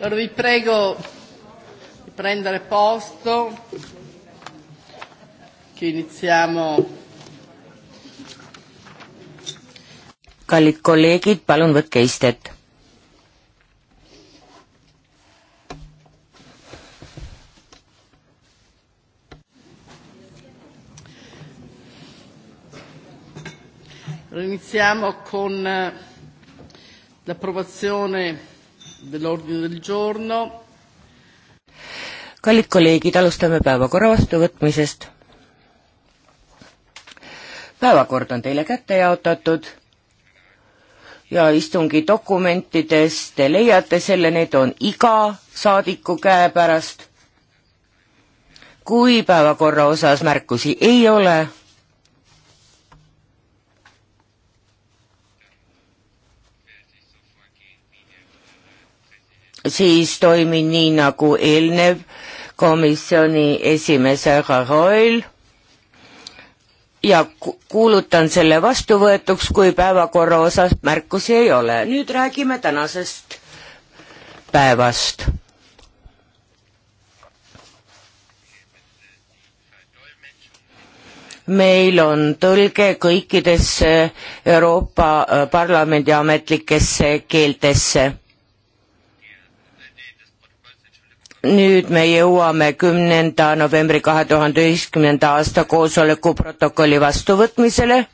Allora vi prego di prendere posto, che iniziamo. kallid kolleegid, palun võtke istet. Iniziamo con eh, l'approvazione dell'ordine del giorno. kallid kolleegid, alustame päevakorra vastuvõtmisest. päevakord on teile kätte jaotatud ja istungi dokumentides te leiate selle, need on iga saadiku käepärast. kui päevakorra osas märkusi ei ole siis toimin nii nagu eelnev komisjoni esimees härra Roil ja kuulutan selle vastuvõetuks, kui päevakorra osas märkusi ei ole. nüüd räägime tänasest päevast. meil on tõlge kõikidesse Euroopa äh, Parlamendi ametlikesse keeltesse nüüd me jõuame kümnenda novembri kahe tuhande üheksakümnenda aasta koosoleku protokolli vastuvõtmisele.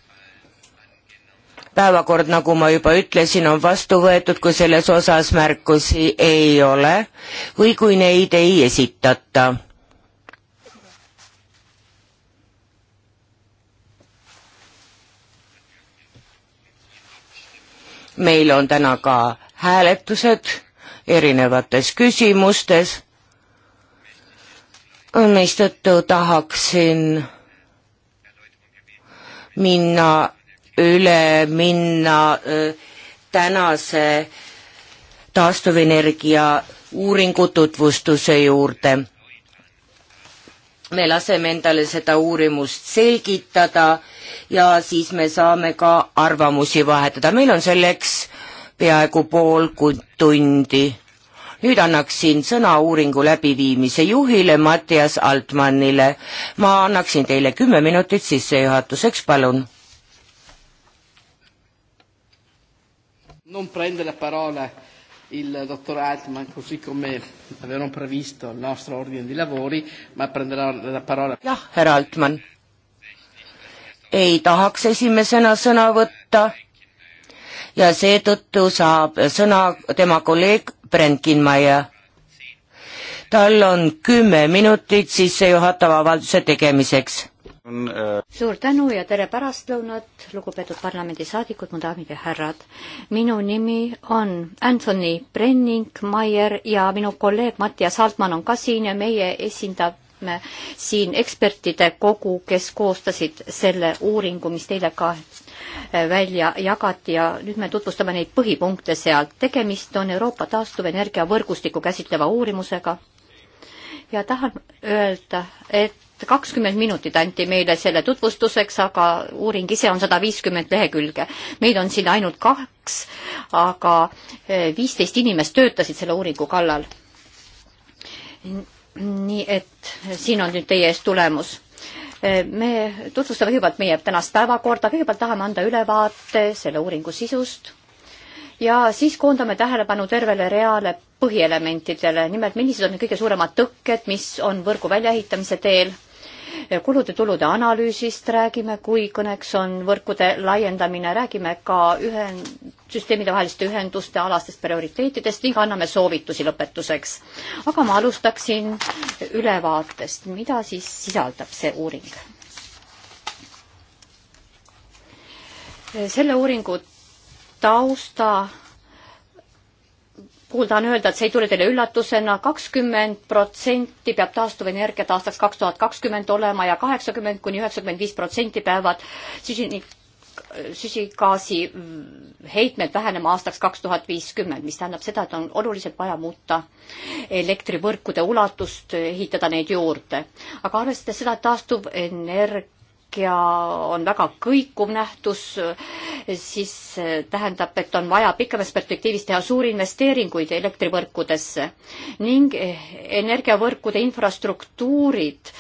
päevakord, nagu ma juba ütlesin, on vastu võetud, kui selles osas märkusi ei ole või kui neid ei esitata. meil on täna ka hääletused erinevates küsimustes mistõttu tahaksin minna üle minna tänase taastuvenergia uuringu tutvustuse juurde. me laseme endale seda uurimust selgitada ja siis me saame ka arvamusi vahetada. meil on selleks peaaegu pool tundi nüüd annaksin sõna uuringu läbiviimise juhile Mattias Altmannile. ma annaksin teile kümme minutit sissejuhatuseks, palun. non prende la parola il dottor Altman così come avevano previsto il nostro ordine di lavori, ma prenderà la parola. jah, härra Altman. ei tahaks esimesena sõna võtta ja seetõttu saab sõna tema kolleeg Brent Kinmaier. tal on kümme minutit sissejuhatava avalduse tegemiseks. Äh, suur tänu ja tere pärastlõunat, lugupeetud parlamendisaadikud, mu daamid ja härrad. minu nimi on Anthony Brenning-Maier ja minu kolleeg Mattias Altmann on ka siin ja meie esindab siin ekspertide kogu, kes koostasid selle uuringu, mis teile ka välja jagati ja nüüd me tutvustame neid põhipunkte sealt. tegemist on Euroopa taastuvenergia võrgustiku käsitleva uurimusega ja tahan öelda, et kakskümmend minutit anti meile selle tutvustuseks, aga uuring ise on sada viiskümmend lehekülge. meid on siin ainult kaks, aga eh, viisteist inimest töötasid selle uuringu kallal nii et siin on nüüd teie ees tulemus. Eh, me tutvustame kõigepealt meie tänast päevakorda, kõigepealt tahame anda ülevaate selle uuringu sisust ja siis koondame tähelepanu tervele reale põhielementidele, nimelt millised on kõige suuremad tõkked, mis on võrgu väljaehitamise teel kulude-tulude analüüsist räägime, kui kõneks on võrkude laiendamine, räägime ka ühen-, süsteemidevaheliste ühenduste alastest prioriteetidest ning anname soovitusi lõpetuseks. aga ma alustaksin ülevaatest, mida siis sisaldab see uuring? selle uuringu tausta puhul tahan öelda, et see ei tule teile üllatusena, kakskümmend protsenti peab taastuvenergiat aastaks kaks tuhat kakskümmend olema ja kaheksakümmend kuni üheksakümmend viis protsenti peavad süsinik, süsigaasi heitmed vähenema aastaks kaks tuhat viiskümmend, mis tähendab seda, et on oluliselt vaja muuta elektrivõrkude ulatust, ehitada neid juurde. aga arvestades seda, et taastuvenergia ja on väga kõikuv nähtus, siis tähendab, et on vaja pikemas perspektiivis teha suuri investeeringuid elektrivõrkudesse ning energiavõrkude infrastruktuurid,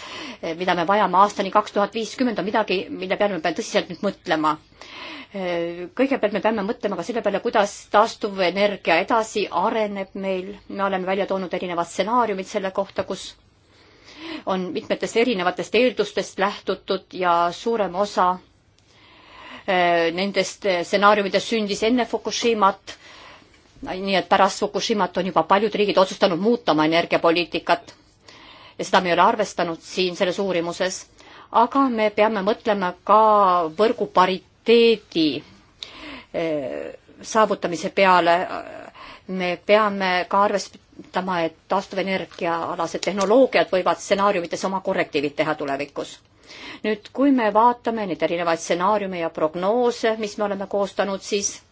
mida me vajame aastani kaks tuhat viiskümmend, on midagi, mille peale me peame tõsiselt nüüd mõtlema. kõigepealt me peame mõtlema ka selle peale, kuidas taastuvenergia edasi areneb meil, me oleme välja toonud erinevad stsenaariumid selle kohta, kus on mitmetest erinevatest eeldustest lähtutud ja suurem osa eh, nendest eh, stsenaariumidest sündis enne Fukushimat. nii et pärast Fukushimat on juba paljud riigid otsustanud muuta oma energiapoliitikat ja seda me ei ole arvestanud siin selles uurimuses. aga me peame mõtlema ka võrgu pariteedi eh, saavutamise peale. me peame ka arvestama vaatama, et taastuvenergiaalased tehnoloogiad võivad stsenaariumites oma korrektiivid teha tulevikus. nüüd, kui me vaatame neid erinevaid stsenaariume ja prognoose, mis me oleme koostanud, siis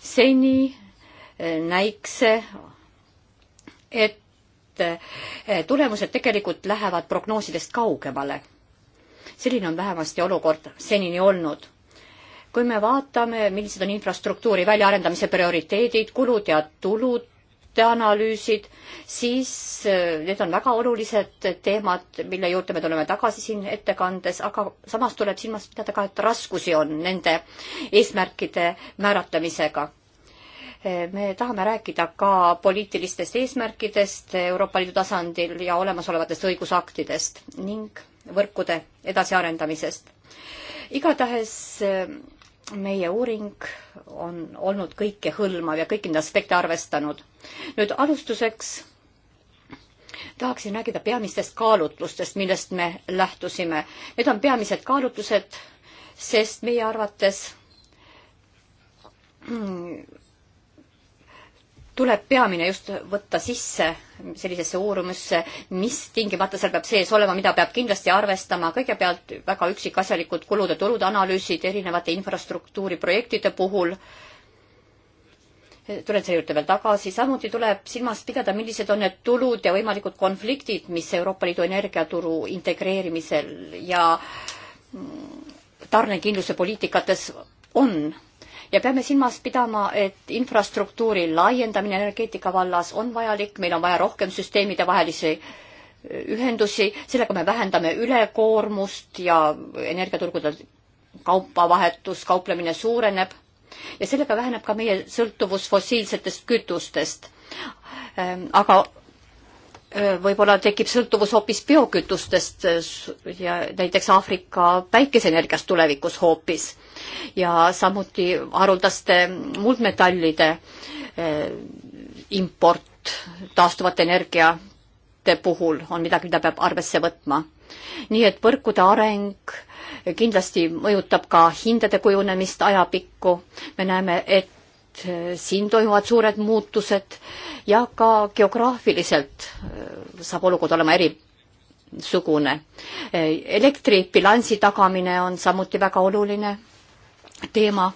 seni eh, näiks see, et eh, tulemused tegelikult lähevad prognoosidest kaugemale. selline on vähemasti olukord senini olnud kui me vaatame, millised on infrastruktuuri väljaarendamise prioriteedid, kulud ja tulud, mõjuanalüüsid, siis äh, need on väga olulised teemad, mille juurde me tuleme tagasi siin ettekandes, aga samas tuleb silmas pidada ka, et raskusi on nende eesmärkide määratlemisega äh, me tahame rääkida ka poliitilistest eesmärkidest Euroopa Liidu tasandil ja olemasolevatest õigusaktidest ning võrkude edasiarendamisest. igatahes äh, meie uuring on olnud kõikehõlmav ja kõiki neid aspekte arvestanud. nüüd alustuseks tahaksin rääkida peamistest kaalutlustest, millest me lähtusime. Need on peamised kaalutlused, sest meie arvates tuleb peamine just võtta sisse sellisesse uurimusse, mis tingimata seal peab sees olema, mida peab kindlasti arvestama, kõigepealt väga üksikasjalikud kulude-tulude analüüsid erinevate infrastruktuuriprojektide puhul, tulen selle juurde veel tagasi, samuti tuleb silmas pidada, millised on need tulud ja võimalikud konfliktid, mis Euroopa Liidu energiaturu integreerimisel ja tarnekindluse poliitikates on ja peame silmas pidama, et infrastruktuuri laiendamine energeetika vallas on vajalik, meil on vaja rohkem süsteemide vahelisi äh, ühendusi, sellega me vähendame ülekoormust ja energiaturgudel kaupavahetus, kauplemine suureneb ja sellega väheneb ka meie sõltuvus fossiilsetest kütustest. Ähm, aga Äh, võib-olla tekib sõltuvus hoopis biokütustest äh, ja näiteks Aafrika päikeseenergiast tulevikus hoopis ja samuti haruldaste muldmetallide äh, import taastuvate energiate puhul on midagi, mida peab arvesse võtma. nii et võrkude areng kindlasti mõjutab ka hindade kujunemist ajapikku. me näeme, et siin toimuvad suured muutused ja ka geograafiliselt äh, saab olukord olema erisugune. Äh, elektribilansi tagamine on samuti väga oluline teema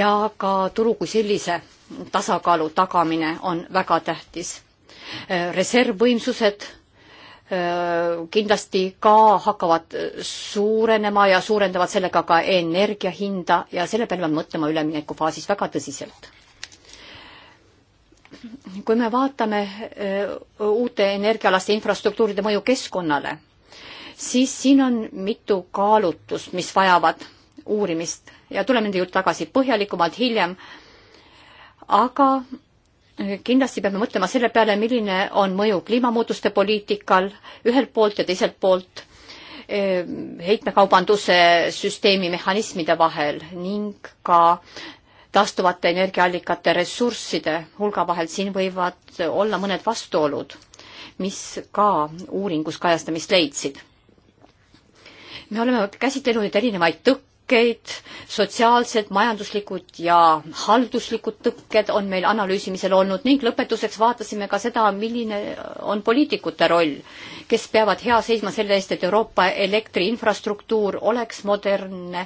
ja ka turu kui sellise tasakaalu tagamine on väga tähtis. Äh, reservvõimsused kindlasti ka hakkavad suurenema ja suurendavad sellega ka energia hinda ja selle peale peame mõtlema üleminekufaasis väga tõsiselt kui me vaatame uute energiaalaste infrastruktuuride mõju keskkonnale, siis siin on mitu kaalutlust, mis vajavad uurimist ja tuleme nende juurde tagasi põhjalikumalt hiljem. aga kindlasti peame mõtlema selle peale, milline on mõju kliimamuutuste poliitikal ühelt poolt ja teiselt poolt heitmekaubanduse süsteemi mehhanismide vahel ning ka taastuvate energiaallikate ressursside hulga vahel, siin võivad olla mõned vastuolud, mis ka uuringus kajastamist leidsid. me oleme käsitlenud erinevaid tõkke, tõkkeid, sotsiaalsed, majanduslikud ja halduslikud tõkked on meil analüüsimisel olnud ning lõpetuseks vaatasime ka seda, milline on poliitikute roll, kes peavad hea seisma selle eest, et Euroopa elektriinfrastruktuur oleks modernne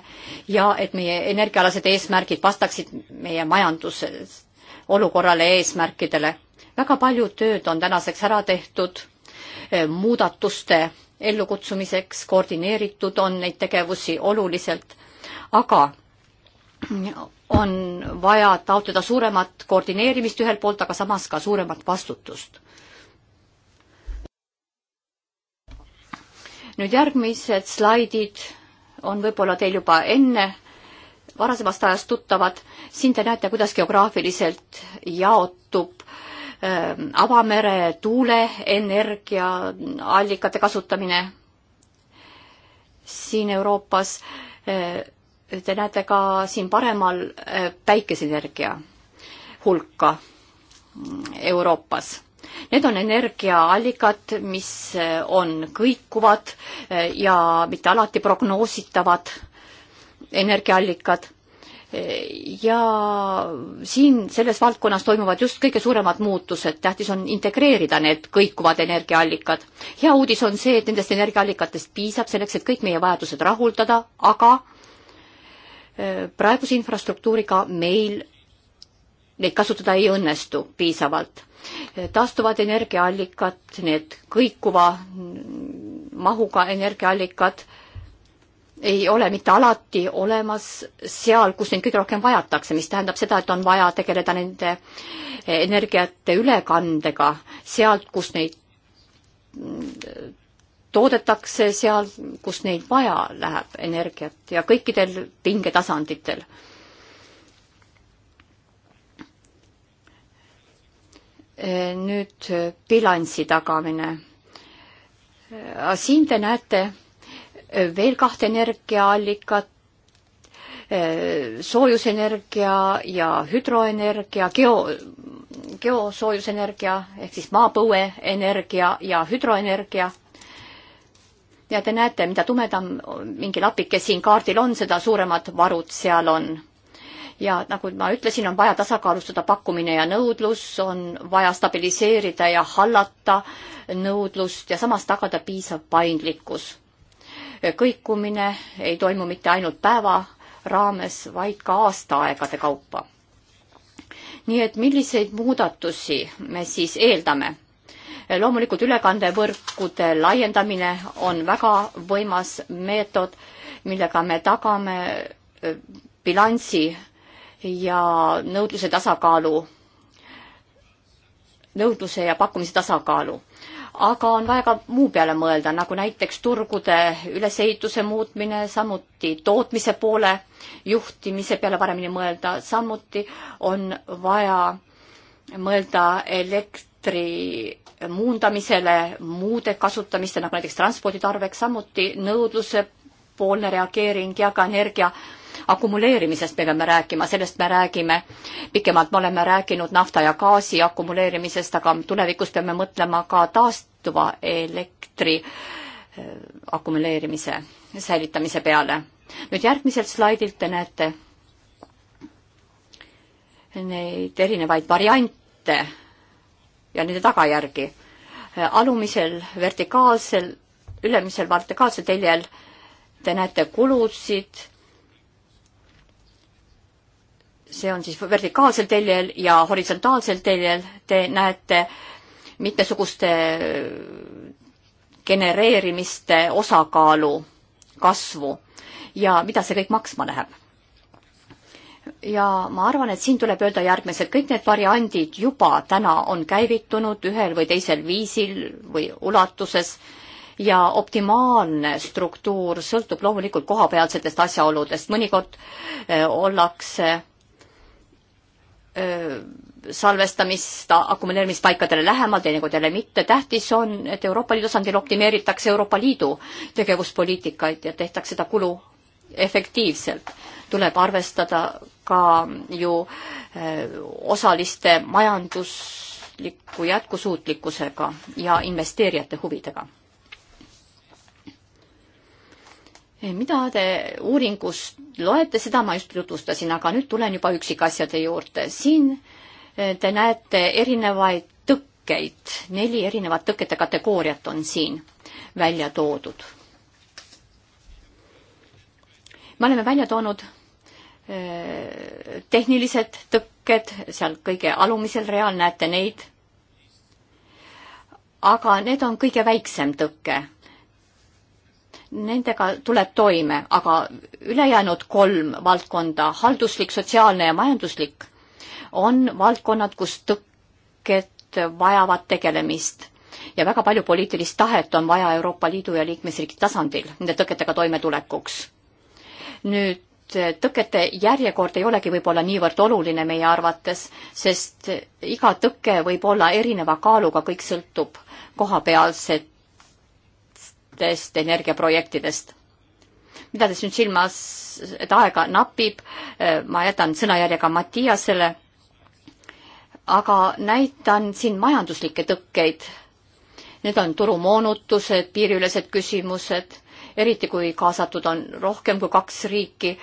ja et meie energiaalased eesmärgid vastaksid meie majanduse olukorrale ja eesmärkidele. väga palju tööd on tänaseks ära tehtud eh, muudatuste ellukutsumiseks koordineeritud on neid tegevusi oluliselt aga on vaja taotleda suuremat koordineerimist ühelt poolt, aga samas ka suuremat vastutust. nüüd järgmised slaidid on võib-olla teil juba enne varasemast ajast tuttavad. siin te näete, kuidas geograafiliselt jaotub ähm, avamere tuuleenergia allikate kasutamine siin Euroopas äh, te näete ka siin paremal äh, päikeseenergia hulka mm, Euroopas. Need on energiaallikad, mis äh, on kõikuvad äh, ja mitte alati prognoositavad energiaallikad. ja siin selles valdkonnas toimuvad just kõige suuremad muutused, tähtis on integreerida need kõikuvad energiaallikad. hea uudis on see, et nendest energiaallikatest piisab selleks, et kõik meie vajadused rahuldada, aga praeguse infrastruktuuriga meil neid kasutada ei õnnestu piisavalt. taastuvad energiaallikad, need kõikuva mahuga energiaallikad ei ole mitte alati olemas seal, kus neid kõige rohkem vajatakse, mis tähendab seda, et on vaja tegeleda nende energiate ülekandega sealt, kus neid toodetakse seal, kus neid vaja läheb, energiat ja kõikidel pingetasanditel. nüüd bilansi tagamine. siin te näete veel kahte energiaallikat, soojusenergia ja hüdroenergia, geo, geosoojusenergia ehk siis maapõueenergia ja hüdroenergia ja te näete, mida tumedam mingi lapike siin kaardil on, seda suuremad varud seal on. ja nagu ma ütlesin, on vaja tasakaalustada pakkumine ja nõudlus, on vaja stabiliseerida ja hallata nõudlust ja samas tagada piisav paindlikkus. kõikumine ei toimu mitte ainult päeva raames, vaid ka aastaaegade kaupa nii et milliseid muudatusi me siis eeldame? loomulikult ülekandevõrkude laiendamine on väga võimas meetod, millega me tagame äh, bilansi ja nõudluse tasakaalu, nõudluse ja pakkumise tasakaalu. aga on vaja ka muu peale mõelda, nagu näiteks turgude ülesehituse muutmine, samuti tootmise poole juhtimise peale paremini mõelda, samuti on vaja mõelda elekt-, elektri muundamisele, muude kasutamiste, nagu näiteks transpordi tarbeks, samuti nõudluse poolne reageering ja ka energia akumuleerimisest me peame rääkima, sellest me räägime pikemalt, me oleme rääkinud nafta ja gaasi akumuleerimisest, aga tulevikus peame mõtlema ka taastuva elektri äh, akumuleerimise, säilitamise peale. nüüd järgmiselt slaidilt te näete neid erinevaid variante ja nende tagajärgi. alumisel vertikaalsel, ülemisel vertikaalsel teljel te näete kulusid. see on siis vertikaalsel teljel ja horisontaalsel teljel te näete mitmesuguste genereerimiste osakaalu kasvu ja mida see kõik maksma läheb ja ma arvan, et siin tuleb öelda järgmiselt, kõik need variandid juba täna on käivitunud ühel või teisel viisil või ulatuses ja optimaalne struktuur sõltub loomulikult kohapealsetest asjaoludest, mõnikord öö, eh, ollakse öö, eh, salvestamist akumuleerimispaikadele lähemal, teinekord jälle mitte. tähtis on, et Euroopa Liidu tasandil optimeeritakse Euroopa Liidu tegevuspoliitikaid ja tehtakse seda kulu efektiivselt. tuleb arvestada ka ju eh, osaliste majandusliku jätkusuutlikkusega ja investeerijate huvidega. Eh, mida te uuringus loete, seda ma just tutvustasin, aga nüüd tulen juba üksikasjade juurde. siin eh, te näete erinevaid tõkkeid, neli erinevat tõkete kategooriat on siin välja toodud. me oleme välja toonud Äh, tehnilised tõkked, seal kõige alumisel real näete neid. aga need on kõige väiksem tõke. Nendega tuleb toime, aga ülejäänud kolm valdkonda, halduslik, sotsiaalne ja majanduslik, on valdkonnad, kus tõkked vajavad tegelemist ja väga palju poliitilist tahet on vaja Euroopa Liidu ja liikmesriigi tasandil nende tõketega toimetulekuks. nüüd tõkete järjekord ei olegi võib-olla niivõrd oluline meie arvates, sest iga tõke võib olla erineva kaaluga, kõik sõltub kohapealsetest energiaprojektidest. mida te siin silmas, et aega napib, ma jätan sõnajärjega Mattiasele, aga näitan siin majanduslikke tõkkeid. Need on turumoonutused, piiriülesed küsimused eriti kui kaasatud on rohkem kui kaks riiki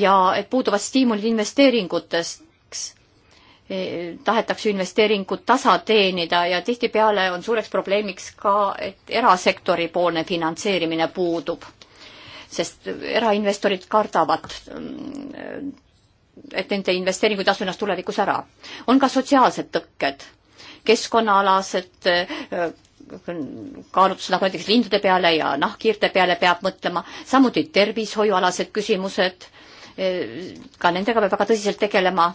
ja et puuduvad stiimulid investeeringuteks e, tahetakse investeeringud tasa teenida ja tihtipeale on suureks probleemiks ka, et erasektori poolne finantseerimine puudub. sest erainvestorid kardavad, et nende investeeringud ei tasu ennast tulevikus ära. on ka sotsiaalsed tõkked, keskkonnaalased kaalutlused nagu näiteks lindude peale ja nahkhiirte peale peab mõtlema, samuti tervishoiualased küsimused, e, ka nendega peab väga tõsiselt tegelema,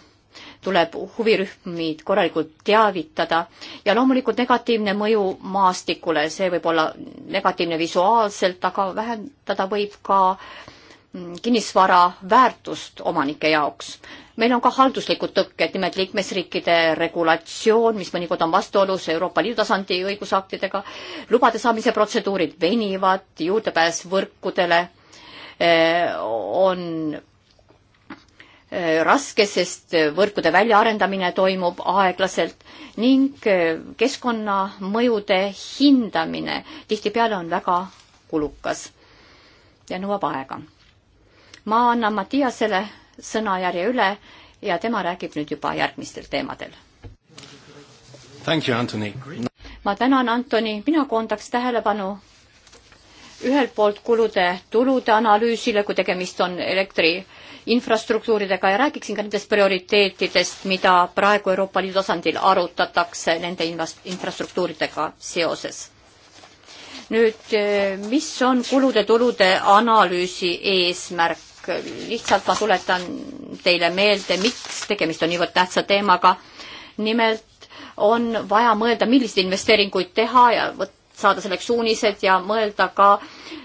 tuleb huvirühmi korralikult teavitada ja loomulikult negatiivne mõju maastikule, see võib olla negatiivne visuaalselt, aga vähendada võib ka mm, kinnisvara väärtust omanike jaoks meil on ka halduslikud tõkked, nimelt liikmesriikide regulatsioon, mis mõnikord on vastuolus Euroopa Liidu tasandi õigusaktidega, lubade saamise protseduurid venivad, juurdepääs võrkudele eh, on eh, raske, sest võrkude väljaarendamine toimub aeglaselt ning eh, keskkonnamõjude hindamine tihtipeale on väga kulukas ja nõuab aega. ma annan Mattiasele sõnajärje üle ja tema räägib nüüd juba järgmistel teemadel. ma tänan, Antoni, mina koondaks tähelepanu ühelt poolt kulude-tulude analüüsile, kui tegemist on elektri infrastruktuuridega ja räägiksin ka nendest prioriteetidest, mida praegu Euroopa Liidu tasandil arutatakse nende infrastruktuuridega seoses. nüüd, eh, mis on kulude-tulude analüüsi eesmärk? aeg, lihtsalt ma tuletan teile meelde, miks tegemist on niivõrd tähtsa teemaga. nimelt on vaja mõelda, milliseid investeeringuid teha ja võtta saada selleks suunised ja mõelda ka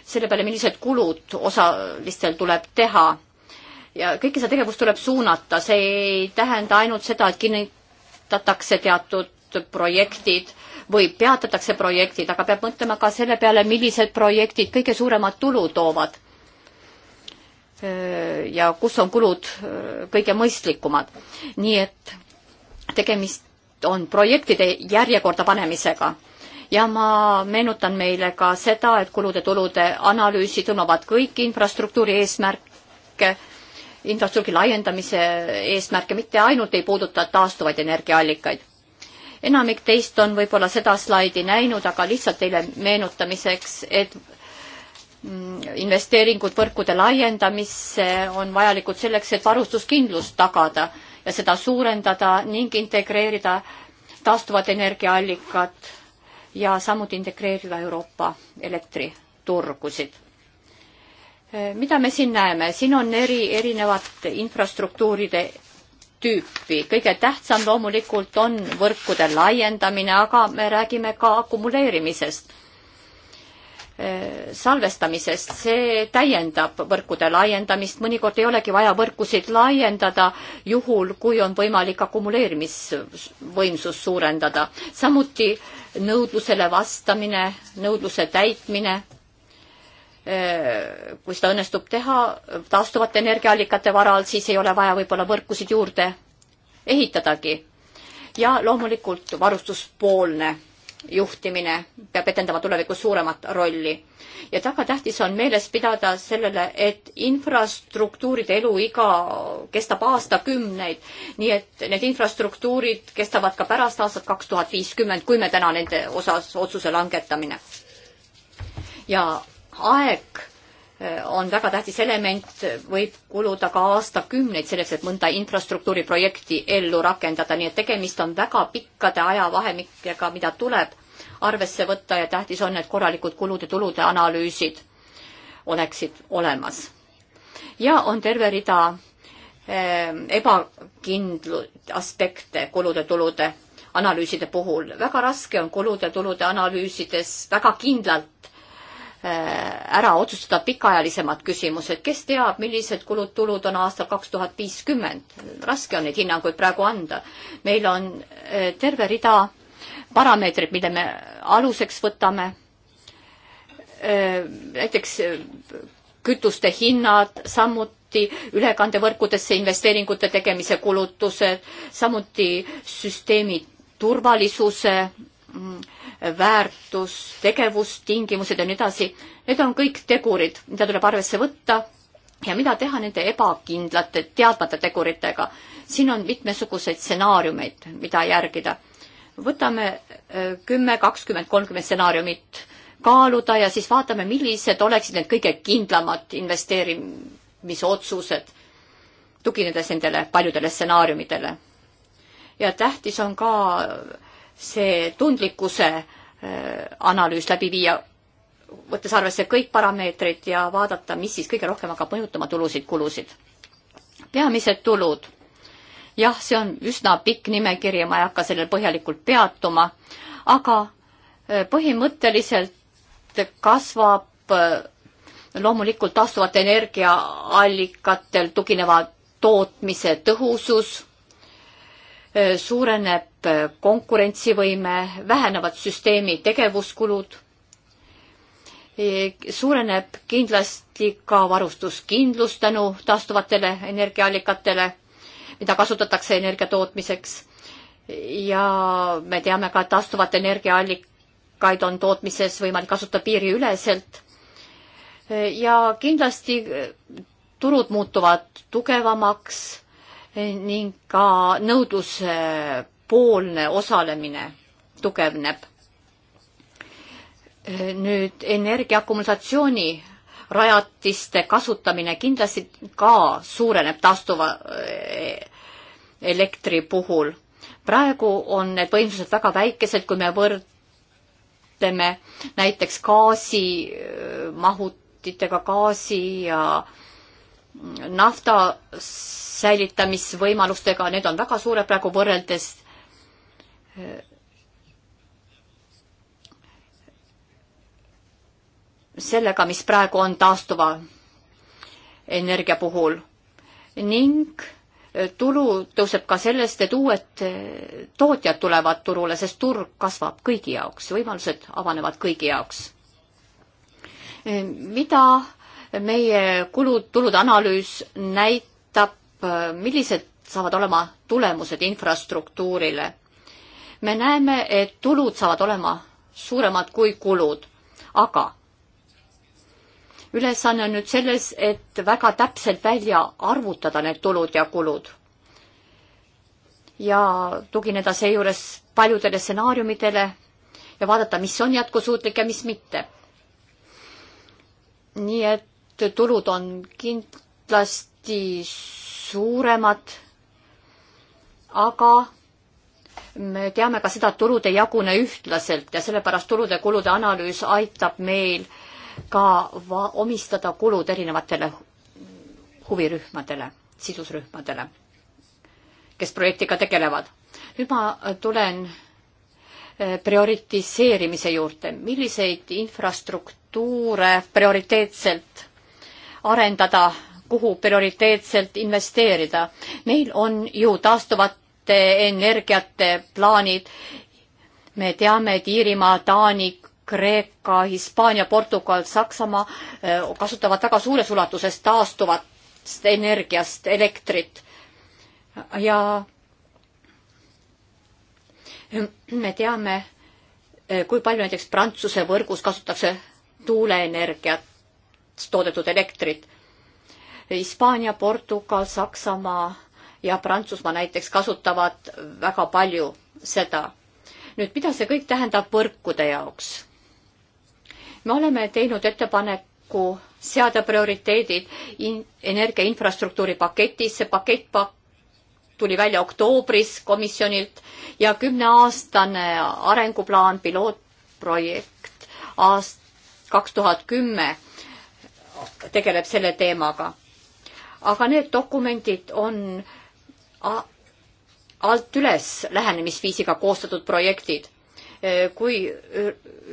selle peale, millised kulud osalistel tuleb teha. ja kõike seda tegevust tuleb suunata, see ei tähenda ainult seda, et kinnitatakse teatud projektid või peatatakse projektid, aga peab mõtlema ka selle peale, millised projektid kõige suuremat tulu toovad Äh, ja kus on kulud äh, kõige mõistlikumad. nii et tegemist on projektide järjekorda panemisega ja ma meenutan meile ka seda, et kulude-tulude analüüsid hõlmavad kõiki infrastruktuuri eesmärke, infrastruktuuri laiendamise eesmärke, mitte ainult ei puuduta taastuvaid energiaallikaid. enamik teist on võib-olla seda slaidi näinud, aga lihtsalt teile meenutamiseks, et Mm, investeeringud võrkude laiendamisse on vajalikud selleks, et varustuskindlust tagada ja seda suurendada ning integreerida taastuvad energiaallikad ja samuti integreerida Euroopa elektriturgusid. Eh, mida me siin näeme? siin on eri, erinevad infrastruktuuride tüüpi. kõige tähtsam loomulikult on võrkude laiendamine, aga me räägime ka akumuleerimisest Äh, salvestamisest, see täiendab võrkude laiendamist, mõnikord ei olegi vaja võrkusid laiendada, juhul kui on võimalik akumuleerimisvõimsust suurendada. samuti nõudlusele vastamine, nõudluse täitmine, äh, kui seda õnnestub teha taastuvate energiaallikate varal, siis ei ole vaja võib-olla võrkusid juurde ehitadagi. ja loomulikult varustuspoolne juhtimine peab etendama tulevikus suuremat rolli. ja väga tähtis on meeles pidada sellele, et infrastruktuuride eluiga kestab aastakümneid, nii et need infrastruktuurid kestavad ka pärast aastat kaks tuhat viiskümmend, kui me täna nende osas otsuse langetamine. ja aeg Äh, on väga tähtis element, võib kuluda ka aastakümneid selleks, et mõnda infrastruktuuriprojekti ellu rakendada, nii et tegemist on väga pikkade ajavahemikega, mida tuleb arvesse võtta ja tähtis on, et korralikud kulude-tulude analüüsid oleksid olemas. ja on terve rida ähm, ebakindlu- aspekte kulude-tulude analüüside puhul. väga raske on kulude-tulude analüüsides väga kindlalt Äh, ära otsustada pikaajalisemad küsimused, kes teab, millised kulud-tulud on aastal kaks tuhat viiskümmend. raske on neid hinnanguid praegu anda. meil on äh, terve rida parameetreid, mille me aluseks võtame. Äh, näiteks kütuste hinnad, samuti ülekandevõrkudesse investeeringute tegemise kulutused, samuti süsteemi turvalisuse Mm, väärtus, tegevustingimused ja nii edasi, need on kõik tegurid, mida tuleb arvesse võtta ja mida teha nende ebakindlate, teadmata teguritega. siin on mitmesuguseid stsenaariumeid, mida järgida. võtame äh, kümme, kakskümmend, kolmkümmend stsenaariumit kaaluda ja siis vaatame, millised oleksid need kõige kindlamad investeerimisotsused, tuginedes nendele paljudele stsenaariumidele. ja tähtis on ka see tundlikkuse äh, analüüs läbi viia, võttes arvesse kõik parameetrid ja vaadata, mis siis kõige rohkem hakkab mõjutama tulusid-kulusid. peamised tulud. jah, see on üsna pikk nimekiri ja ma ei hakka sellel põhjalikult peatuma, aga äh, põhimõtteliselt kasvab äh, loomulikult taastuvate energiaallikatel tugineva tootmise tõhusus suureneb konkurentsivõime, vähenevad süsteemi tegevuskulud, suureneb kindlasti ka varustuskindlus tänu taastuvatele energiaallikatele, mida kasutatakse energia tootmiseks. ja me teame ka, et taastuvate energiaallikaid on tootmises võimalik kasutada piiriüleselt. ja kindlasti turud muutuvad tugevamaks ning ka nõudluse poolne osalemine tugevneb. nüüd energiaakumulatsiooni rajatiste kasutamine kindlasti ka suureneb taastuva e, elektri puhul. praegu on need võimsused väga väikesed, kui me võrdleme näiteks gaasimahutitega e, gaasi ja äh, nafta säilitamisvõimalustega, need on väga suured praegu võrreldes äh, sellega, mis praegu on taastuva energia puhul ning äh, tulu tõuseb ka sellest, et uued äh, tootjad tulevad turule, sest turg kasvab kõigi jaoks, võimalused avanevad kõigi jaoks. mida meie kulud-tulude analüüs näitab, millised saavad olema tulemused infrastruktuurile. me näeme, et tulud saavad olema suuremad kui kulud, aga ülesanne on nüüd selles, et väga täpselt välja arvutada need tulud ja kulud. ja tugineda seejuures paljudele stsenaariumidele ja vaadata, mis on jätkusuutlik ja mis mitte. nii et tulud on kindlasti suuremad, aga me teame ka seda, et tulud ei jagune ühtlaselt ja sellepärast tulude-kulude analüüs aitab meil ka omistada kulud erinevatele huvirühmadele, sidusrühmadele, kes projektiga tegelevad. nüüd ma tulen eh, prioritiseerimise juurde, milliseid infrastruktuure prioriteetselt arendada, kuhu prioriteetselt investeerida. meil on ju taastuvate energiate plaanid. me teame, et Iirimaa, Taani, Kreeka, Hispaania, Portugal, Saksamaa eh, kasutavad väga suures ulatuses taastuvatest energiast elektrit. ja me teame, eh, kui palju näiteks Prantsuse võrgus kasutatakse tuuleenergiat toodetud elektrit. Hispaania, Portugal, Saksamaa ja Prantsusmaa näiteks kasutavad väga palju seda. nüüd, mida see kõik tähendab võrkude jaoks? me oleme teinud ettepaneku seada prioriteedid in-, energia infrastruktuuri paketis, see pakett pak-, tuli välja oktoobris komisjonilt ja kümneaastane arenguplaan, pilootprojekt aast-, kaks tuhat kümme tegeleb selle teemaga. aga need dokumendid on alt üles lähenemisviisiga koostatud projektid. kui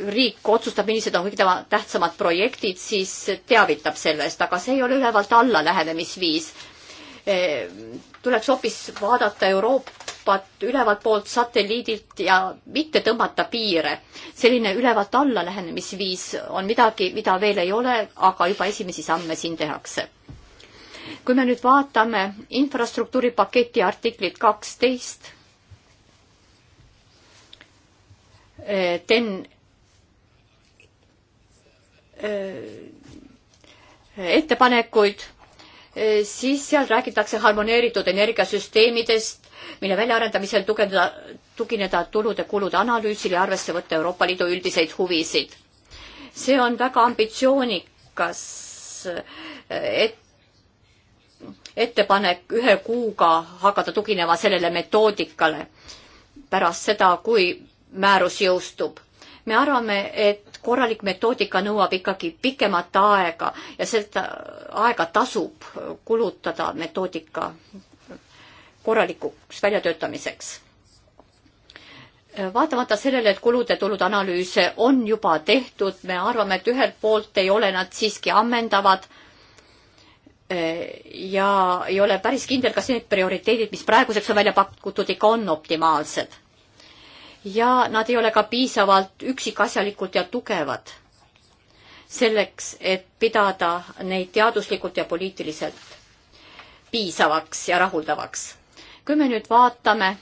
riik otsustab, millised on kõik tema tähtsamad projektid, siis teavitab sellest, aga see ei ole ülevalt alla lähenemisviis tuleks hoopis vaadata Euroopat ülevalt poolt satelliidilt ja mitte tõmmata piire. selline ülevalt alla lähenemisviis on midagi, mida veel ei ole, aga juba esimesi samme siin tehakse. kui me nüüd vaatame infrastruktuuripaketi artiklit kaksteist, teen eh, ettepanekuid siis seal räägitakse harmoneeritud energiasüsteemidest, mille väljaarendamisel tugevda, tugineda tulude-kulude analüüsile ja arvesse võtta Euroopa Liidu üldiseid huvisid. see on väga ambitsioonikas äh, et, ettepanek ühe kuuga hakata tuginema sellele metoodikale pärast seda, kui määrus jõustub me arvame, et korralik metoodika nõuab ikkagi pikemat aega ja seda aega tasub kulutada metoodika korralikuks väljatöötamiseks. vaatamata sellele, et kulude-tulude analüüse on juba tehtud, me arvame, et ühelt poolt ei ole nad siiski ammendavad eh, ja ei ole päris kindel, kas need prioriteedid, mis praeguseks on välja pakutud, ikka on optimaalsed ja nad ei ole ka piisavalt üksikasjalikud ja tugevad selleks, et pidada neid teaduslikult ja poliitiliselt piisavaks ja rahuldavaks. kui me nüüd vaatame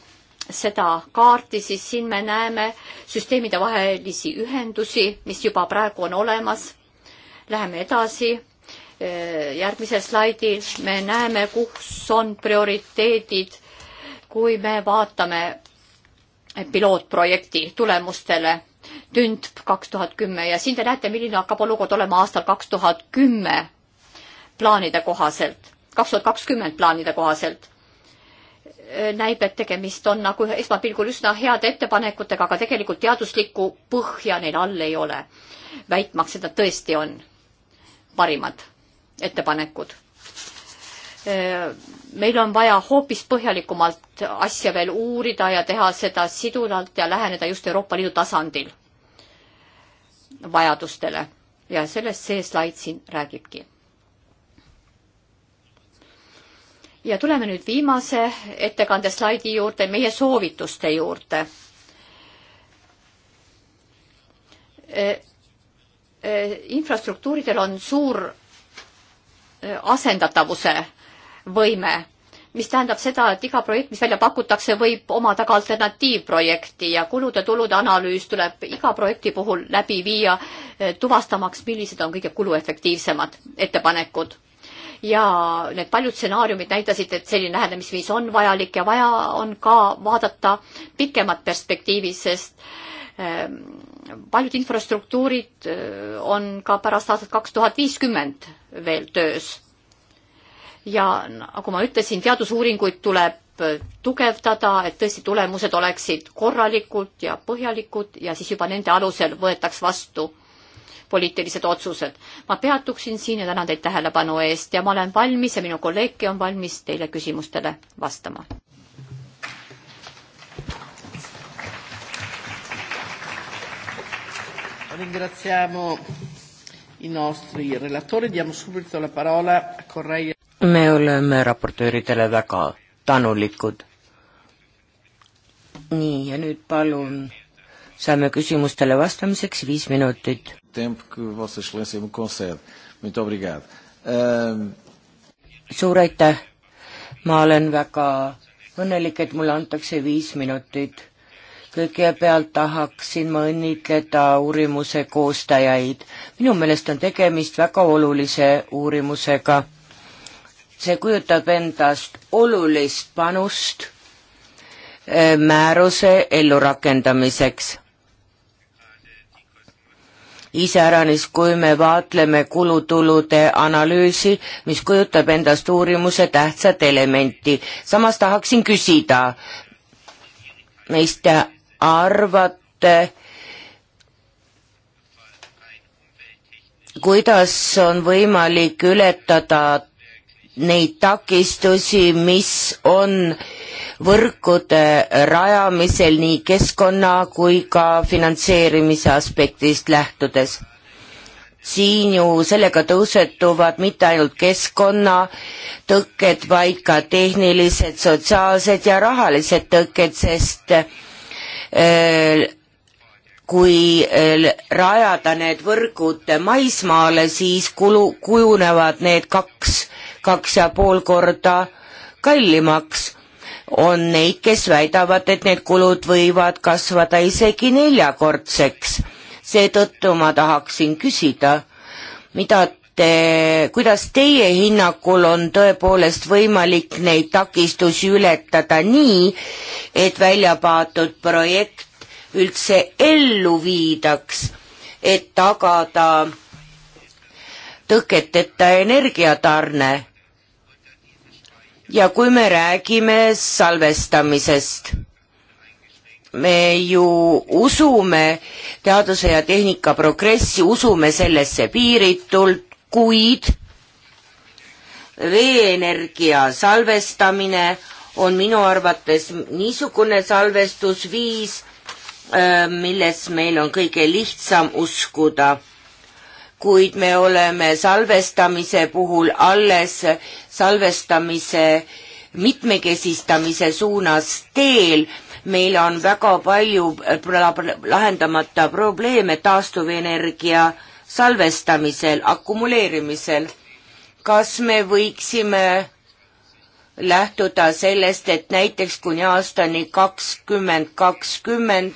seda kaarti, siis siin me näeme süsteemide vahelisi ühendusi, mis juba praegu on olemas. Läheme edasi. järgmisel slaidil me näeme, kus on prioriteedid, kui me vaatame pilootprojekti tulemustele TÜNT kaks tuhat kümme ja siin te näete, milline hakkab olukord olema aastal kaks tuhat kümme plaanide kohaselt, kaks tuhat kakskümmend plaanide kohaselt. näib, et tegemist on nagu esmapilgul üsna heade ettepanekutega, aga tegelikult teaduslikku põhja neil all ei ole, väitmaks, et nad tõesti on parimad ettepanekud meil on vaja hoopis põhjalikumalt asja veel uurida ja teha seda sidunalt ja läheneda just Euroopa Liidu tasandil vajadustele. ja sellest see slaid siin räägibki. ja tuleme nüüd viimase ettekande slaidi juurde, meie soovituste juurde e,. E, infrastruktuuridel on suur e, asendatavuse võime, mis tähendab seda, et iga projekt, mis välja pakutakse, võib omada ka alternatiivprojekti ja kulude-tulude analüüs tuleb iga projekti puhul läbi viia, eh, tuvastamaks, millised on kõige kuluefektiivsemad ettepanekud ja need paljud stsenaariumid näitasid, et selline lähenemisviis on vajalik ja vaja on ka vaadata pikemat perspektiivi, sest ehm, paljud infrastruktuurid eh, on ka pärast aastat kaks tuhat viiskümmend veel töös ja nagu ma ütlesin, teadusuuringuid tuleb tugevdada, et tõesti tulemused oleksid korralikud ja põhjalikud ja siis juba nende alusel võetaks vastu poliitilised otsused. ma peatuksin siin ja tänan teid tähelepanu eest ja ma olen valmis ja minu kolleegki on valmis teile küsimustele vastama. Ringraziamo i nostri relatori, diamo subito la parola a Correia me oleme raportööridele väga tänulikud. nii, ja nüüd palun saame küsimustele vastamiseks viis minutit. Ehm, suur aitäh, ma olen väga õnnelik, et mulle antakse viis minutit. kõigepealt tahaksin ma õnnitleda uurimuse koostajaid. minu meelest on tegemist väga olulise uurimusega see kujutab endast olulist panust eh, määruse ellurakendamiseks. iseäranis, kui me vaatleme kulutulude analüüsi, mis kujutab endast uurimuse tähtsat elementi. samas tahaksin küsida, mis te arvate, kuidas on võimalik ületada neid takistusi, mis on võrkude rajamisel nii keskkonna kui ka finantseerimise aspektist lähtudes. siin ju sellega tõusetuvad mitte ainult keskkonnatõkked, vaid ka tehnilised, sotsiaalsed ja rahalised tõkked, sest öö, äh, kui eh, rajada need võrgud maismaale, siis kulu, kujunevad need kaks, kaks ja pool korda kallimaks. on neid, kes väidavad, et need kulud võivad kasvada isegi neljakordseks. seetõttu ma tahaksin küsida, mida te, kuidas teie hinnakul on tõepoolest võimalik neid takistusi ületada nii, et välja paotud projekt üldse ellu viidaks, et tagada tõketeta energiatarne. ja kui me räägime salvestamisest, me ju usume teaduse ja tehnika progressi, usume sellesse piiritult, kuid veeenergia salvestamine on minu arvates niisugune salvestusviis, Äh, milles meil on kõige lihtsam uskuda kuid me oleme salvestamise puhul alles salvestamise mitmekesistamise suunas teel. meil on väga palju lahendamata probleeme taastuvenergia salvestamisel, akumuleerimisel. kas me võiksime lähtuda sellest, et näiteks kuni aastani kakskümmend kakskümmend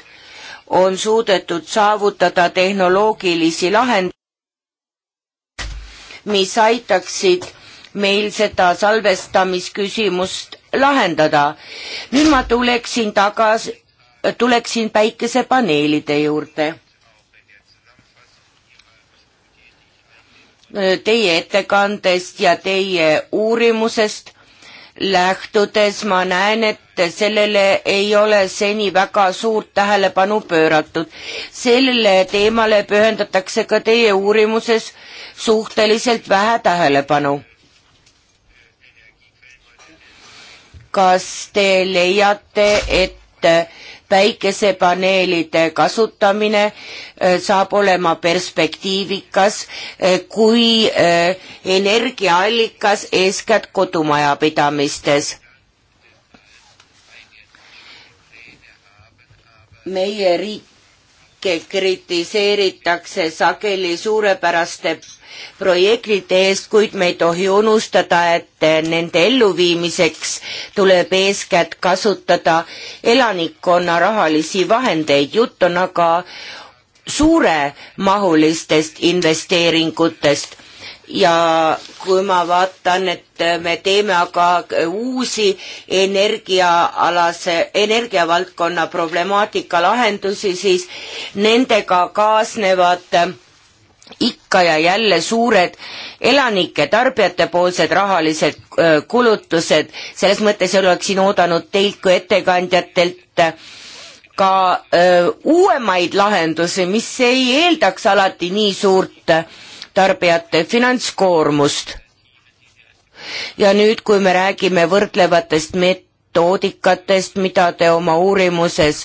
on suudetud saavutada tehnoloogilisi lahendusi, mis aitaksid meil seda salvestamisküsimust lahendada. nüüd ma tuleksin tagasi, tuleksin päikesepaneelide juurde. Teie ettekandest ja teie uurimusest lähtudes ma näen, et sellele ei ole seni väga suurt tähelepanu pööratud. sellele teemale pühendatakse ka teie uurimuses suhteliselt vähe tähelepanu. kas te leiate, et päikesepaneelide kasutamine äh, saab olema perspektiivikas äh, kui äh, energiaallikas eeskätt kodumajapidamistes. meie riik kõike kritiseeritakse sageli suurepäraste projektide eest, kuid me ei tohi unustada, et nende elluviimiseks tuleb eeskätt kasutada elanikkonna rahalisi vahendeid, jutt on aga suuremahulistest investeeringutest ja kui ma vaatan, et me teeme aga uusi energiaalase, energiavaldkonna problemaatika lahendusi, siis nendega kaasnevad ikka ja jälle suured elanike, tarbijatepoolsed rahalised kulutused, selles mõttes oleksin oodanud teilt kui ettekandjatelt äh, ka öö, uuemaid lahendusi, mis ei eeldaks alati nii suurt öö, tarbijate finantskoormust. ja nüüd, kui me räägime võrdlevatest metoodikatest, mida te oma uurimuses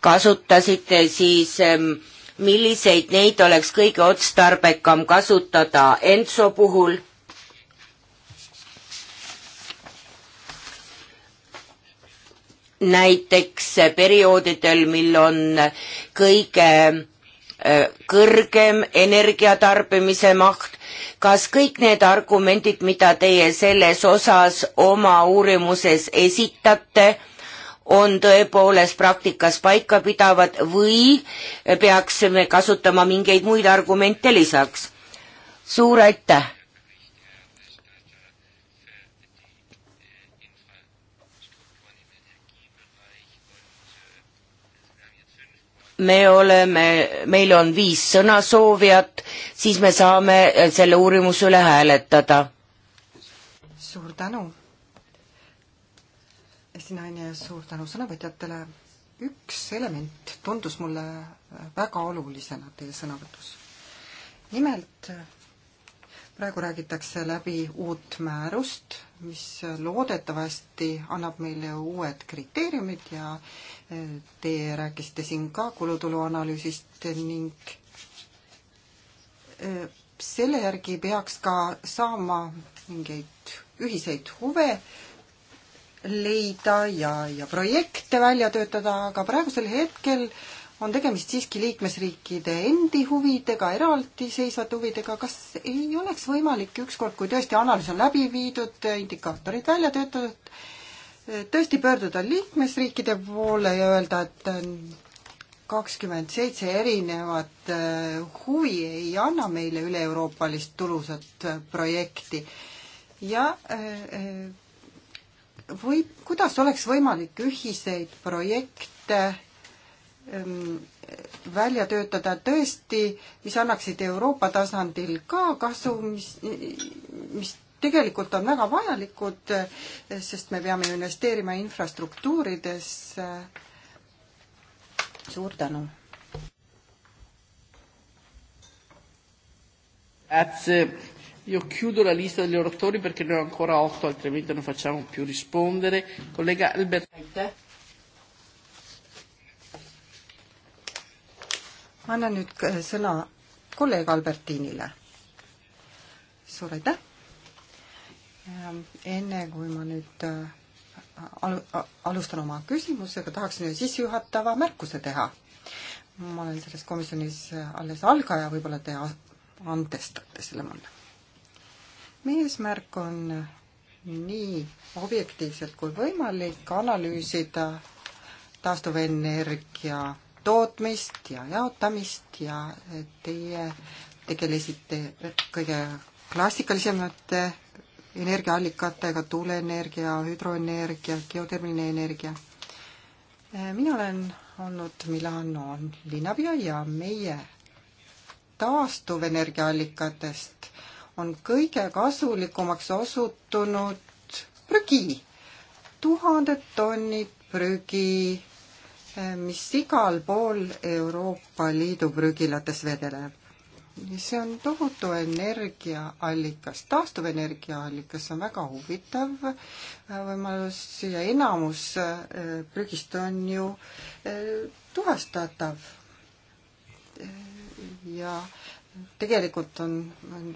kasutasite, siis ehm, milliseid neid oleks kõige otstarbekam kasutada Enso puhul? näiteks perioodidel, mil on kõige Äh, kõrgem energiatarbimise maht, kas kõik need argumendid, mida teie selles osas oma uurimuses esitate, on tõepoolest praktikas paikapidavad või peaksime kasutama mingeid muid argumente lisaks? suur aitäh! me oleme, meil on viis sõnasoovijat, siis me saame äh, selle uurimuse üle hääletada. suur tänu, esinaine ja suur tänu sõnavõtjatele. üks element tundus mulle väga olulisena teie sõnavõtus. nimelt praegu räägitakse läbi uut määrust, mis loodetavasti annab meile uued kriteeriumid ja äh, Teie rääkisite siin ka kulutulu analüüsist ning äh, selle järgi peaks ka saama mingeid ühiseid huve leida ja, ja projekte välja töötada, aga praegusel hetkel on tegemist siiski liikmesriikide endi huvidega, eraldiseisvate huvidega, kas ei oleks võimalik ükskord, kui tõesti analüüs on läbi viidud, indikaatorid välja töötatud, tõesti pöörduda liikmesriikide poole ja öelda, et kakskümmend seitse erinevat äh, huvi ei anna meile üle-euroopalist tulusat äh, projekti ja äh, või kuidas oleks võimalik ühiseid projekte ähm, välja töötada tõesti, mis annaksid Euroopa tasandil ka kasu, mis, mis tegelikult on väga vajalikud, sest me peame investeerima infrastruktuuridesse. suur tänu. Grazie. Io chiudo la lista degli oratori perché ne ho ancora otto, altrimenti non facciamo più rispondere. Collega Albert. ma annan nüüd eh, sõna kolleeg Albertinile. suur aitäh! enne kui ma nüüd äh, alu-, alustan oma küsimusega, tahaksin ühe sissejuhatava märkuse teha. ma olen selles komisjonis äh, alles algaja, võib-olla te andestate selle mulle. meie eesmärk on äh, nii objektiivselt kui võimalik analüüsida taastuvenergia tootmist ja jaotamist ja teie tegelesite kõige klassikalisemate energiaallikatega, tuuleenergia, hüdroenergia, geotermiline energia. mina olen olnud Milano linnapea ja meie taastuvenergiaallikatest on kõige kasulikumaks osutunud prügi. tuhanded tonnid prügi, mis igal pool Euroopa Liidu prügilates vedeleb see on tohutu energiaallikas, taastuvenergiaallikas, see on väga huvitav äh, võimalus ja enamus äh, prügist on ju äh, tuvastatav. ja tegelikult on, on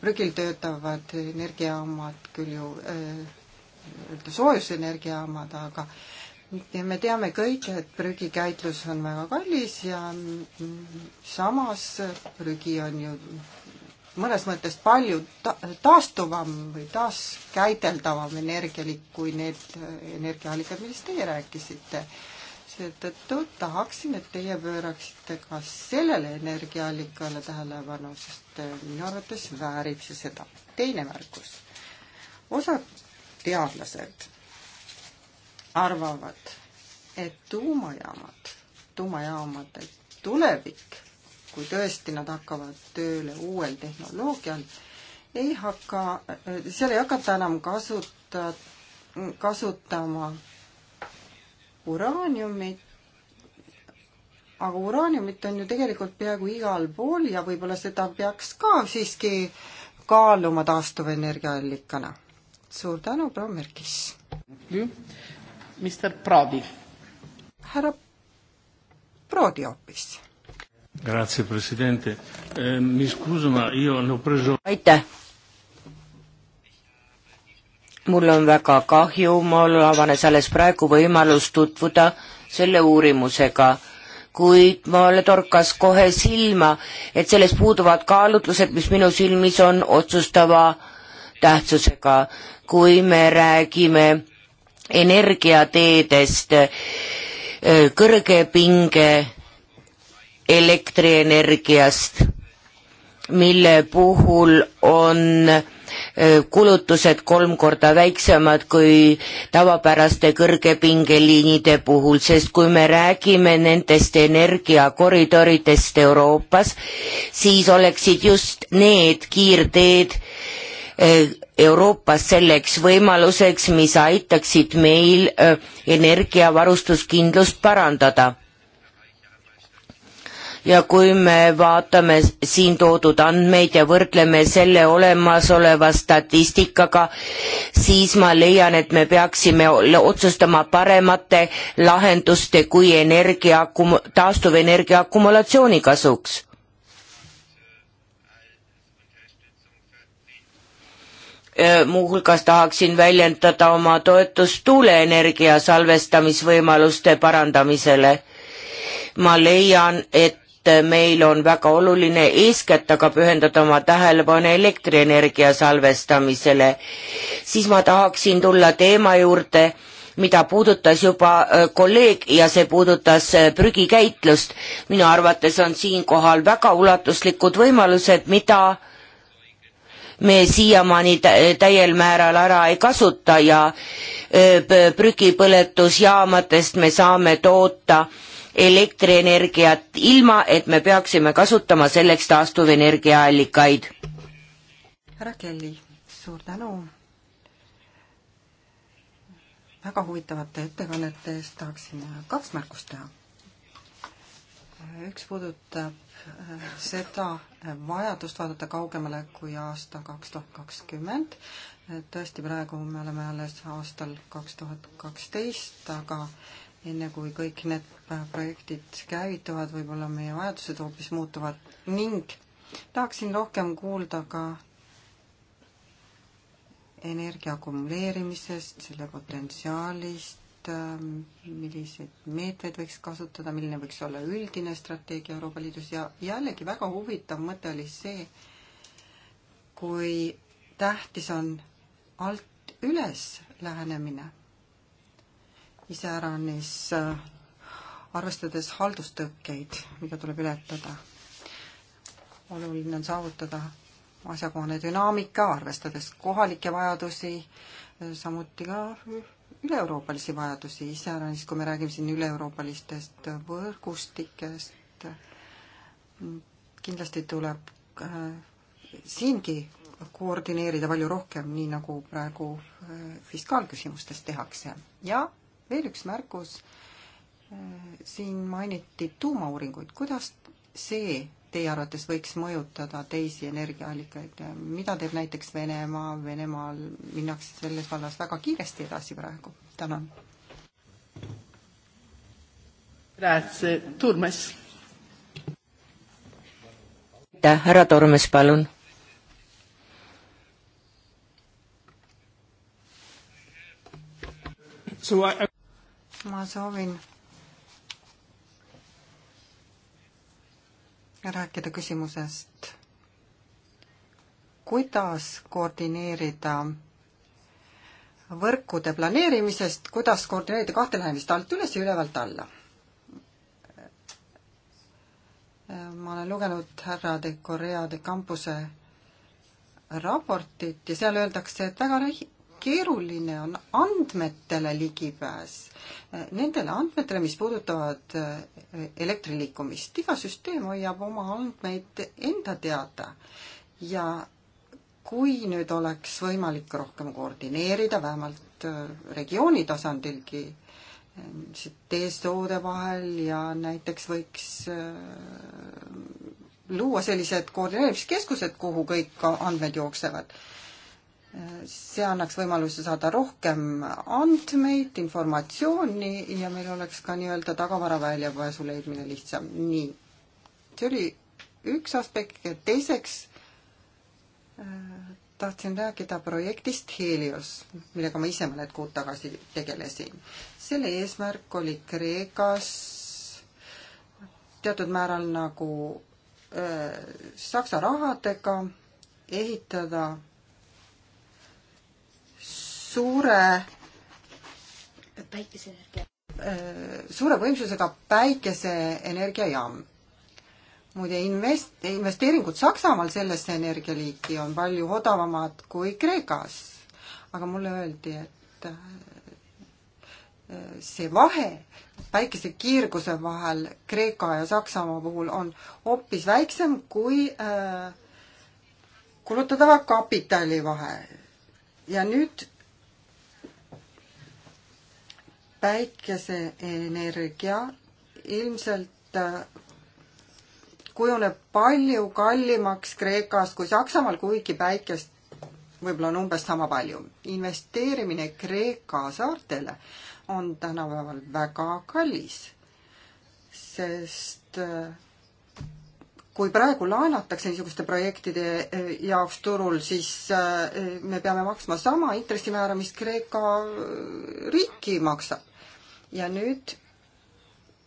prügil töötavad energiajaamad küll ju nii-öelda soojusenergiajaamad, aga me teame kõik, et prügikäitlus on väga kallis ja samas prügi on ju mõnes mõttes palju ta taastuvam või taaskäideldavam energialik kui need energiaallikad, millest teie rääkisite. seetõttu tahaksin, et teie pööraksite ka sellele energiaallikale tähelepanu, sest minu arvates väärib see seda. teine märkus. osad teadlased arvavad, et tuumajaamad, tuumajaamade tulevik, kui tõesti nad hakkavad tööle uuel tehnoloogial, ei hakka, seal ei hakata enam kasuta, kasutama uraaniumit, aga uraaniumit on ju tegelikult peaaegu igal pool ja võib-olla seda peaks ka siiski kaaluma taastuvenergia allikana. suur tänu, proua Merkis! Mr Prodi. härra Prodi hoopis. Grazie presidente eh,, mi scuso ma io ne ho preso. aitäh. mul on väga kahju, mul avanes alles praegu võimalus tutvuda selle uurimusega kuid mulle torkas kohe silma, et selles puuduvad kaalutlused, mis minu silmis on otsustava tähtsusega. kui me räägime energiateedest, äh, kõrgepinge elektrienergiast, mille puhul on äh, kulutused kolm korda väiksemad kui tavapäraste kõrgepingeliinide puhul, sest kui me räägime nendest energiakoridoridest Euroopas, siis oleksid just need kiirteed Eh, Euroopas selleks võimaluseks, mis aitaksid meil eh, energiavarustuskindlust parandada. ja kui me vaatame siin toodud andmeid ja võrdleme selle olemasoleva statistikaga, siis ma leian, et me peaksime otsustama paremate lahenduste kui energia, taastuvenergia akumulatsiooni kasuks Äh, muuhulgas tahaksin väljendada oma toetust tuuleenergia salvestamisvõimaluste parandamisele. ma leian, et meil on väga oluline eeskätt aga pühendada oma tähelepanu elektrienergia salvestamisele. siis ma tahaksin tulla teema juurde, mida puudutas juba äh, kolleeg ja see puudutas äh, prügikäitlust. minu arvates on siinkohal väga ulatuslikud võimalused, mida me siiamaani täiel määral ära ei kasuta ja prügipõletusjaamadest me saame toota elektrienergiat ilma, et me peaksime kasutama selleks taastuvenergiaallikaid. härra Kelly, suur tänu väga huvitavate ettekannete eest, tahaksin kaks märkust teha. üks puudutab äh, seda, vajadust vaadata kaugemale kui aasta kaks tuhat kakskümmend. tõesti, praegu me oleme alles aastal kaks tuhat kaksteist, aga enne kui kõik need projektid käivituvad, võib-olla meie vajadused hoopis muutuvad ning tahaksin rohkem kuulda ka energia akumuleerimisest, selle potentsiaalist, Ähm, milliseid meetmeid võiks kasutada, milline võiks olla üldine strateegia Euroopa Liidus ja jällegi väga huvitav mõte oli see, kui tähtis on alt üles lähenemine. iseäranis äh, arvestades haldustõkkeid, mida tuleb ületada. oluline on saavutada asjakohane dünaamika, arvestades kohalikke vajadusi, äh, samuti ka üle-euroopalisi vajadusi, iseäranis kui me räägime siin üle-euroopalistest võrgustikest, kindlasti tuleb äh, siingi koordineerida palju rohkem, nii nagu praegu äh, fiskaalküsimustes tehakse. ja veel üks märkus, äh, siin mainiti tuumauuringuid, kuidas see teie arvates võiks mõjutada teisi energiaallikaid, mida teeb näiteks Venemaa, Venemaal minnakse selles vallas väga kiiresti edasi praegu, tänan. aitäh, härra Turmes, palun ma soovin rääkida küsimusest, kuidas koordineerida võrkude planeerimisest, kuidas koordineerida kahte lähenemist alt üles ja ülevalt alla. ma olen lugenud härra de Correa de Campuse raportit ja seal öeldakse, et väga keeruline on andmetele ligipääs, nendele andmetele, mis puudutavad eh, elektriliikumist. iga süsteem hoiab oma andmeid enda teada ja kui nüüd oleks võimalik rohkem koordineerida, vähemalt eh, regiooni tasandilgi, eh, TSO-de vahel ja näiteks võiks luua sellised koordineerimiskeskused, kuhu kõik andmed jooksevad, see annaks võimaluse saada rohkem andmeid, informatsiooni ja meil oleks ka nii-öelda tagavara väljapääsu leidmine lihtsam. nii. see oli üks aspekt ja teiseks äh, tahtsin rääkida projektist Helios, millega ma ise mõned kuud tagasi tegelesin. selle eesmärk oli Kreekas teatud määral nagu äh, saksa rahadega ehitada suure päikeseenergia äh, suure võimsusega päikeseenergiajaam. muide, invest-, investeeringud Saksamaal sellesse energialiiki on palju odavamad kui Kreekas. aga mulle öeldi, et äh, see vahe päikesekiirguse vahel Kreeka ja Saksamaa puhul on hoopis väiksem kui äh, kulutatava kapitali vahe. ja nüüd päikeseenergia ilmselt äh, kujuneb palju kallimaks Kreekas kui Saksamaal, kuigi päikest võib-olla on umbes sama palju. investeerimine Kreeka saartele on tänapäeval väga kallis, sest äh, kui praegu laenatakse niisuguste projektide äh, jaoks turul, siis me peame maksma sama intressimäära, mis Kreeka riiki maksab ja nüüd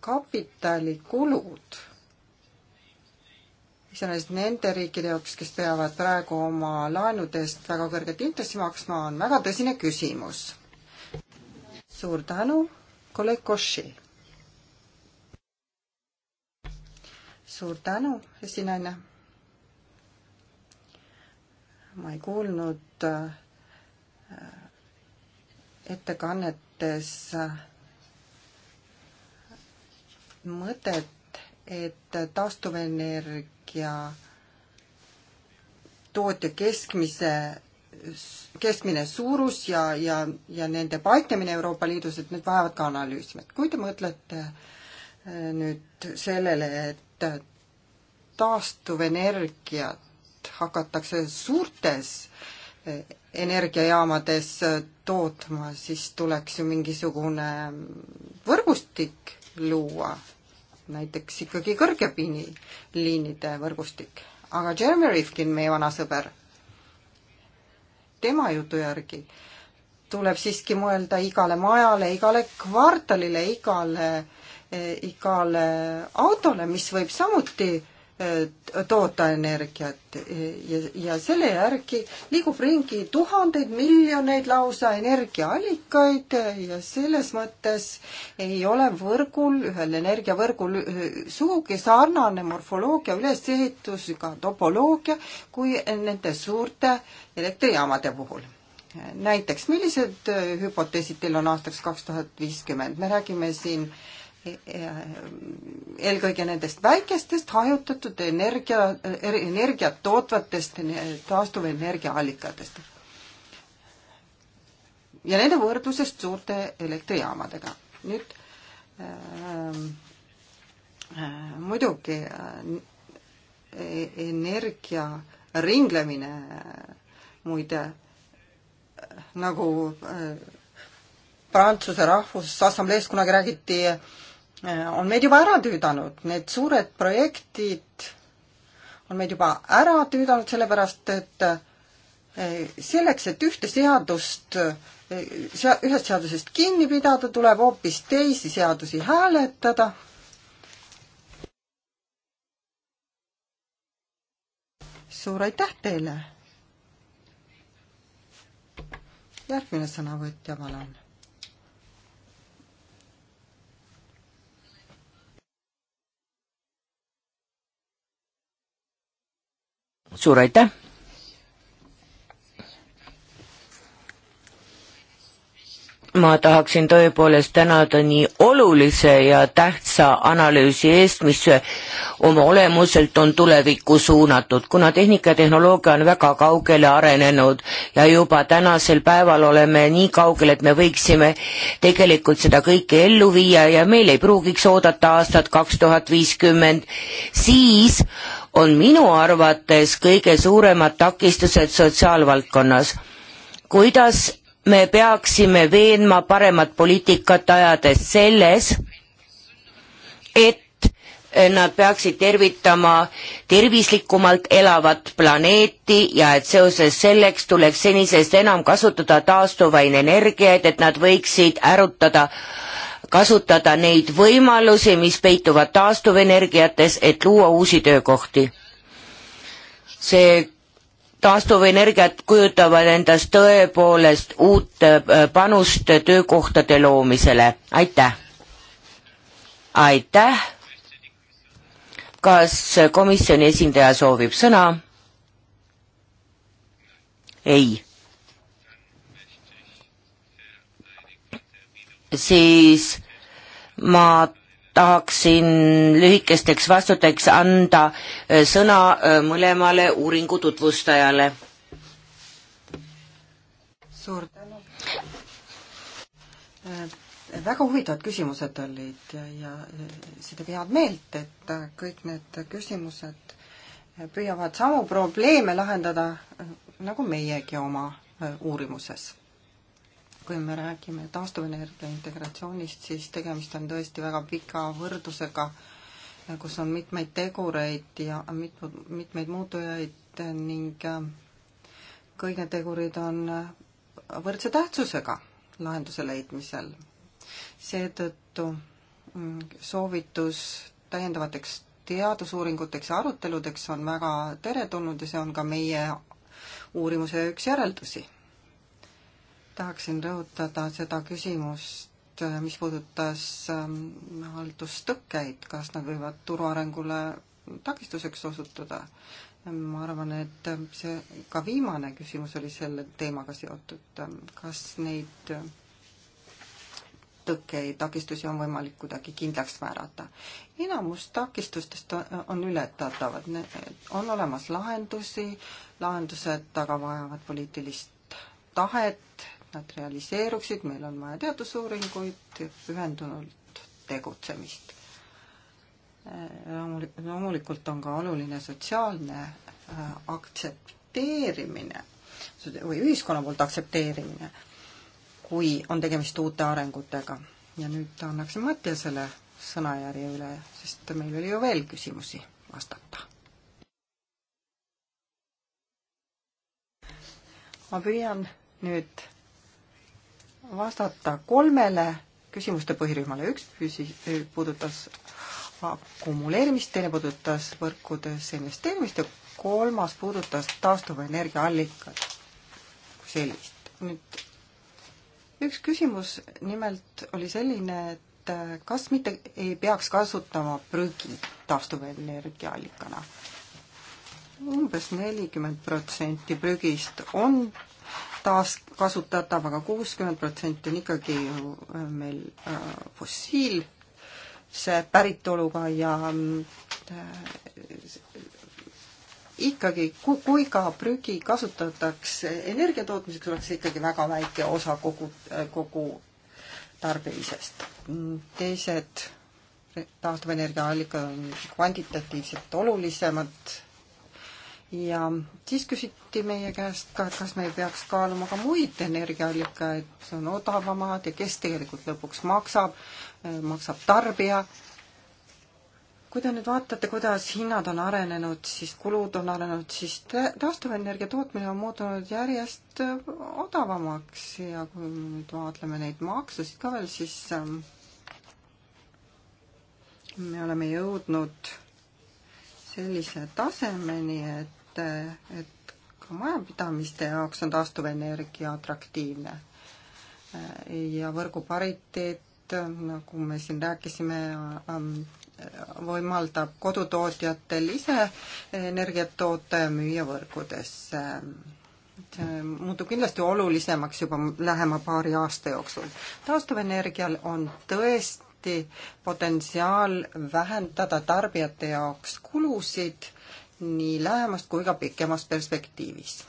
kapitalikulud, iseenesest nende riikide jaoks, kes peavad praegu oma laenudest väga kõrget intressi maksma, on väga tõsine küsimus. suur tänu, kolleeg Koši. suur tänu, esinaine. ma ei kuulnud äh, ettekannetes äh, mõtet, et taastuvenergia tootja keskmise, keskmine suurus ja, ja, ja nende paiknemine Euroopa Liidus, et need vajavad ka analüüsimist. kui te mõtlete äh, nüüd sellele, et taastuvenergiat hakatakse suurtes äh, energiajaamades äh, tootma, siis tuleks ju mingisugune võrgustik luua näiteks ikkagi kõrgepiiniliinide võrgustik. aga Jeremy Rifkin, meie vana sõber, tema jutu järgi tuleb siiski mõelda igale majale, igale kvartalile, igale, eh, igale autole, mis võib samuti Äh, toota energiat ja, ja selle järgi liigub ringi tuhandeid, miljoneid lausa energiaallikaid ja selles mõttes ei ole võrgul, ühel energiavõrgul äh, sugugi sarnane morfoloogia, ülesehitus, ka topoloogia kui nende suurte elektrijaamade puhul näiteks, millised äh, hüpoteesid teil on aastaks kaks tuhat viiskümmend, me räägime siin äh, Eh, eelkõige nendest väikestest hajutatud energia, energiat tootvatest taastuvenergiaallikatest. ja nende võrdlusest suurte elektrijaamadega. nüüd ähm, äh, muidugi äh, energia ringlemine muide äh, nagu äh, Prantsuse Rahvusassamblees kunagi räägiti äh, Äh, on meid juba ära tüüdanud, need suured projektid on meid juba ära tüüdanud, sellepärast et äh, selleks, et ühte seadust, äh, ühest seadusest kinni pidada, tuleb hoopis teisi seadusi hääletada. suur aitäh teile! järgmine sõnavõtja, palun suur aitäh! ma tahaksin tõepoolest tänada nii olulise ja tähtsa analüüsi eest, mis oma olemuselt on tulevikku suunatud, kuna tehnika ja tehnoloogia on väga kaugele arenenud ja juba tänasel päeval oleme nii kaugel, et me võiksime tegelikult seda kõike ellu viia ja meil ei pruugiks oodata aastat kaks tuhat viiskümmend, siis on minu arvates kõige suuremad takistused sotsiaalvaldkonnas. kuidas me peaksime veenma paremat poliitikat ajades selles, et nad peaksid tervitama tervislikumalt elavat planeeti ja et seoses selleks tuleks senisest enam kasutada taastuvaid energiaid, et nad võiksid ärutada kasutada neid võimalusi, mis peituvad taastuvenergiates, et luua uusi töökohti. see taastuvenergiat kujutavad endast tõepoolest uut äh, panust töökohtade loomisele, aitäh! aitäh! kas komisjoni esindaja soovib sõna? ei. siis ma tahaksin lühikesteks vastuteks anda äh, sõna äh, mõlemale uuringu tutvustajale. suur tänu äh, väga huvitavad küsimused olid ja, ja see teeb head meelt, et kõik need küsimused püüavad samu probleeme lahendada nagu meiegi oma uurimuses kui me räägime taastuvenergia integratsioonist, siis tegemist on tõesti väga pika võrdlusega, kus on mitmeid tegureid ja mitmed, mitmeid muutujaid ning äh, kõik need tegurid on äh, võrdse tähtsusega lahenduse leidmisel. seetõttu mm, soovitus täiendavateks teadusuuringuteks ja aruteludeks on väga teretulnud ja see on ka meie uurimuse üks järeldusi tahaksin rõhutada seda küsimust, äh, mis puudutas ähm, haldustõkkeid, kas nad võivad turu arengule takistuseks osutuda. ma arvan, et äh, see, ka viimane küsimus oli selle teemaga seotud, äh, kas neid tõkkeid, takistusi on võimalik kuidagi kindlaks määrata. enamus takistustest on ületatavad, on olemas lahendusi, lahendused aga vajavad poliitilist tahet nad realiseeruksid, meil on vaja teadusuuringuid, pühendunult tegutsemist. loomulikult on ka oluline sotsiaalne äh, aktsepteerimine või ühiskonna poolt aktsepteerimine, kui on tegemist uute arengutega. ja nüüd annaksin Mattiasele sõnajärje üle, sest meil oli ju veel küsimusi vastata ma püüan nüüd vastata kolmele küsimuste põhirühmale. üks küsis, puudutas akumuleerimist, teine puudutas võrkudesse investeerimist ja kolmas puudutas taastuvenergia allikat kui sellist. nüüd üks küsimus nimelt oli selline, et kas mitte ei peaks kasutama prügi taastuvenergia allikana umbes? umbes nelikümmend protsenti prügist on taaskasutatav, aga kuuskümmend protsenti on ikkagi ju äh, meil äh, fossiilse päritoluga ja äh, ikkagi, kui ka prügi kasutatakse energia tootmiseks, oleks see ikkagi väga väike osa kogu, kogu tarbimisest. teised taastuvenergia allikad on kvantitatiivselt olulisemad ja siis küsiti meie käest ka, et kas me ei peaks kaaluma ka muid energiaallikaid, mis on odavamad ja kes tegelikult lõpuks maksab, äh, maksab tarbija. kui te nüüd vaatate, kuidas hinnad on arenenud, siis kulud on arenenud, siis taastuvenergia tootmine on muutunud järjest äh, odavamaks ja kui me nüüd vaatleme neid maksusid ka veel, siis ähm, me oleme jõudnud sellise tasemeni, et, et ka majapidamiste jaoks on taastuvenergia atraktiivne. ja võrgu pariteet, nagu me siin rääkisime, võimaldab kodutootjatel ise energiat toota ja müüa võrgudesse see muutub kindlasti olulisemaks juba lähema paari aasta jooksul. taastuvenergial on tõest-, samuti potentsiaal vähendada tarbijate jaoks kulusid nii lähemas kui ka pikemas perspektiivis.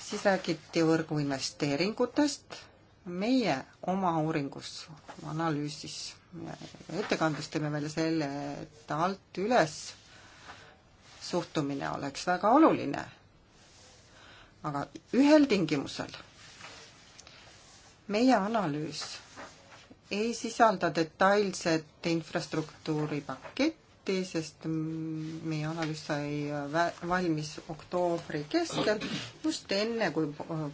siis räägiti võrgu investeeringutest. meie oma uuringus, analüüsis, ettekandes tõime välja selle, et alt üles suhtumine oleks väga oluline. aga ühel tingimusel. meie analüüs ei sisalda detailset infrastruktuuripaketti, sest meie analüüs sai valmis oktoobri keskel, just enne, kui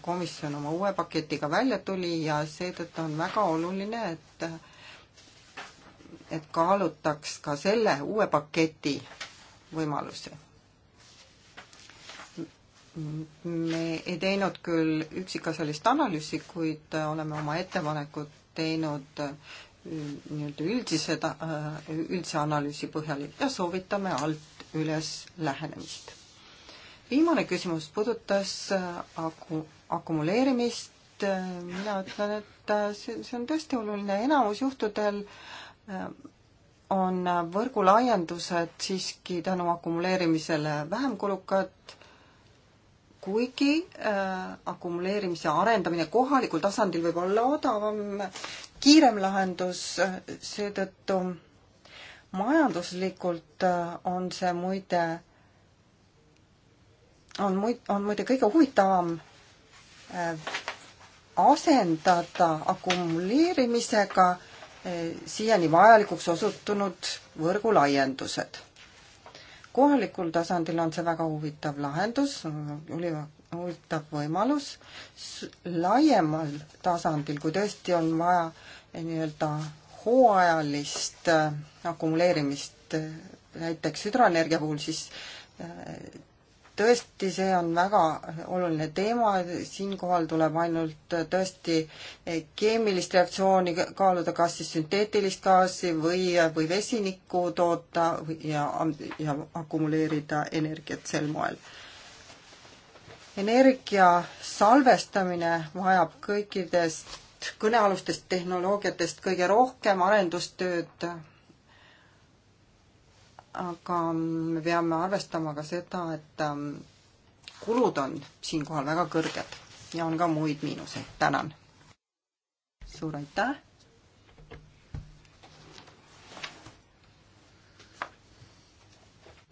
komisjon oma uue paketiga välja tuli ja seetõttu on väga oluline, et et kaalutaks ka selle uue paketi võimalusi me ei teinud küll üksikasjalist analüüsi, kuid oleme oma ettepanekud teinud äh, nii-öelda üldise, äh, üldise analüüsi põhjal ja soovitame alt üles lähenemist. viimane küsimus puudutas äh, aku-, akumuleerimist. mina ütlen, et see, see on tõesti oluline, enamus juhtudel on võrgulaiendused siiski tänu akumuleerimisele vähem kulukad kuigi äh, akumuleerimise arendamine kohalikul tasandil võib olla odavam, kiirem lahendus, äh, seetõttu majanduslikult äh, on see muide, on muid-, on muide kõige huvitavam äh, asendada akumuleerimisega äh, siiani vajalikuks osutunud võrgulaiendused kohalikul tasandil on see väga huvitav lahendus, oli huvitav võimalus, laiemal tasandil, kui tõesti on vaja nii-öelda hooajalist äh, akumuleerimist äh, näiteks hüdroenergia puhul, siis äh, tõesti, see on väga oluline teema, siinkohal tuleb ainult äh, tõesti eh, keemilist reaktsiooni kaaluda, kas siis sünteetilist gaasi või, äh, või vesinikku toota ja, ja akumuleerida energiat sel moel. energia salvestamine vajab kõikidest kõnealustest tehnoloogiatest kõige rohkem arendustööd aga me peame arvestama ka seda, et ähm, kulud on siinkohal väga kõrged ja on ka muid miinuseid. tänan. suur aitäh.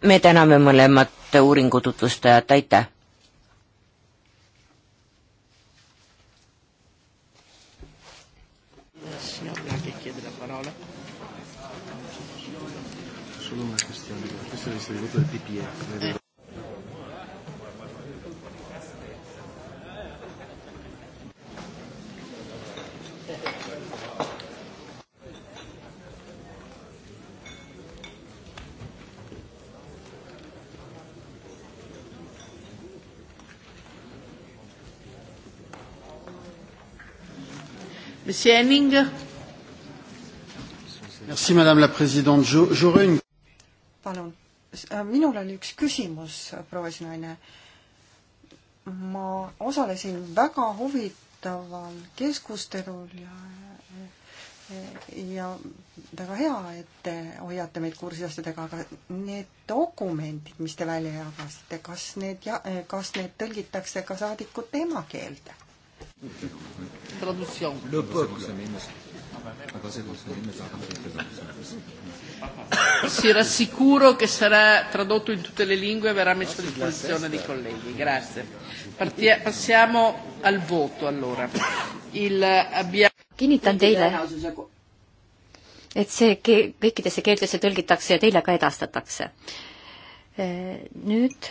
me täname mõlemat uuringu tutvustajat, aitäh. questa è lista di voto del PPE. Eh. Monsieur Henning. Merci Madame la Présidente. J'aurais une. Pardon Äh, minul oli üks küsimus, proua esinaine. ma osalesin väga huvitaval keskustelul ja ja väga hea, et te hoiate meid kursis asjadega, aga need dokumendid, mis te välja jagasite, kas need ja kas need tõlgitakse ka saadikute emakeelde? aga selles on nimes. Si rassicuro che sarà tradotto in tutte le lingue e verrà messo a disposizione dei colleghi. Grazie. Partia, passiamo al voto allora. Il, abbia... kinnitan teile, et see ke-, kõikidesse keeltesse tõlgitakse ja teile ka edastatakse. Eh, nüüd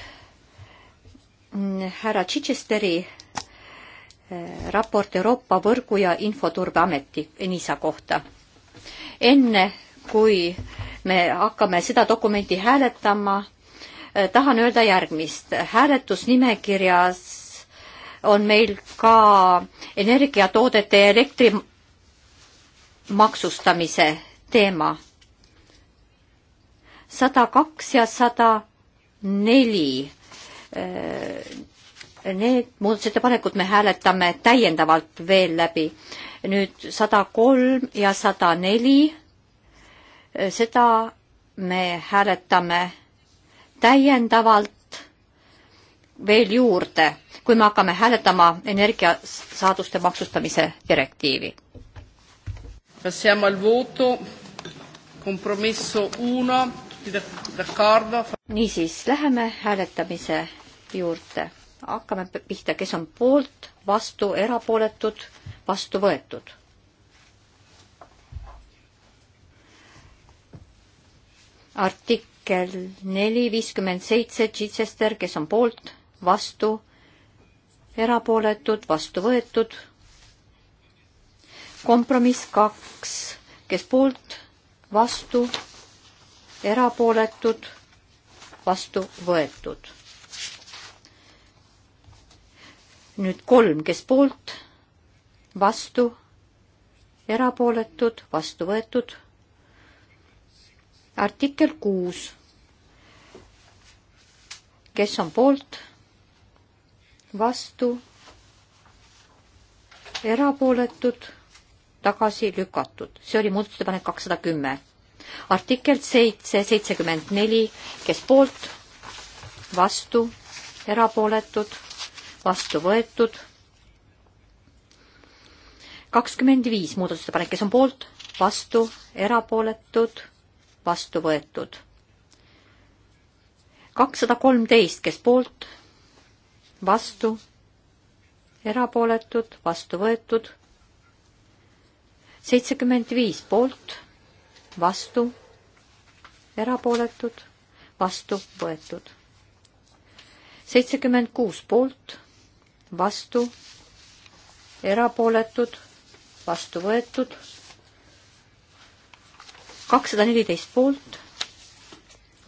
mm, härra Chichesteri eh, raport Euroopa Võrgu- ja Infoturbeameti, ENISA kohta. enne kui me hakkame seda dokumenti hääletama, eh, tahan öelda järgmist. hääletusnimekirjas on meil ka energiatoodete ja elektri maksustamise teema. sada kaks ja sada neli. Eh, need muudatusettepanekud me hääletame täiendavalt veel läbi. nüüd sada kolm ja sada neli seda me hääletame täiendavalt veel juurde, kui me hakkame hääletama energiasaaduste maksustamise direktiivi. niisiis, läheme hääletamise juurde. hakkame pihta, kes on poolt, vastu, erapooletud, vastu võetud artikkel neli, viiskümmend seitse, Chichester, kes on poolt, vastu, erapooletud, vastu võetud. kompromiss kaks, kes poolt, vastu, erapooletud, vastu võetud. nüüd kolm, kes poolt, vastu, erapooletud, vastu võetud artikkel kuus. kes on poolt, vastu, erapooletud, tagasi lükatud, see oli muudatusettepanek kakssada kümme. artikkel seitse, seitsekümmend neli, kes poolt, vastu, erapooletud, vastu võetud kakskümmend viis muudatusettepanek, kes on poolt, vastu, erapooletud, vastu võetud. kakssada kolmteist, kes poolt, vastu, erapooletud, vastu võetud. seitsekümmend viis poolt, vastu, erapooletud, vastu võetud. seitsekümmend kuus poolt, vastu, erapooletud, vastu võetud kakssada neliteist poolt,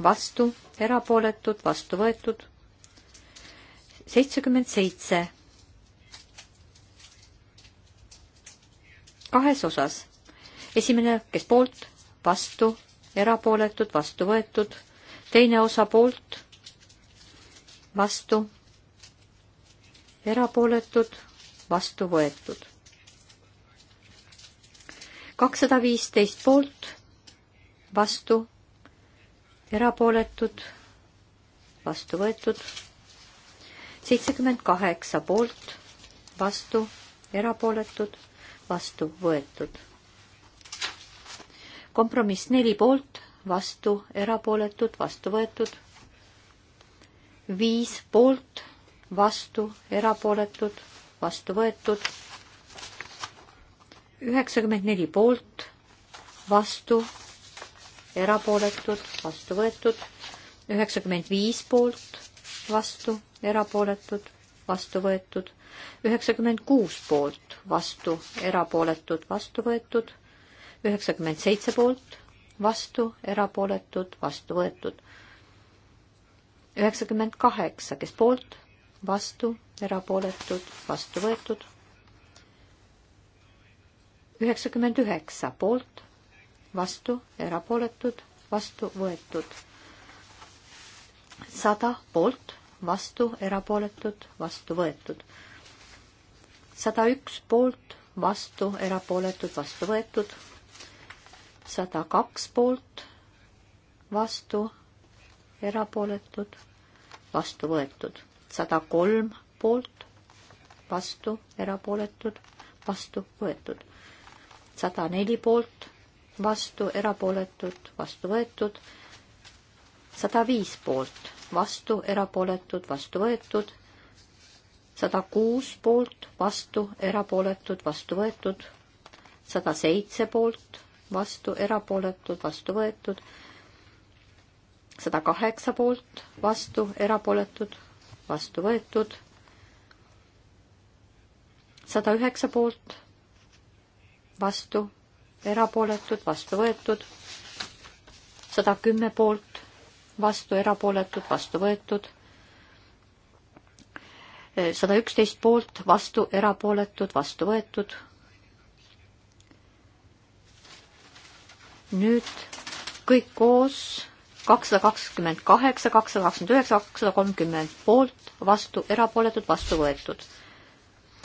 vastu, erapooletud, vastu võetud, seitsekümmend seitse. kahes osas. esimene, kes poolt, vastu, erapooletud, vastu võetud, teine osa poolt, vastu, erapooletud, vastu võetud. kakssada viisteist poolt vastu, erapooletud, vastu võetud, seitsekümmend kaheksa poolt, vastu, erapooletud, vastu võetud. kompromiss neli poolt, vastu, erapooletud, vastu võetud, viis poolt, vastu, erapooletud, vastu võetud, üheksakümmend neli poolt, vastu, erapooletud, vastu võetud, üheksakümmend viis poolt, vastu, erapooletud, vastu võetud, üheksakümmend kuus poolt, vastu, erapooletud, vastu võetud, üheksakümmend seitse poolt, vastu, erapooletud, vastu võetud, üheksakümmend kaheksa, kes poolt, vastu, erapooletud, vastu võetud üheksakümmend üheksa poolt, vastu, erapooletud, vastu võetud. sada poolt, vastu, erapooletud, vastu võetud. sada üks poolt, vastu, erapooletud, vastu võetud. sada kaks poolt, vastu, erapooletud, vastu võetud. sada kolm poolt, vastu, erapooletud, vastu võetud. sada neli poolt, vastu, erapooletud, vastu võetud. sada viis poolt, vastu, erapooletud, vastu võetud. sada kuus poolt, vastu, erapooletud, vastu võetud. sada seitse poolt, vastu, erapooletud, vastu võetud. sada kaheksa poolt, vastu, erapooletud, vastu võetud. sada üheksa poolt, vastu erapooletud, vastu võetud. sada kümme poolt, vastu erapooletud, vastu võetud. sada üksteist poolt, vastu erapooletud, vastu võetud. nüüd kõik koos kakssada kakskümmend kaheksa, kakssada kakskümmend üheksa, kakssada kolmkümmend poolt, vastu erapooletud, vastu võetud.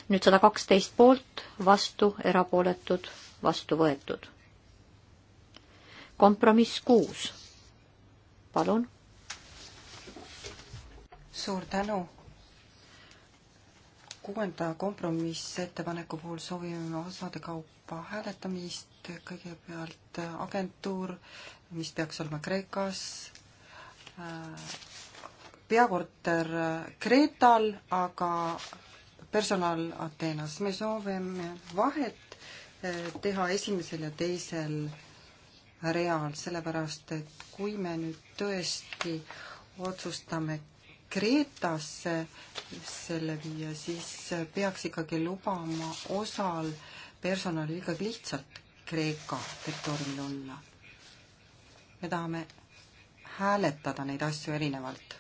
nüüd sada kaksteist poolt, vastu erapooletud vastu võetud. kompromiss kuus. palun. suur tänu. kuuenda kompromissettepaneku puhul soovime osade kaupa hääletamist. kõigepealt agentuur, mis peaks olema Kreekas peakorter Kreetal, aga personal Ateenas. me soovime vahet teha esimesel ja teisel real, sellepärast et kui me nüüd tõesti otsustame Kreetasse selle viia, siis peaks ikkagi lubama osal personalil ikkagi lihtsalt Kreeka territooriumil olla. me tahame hääletada neid asju erinevalt.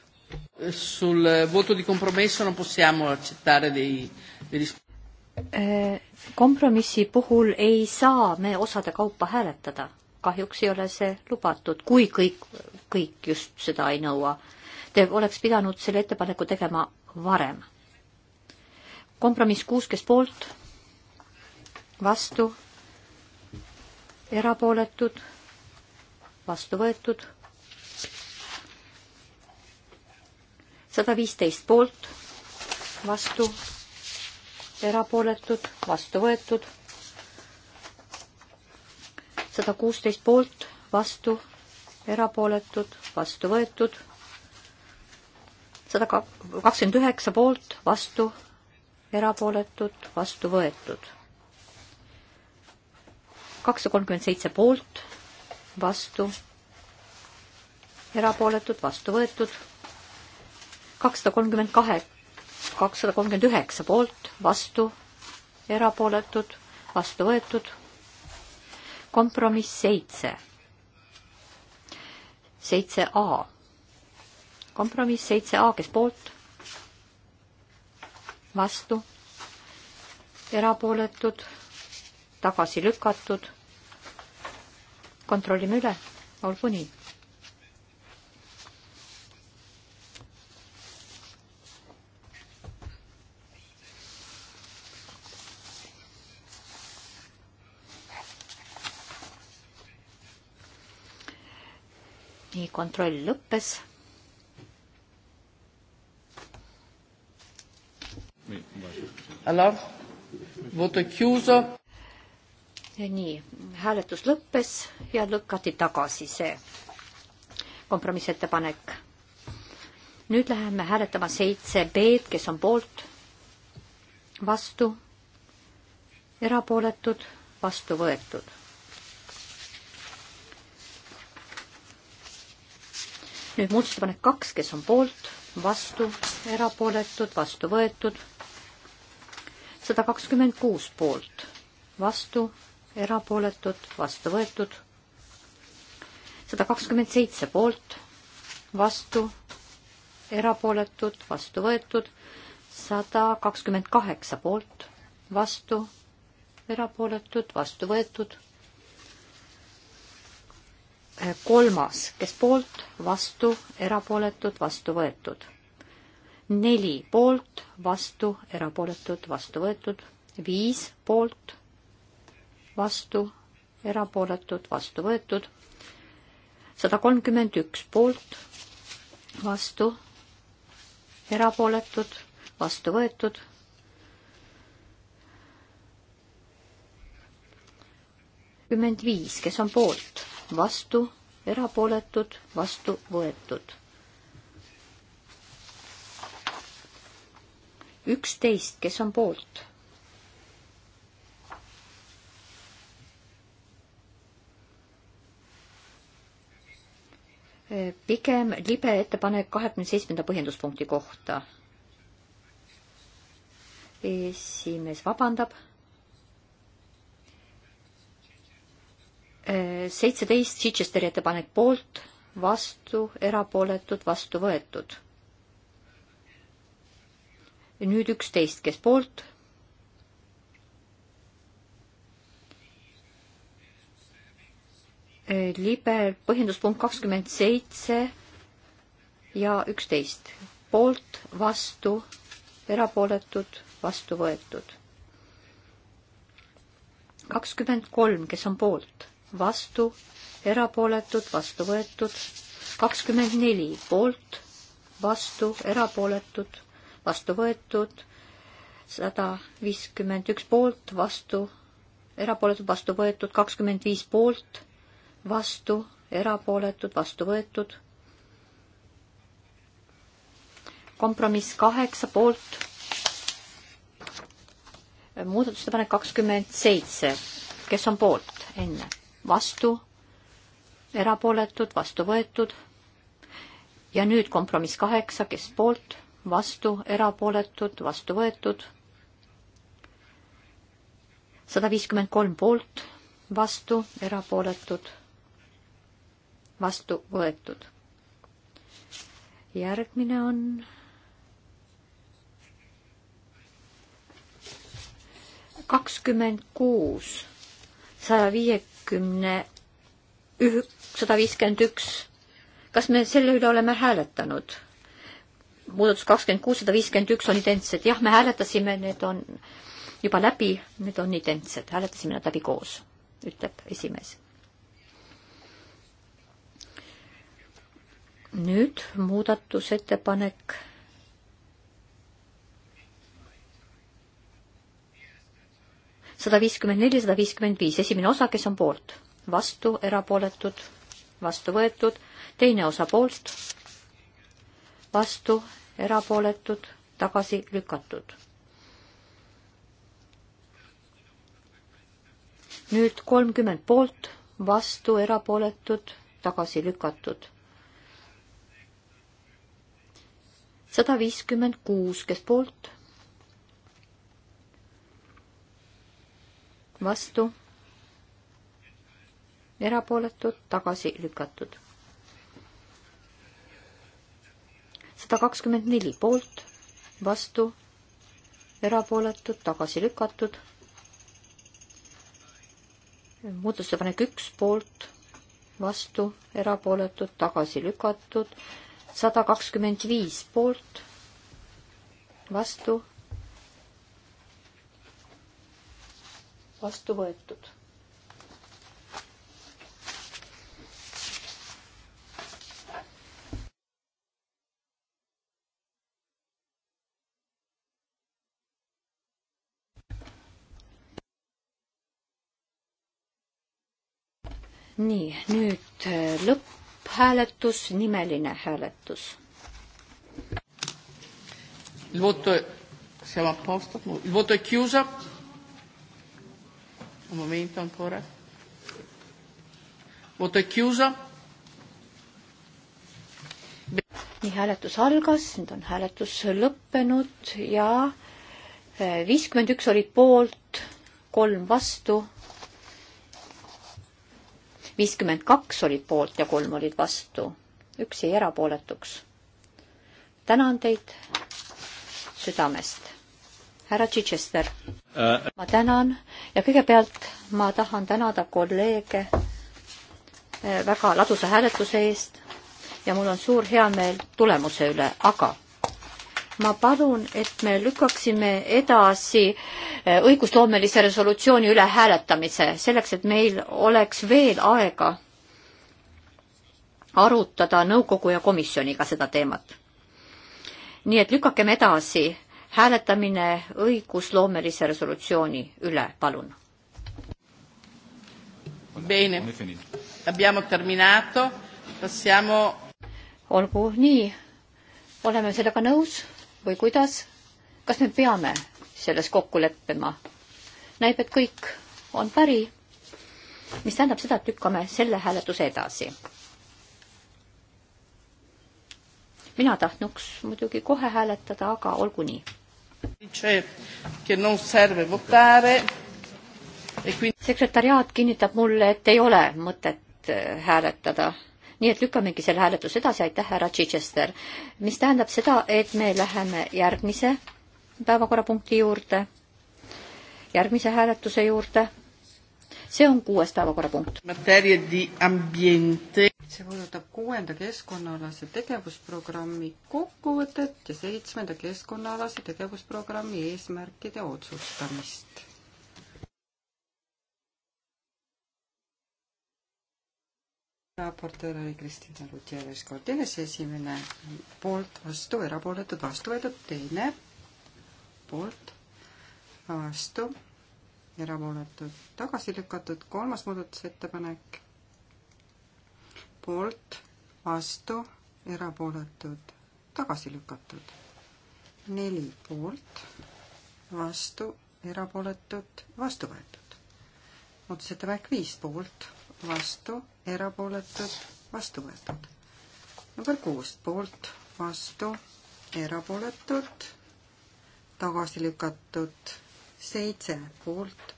Sul voto di compromesso non possiamo accettare dei, dei Äh, kompromissi puhul ei saa me osade kaupa hääletada, kahjuks ei ole see lubatud, kui kõik, kõik just seda ei nõua. Te oleks pidanud selle ettepaneku tegema varem. kompromiss kuus, kes poolt, vastu, erapooletud, vastu võetud, sada viisteist poolt, vastu erapooletud, vastu võetud. sada kuusteist poolt, vastu, erapooletud, vastu võetud. sada kakskümmend üheksa poolt, vastu, erapooletud, vastu võetud. kakssada kolmkümmend seitse poolt, vastu, erapooletud, vastu võetud. kakssada kolmkümmend kaheksa kakssada kolmkümmend üheksa poolt, vastu, erapooletud, vastu võetud. kompromiss seitse, seitse A. kompromiss seitse A, kes poolt, vastu, erapooletud, tagasi lükatud. kontrollime üle, olgu nii kontroll lõppes. nii, hääletus lõppes ja lükati tagasi see kompromissettepanek. nüüd läheme hääletama seitse B-d, kes on poolt, vastu, erapooletud, vastu võetud nüüd muudatusettepanek kaks, kes on poolt, vastu, erapooletud, vastu võetud. sada kakskümmend kuus poolt, vastu, erapooletud, vastu võetud. sada kakskümmend seitse poolt, vastu, erapooletud, vastu võetud. sada kakskümmend kaheksa poolt, vastu, erapooletud, vastu võetud kolmas, kes poolt, vastu, erapooletud, vastu võetud. neli poolt, vastu, erapooletud, vastu võetud. viis poolt, vastu, erapooletud, vastu võetud. sada kolmkümmend üks poolt, vastu, erapooletud, vastu võetud kakskümmend viis, kes on poolt, vastu, erapooletud, vastu võetud. üksteist, kes on poolt? pigem libe ettepanek kahekümne seitsmenda põhjenduspunkti kohta. esimees vabandab seitseteist Chichesteri ettepanek poolt, vastu, erapooletud, vastu võetud. nüüd üksteist, kes poolt? libe põhjenduspunkt kakskümmend seitse ja üksteist poolt, vastu, erapooletud, vastu võetud. kakskümmend kolm, kes on poolt vastu, erapooletud, vastu võetud, kakskümmend neli poolt, vastu, erapooletud, vastu võetud, sada viiskümmend üks poolt, vastu, erapooletud, vastu võetud, kakskümmend viis poolt, vastu, erapooletud, vastu võetud. kompromiss kaheksa poolt. muudatusettepanek kakskümmend seitse, kes on poolt enne? vastu, erapooletud, vastu võetud. ja nüüd kompromiss kaheksa, kes poolt, vastu, erapooletud, vastu võetud. sada viiskümmend kolm poolt, vastu, erapooletud, vastu võetud. järgmine on kakskümmend kuus saja viiekümne üh-, sada viiskümmend üks. kas me selle üle oleme hääletanud? muudatus kakskümmend kuus, sada viiskümmend üks on identsed, jah, me hääletasime, need on juba läbi, need on identsed, hääletasime nad läbi koos, ütleb esimees. nüüd muudatusettepanek sada viiskümmend neli, sada viiskümmend viis, esimene osa, kes on poolt, vastu, erapooletud, vastu võetud, teine osa poolt, vastu, erapooletud, tagasi lükatud. nüüd kolmkümmend poolt, vastu, erapooletud, tagasi lükatud. sada viiskümmend kuus, kes poolt vastu, erapooletud, tagasi lükatud. sada kakskümmend neli poolt, vastu, erapooletud, tagasi lükatud. muudatusettepanek üks poolt, vastu, erapooletud, tagasi lükatud. sada kakskümmend viis poolt, vastu vastu võetud. nii, nüüd äh, lõpphääletus, nimeline hääletus. Il voto, siamo a posto? Il voto è chiuso Un momento ancora. Voto è chiuso. nii hääletus algas, nüüd on hääletus lõppenud ja eh, viiskümmend üks olid poolt, kolm vastu. viiskümmend kaks olid poolt ja kolm olid vastu. üks jäi erapooletuks. tänan teid südamest. härra Chichester ma tänan ja kõigepealt ma tahan tänada kolleege eh, väga ladusa hääletuse eest ja mul on suur heameel tulemuse üle, aga ma palun, et me lükkaksime edasi eh, õigusloomelise resolutsiooni üle hääletamise, selleks et meil oleks veel aega arutada nõukogu ja komisjoniga seda teemat. nii et lükakem edasi hääletamine õigusloomelise resolutsiooni üle, palun. Bene, abbiamo terminato, passiamo. olgu nii, oleme sellega nõus või kuidas? kas me peame selles kokku leppima? näib, et kõik on päri, mis tähendab seda, et lükkame selle hääletuse edasi. mina tahtnuks muidugi kohe hääletada, aga olgu nii E sekretariaat kinnitab mulle, et ei ole mõtet äh, hääletada nii et lükkamegi selle hääletuse edasi, aitäh, härra Chichester. mis tähendab seda, et me läheme järgmise päevakorrapunkti juurde, järgmise hääletuse juurde. see on kuues päevakorrapunkt see puudutab kuuenda keskkonnaalase tegevusprogrammi kokkuvõtet ja seitsmenda keskkonnaalase tegevusprogrammi eesmärkide otsustamist. raportöör oli Kristina Lutjeres-Kordenes, esimene poolt vastu, erapooletud vastu võetud, teine poolt vastu, erapooletud tagasi lükatud, kolmas muudatusettepanek poolt, vastu, erapooletud, tagasi lükatud. neli poolt, vastu, erapooletud, vastu võetud. muudatusettepanek viis poolt, vastu, erapooletud, vastu võetud. number kuus poolt, vastu, erapooletud, tagasi lükatud, seitse poolt,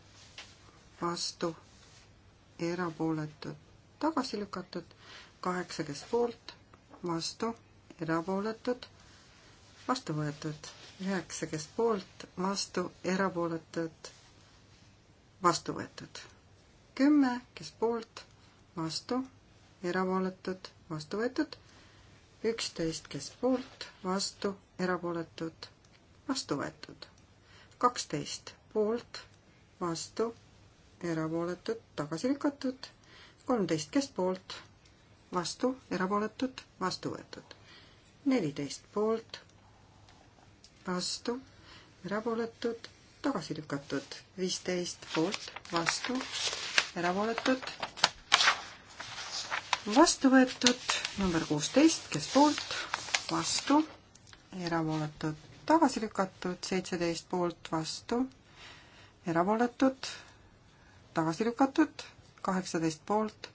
vastu, erapooletud, tagasi lükatud, kaheksa, kes poolt, vastu, erapooletud, vastu võetud. üheksa, kes poolt, vastu, erapooletud, vastu võetud. kümme, kes poolt, vastu, erapooletud, vastu võetud. üksteist, kes poolt, vastu, erapooletud, vastu võetud. kaksteist, poolt, vastu, erapooletud, tagasi lükatud. kolmteist, kes poolt vastu, erapooletud, vastu võetud. neliteist poolt, vastu, erapooletud, tagasi lükatud. viisteist poolt, vastu, erapooletud, vastu võetud. number kuusteist, kes poolt, vastu, erapooletud, tagasi lükatud. seitseteist poolt, vastu, erapooletud, tagasi lükatud. kaheksateist poolt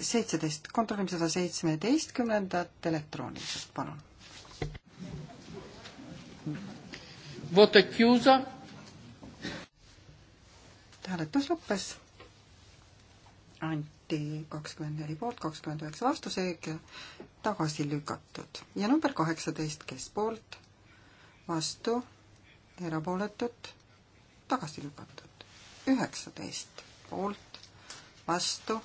seitseteist, kontrollime seda seitsmeteistkümnendat elektrooniliselt, palun. hääletus lõppes. anti kakskümmend neli poolt, kakskümmend üheksa vastu, seega tagasi lükatud. ja number kaheksateist, kes poolt, vastu, erapooletut, tagasi lükatud. üheksateist poolt, vastu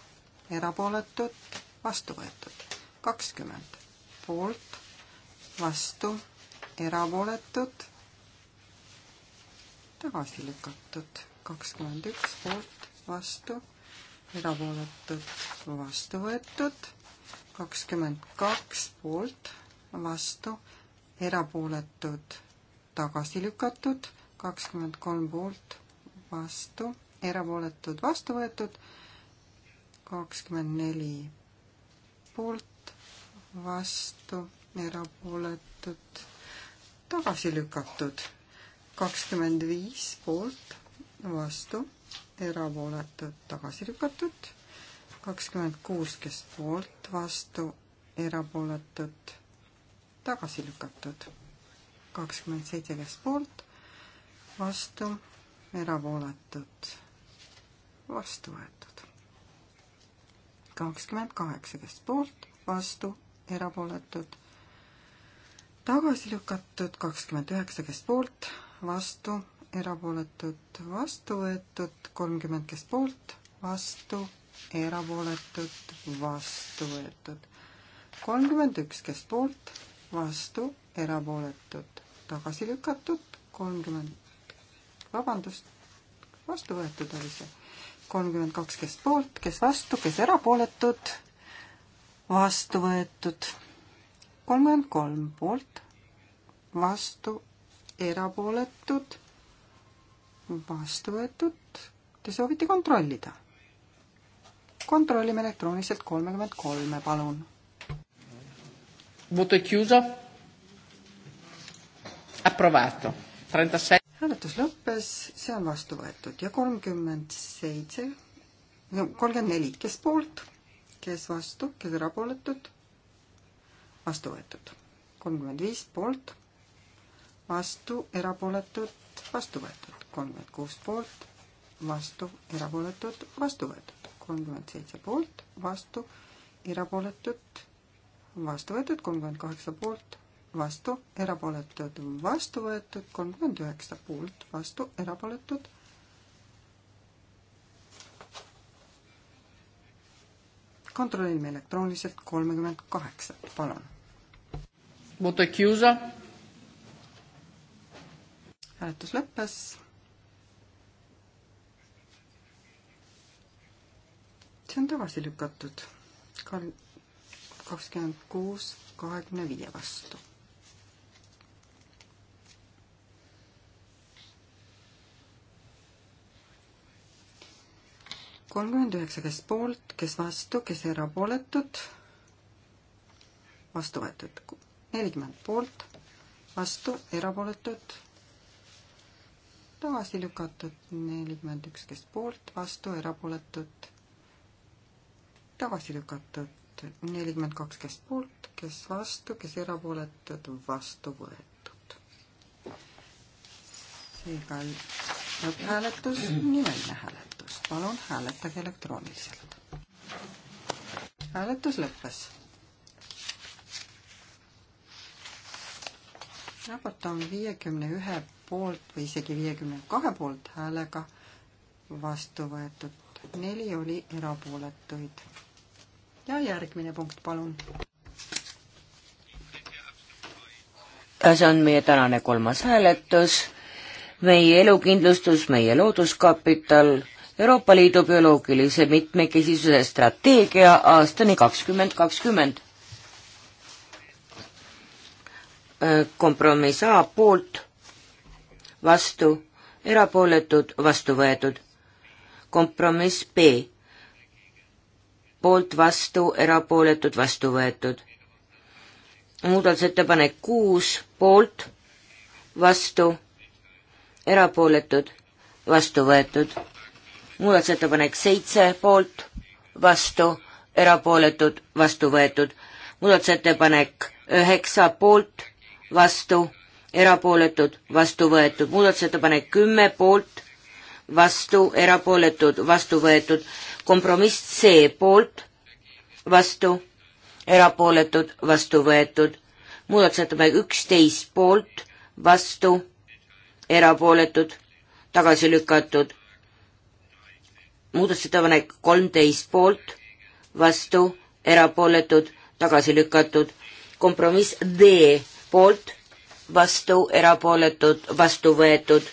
erapooletud, vastu võetud. kakskümmend poolt, vastu, erapooletud, tagasi lükatud. kakskümmend üks poolt, vastu, erapooletud, vastu võetud. kakskümmend kaks poolt, vastu, erapooletud, tagasi lükatud. kakskümmend kolm poolt, vastu, erapooletud, vastu võetud kakskümmend neli poolt, vastu, erapooletud, tagasi lükatud. kakskümmend viis poolt, vastu, erapooletud, tagasi lükatud. kakskümmend kuus, kes poolt, vastu, erapooletud, tagasi lükatud. kakskümmend seitse, kes poolt, vastu, erapooletud, vastu võetud kakskümmend kaheksa, kes poolt, vastu, erapooletud, tagasi lükatud, kakskümmend üheksa, kes poolt, vastu, erapooletud, vastu võetud, kolmkümmend, kes poolt, vastu, erapooletud, vastu võetud, kolmkümmend üks, kes poolt, vastu, erapooletud, tagasi lükatud, kolmkümmend, vabandust, vastu võetud oli see kolmkümmend kaks, kes poolt, kes vastu, kes erapooletud, vastu võetud. kolmkümmend kolm poolt, vastu, erapooletud, vastu võetud. Te soovite kontrollida? kontrollime elektrooniliselt kolmekümmend kolme, palun. Voto chiuso. Approvato. 36 hääletus lõppes, see on vastu võetud ja kolmkümmend seitse, kolmkümmend neli, kes poolt, kes vastu, kes erapooletud, vastu võetud. kolmkümmend viis poolt, vastu, erapooletud, vastu võetud. kolmkümmend kuus poolt, vastu, erapooletud, vastu võetud. kolmkümmend seitse poolt, vastu, erapooletud, vastu võetud. kolmkümmend kaheksa poolt, vastu, erapooletud, vastu võetud, kolmkümmend üheksa poolt, vastu, erapooletud. kontrollime elektrooniliselt kolmekümmend kaheksat, palun. hääletus lõppes see on tagasi lükatud kakskümmend kuus kahekümne viie vastu kolmkümmend üheksa, kes poolt, kes vastu, kes erapooletud, vastu võetud. nelikümmend poolt, vastu, erapooletud, tagasi lükatud, nelikümmend üks, kes poolt, vastu, erapooletud, tagasi lükatud, nelikümmend kaks, kes poolt, kes vastu, kes erapooletud, vastu võetud. seega lõpphääletus, nimeline hääletus palun hääletage elektrooniliselt. hääletus lõppes. raport on viiekümne ühe poolt või isegi viiekümne kahe poolt häälega vastu võetud. neli oli erapooletuid. ja järgmine punkt, palun. see on meie tänane kolmas hääletus meie elukindlustus, meie looduskapital Euroopa Liidu bioloogilise mitmekesisuse strateegia aastani kakskümmend kakskümmend. kompromiss A poolt, vastu, erapooletud, vastu võetud. kompromiss B poolt, vastu, erapooletud, vastu võetud. muudatusettepanek kuus poolt, vastu, erapooletud, vastu võetud muudatusettepanek seitse poolt, vastu, erapooletud, vastu võetud. muudatusettepanek üheksa poolt, vastu, erapooletud, vastu võetud. muudatusettepanek kümme poolt, vastu, erapooletud, vastu võetud. kompromiss C poolt, vastu, erapooletud, vastu võetud. muudatusettepanek üksteist poolt, vastu, erapooletud, tagasi lükatud muudatusettepanek kolmteist poolt, vastu, erapooletud, tagasi lükatud. kompromiss D poolt, vastu, erapooletud, vastu võetud.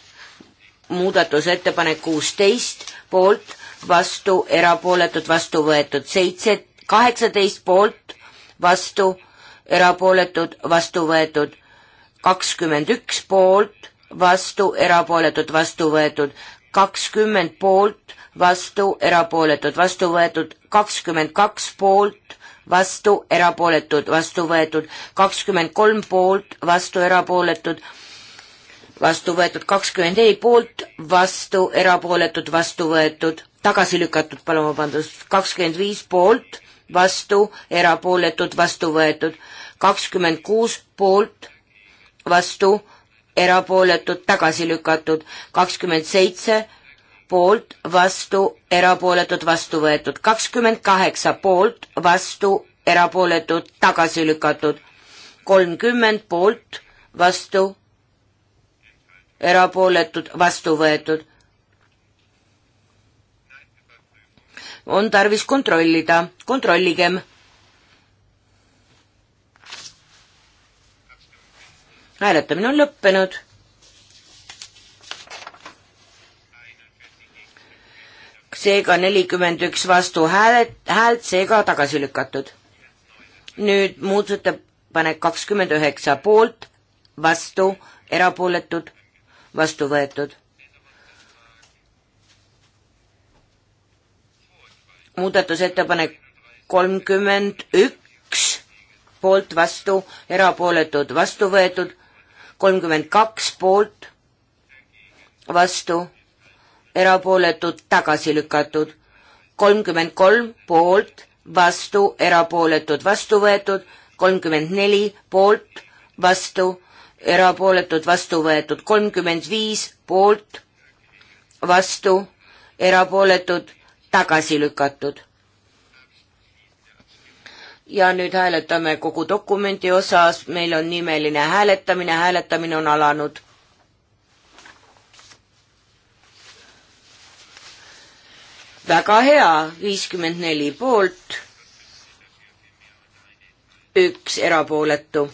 muudatusettepanek kuusteist poolt, vastu, erapooletud, vastu võetud. seitse, kaheksateist poolt, vastu, erapooletud, vastu võetud. kakskümmend üks poolt, vastu, erapooletud, vastu võetud. kakskümmend poolt vastu, erapooletud, vastu võetud, kakskümmend kaks poolt, vastu, erapooletud, vastu võetud, kakskümmend kolm poolt, vastu, erapooletud, vastu võetud, kakskümmend neli poolt, vastu, erapooletud, vastu võetud, tagasi lükatud, palun vabandust, kakskümmend viis poolt, vastu, erapooletud, vastu võetud, kakskümmend kuus poolt, vastu, erapooletud, tagasi lükatud, kakskümmend seitse poolt, vastu, erapooletud, vastu võetud, kakskümmend kaheksa poolt, vastu, erapooletud, tagasi lükatud, kolmkümmend poolt, vastu, erapooletud, vastu võetud. on tarvis kontrollida, kontrolligem. hääletamine on lõppenud seega nelikümmend üks vastuhäält, häält seega tagasi lükatud. nüüd muudatusettepanek kakskümmend üheksa poolt, vastu, erapooletud, vastu võetud. muudatusettepanek kolmkümmend üks poolt, vastu, erapooletud, vastu võetud, kolmkümmend kaks poolt, vastu erapooletud, tagasi lükatud. kolmkümmend kolm poolt, vastu, erapooletud, vastu võetud, kolmkümmend neli poolt, vastu, erapooletud, vastu võetud, kolmkümmend viis poolt, vastu, erapooletud, tagasi lükatud. ja nüüd hääletame kogu dokumendi osas, meil on nimeline hääletamine, hääletamine on alanud väga hea, viiskümmend neli poolt, üks erapooletu.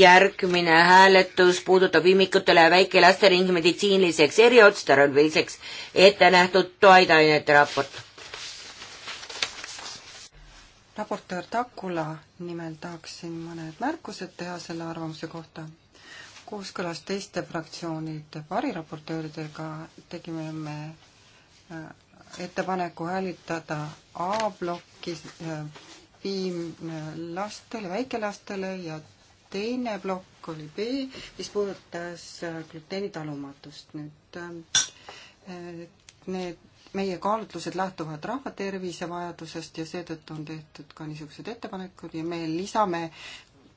järgmine hääletus puudutab imikutele ja väikelaste ning meditsiiniliseks eriotstarbeliseks ette nähtud toidainete raport raportöör Takula nimel tahaksin mõned märkused teha selle arvamuse kohta kooskõlas teiste fraktsioonide variraportööridega tegime me äh, ettepaneku hääletada A-plokis piim äh, äh, lastele, väikelastele ja teine plokk oli B, mis puudutas gluteenitalumatust. nüüd need, meie kaalutlused lähtuvad rahva tervisevajadusest ja seetõttu on tehtud ka niisugused ettepanekud ja me lisame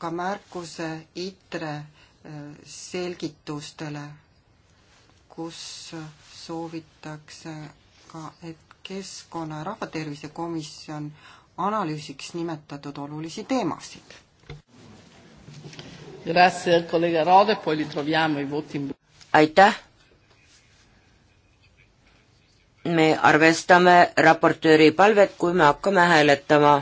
ka märkuse ITRE äh, selgitustele, kus soovitakse ka, et Keskkonna ja Rahvatervise Komisjon analüüsiks nimetatud olulisi teemasid. aitäh! me arvestame raportööri palvet, kui me hakkame hääletama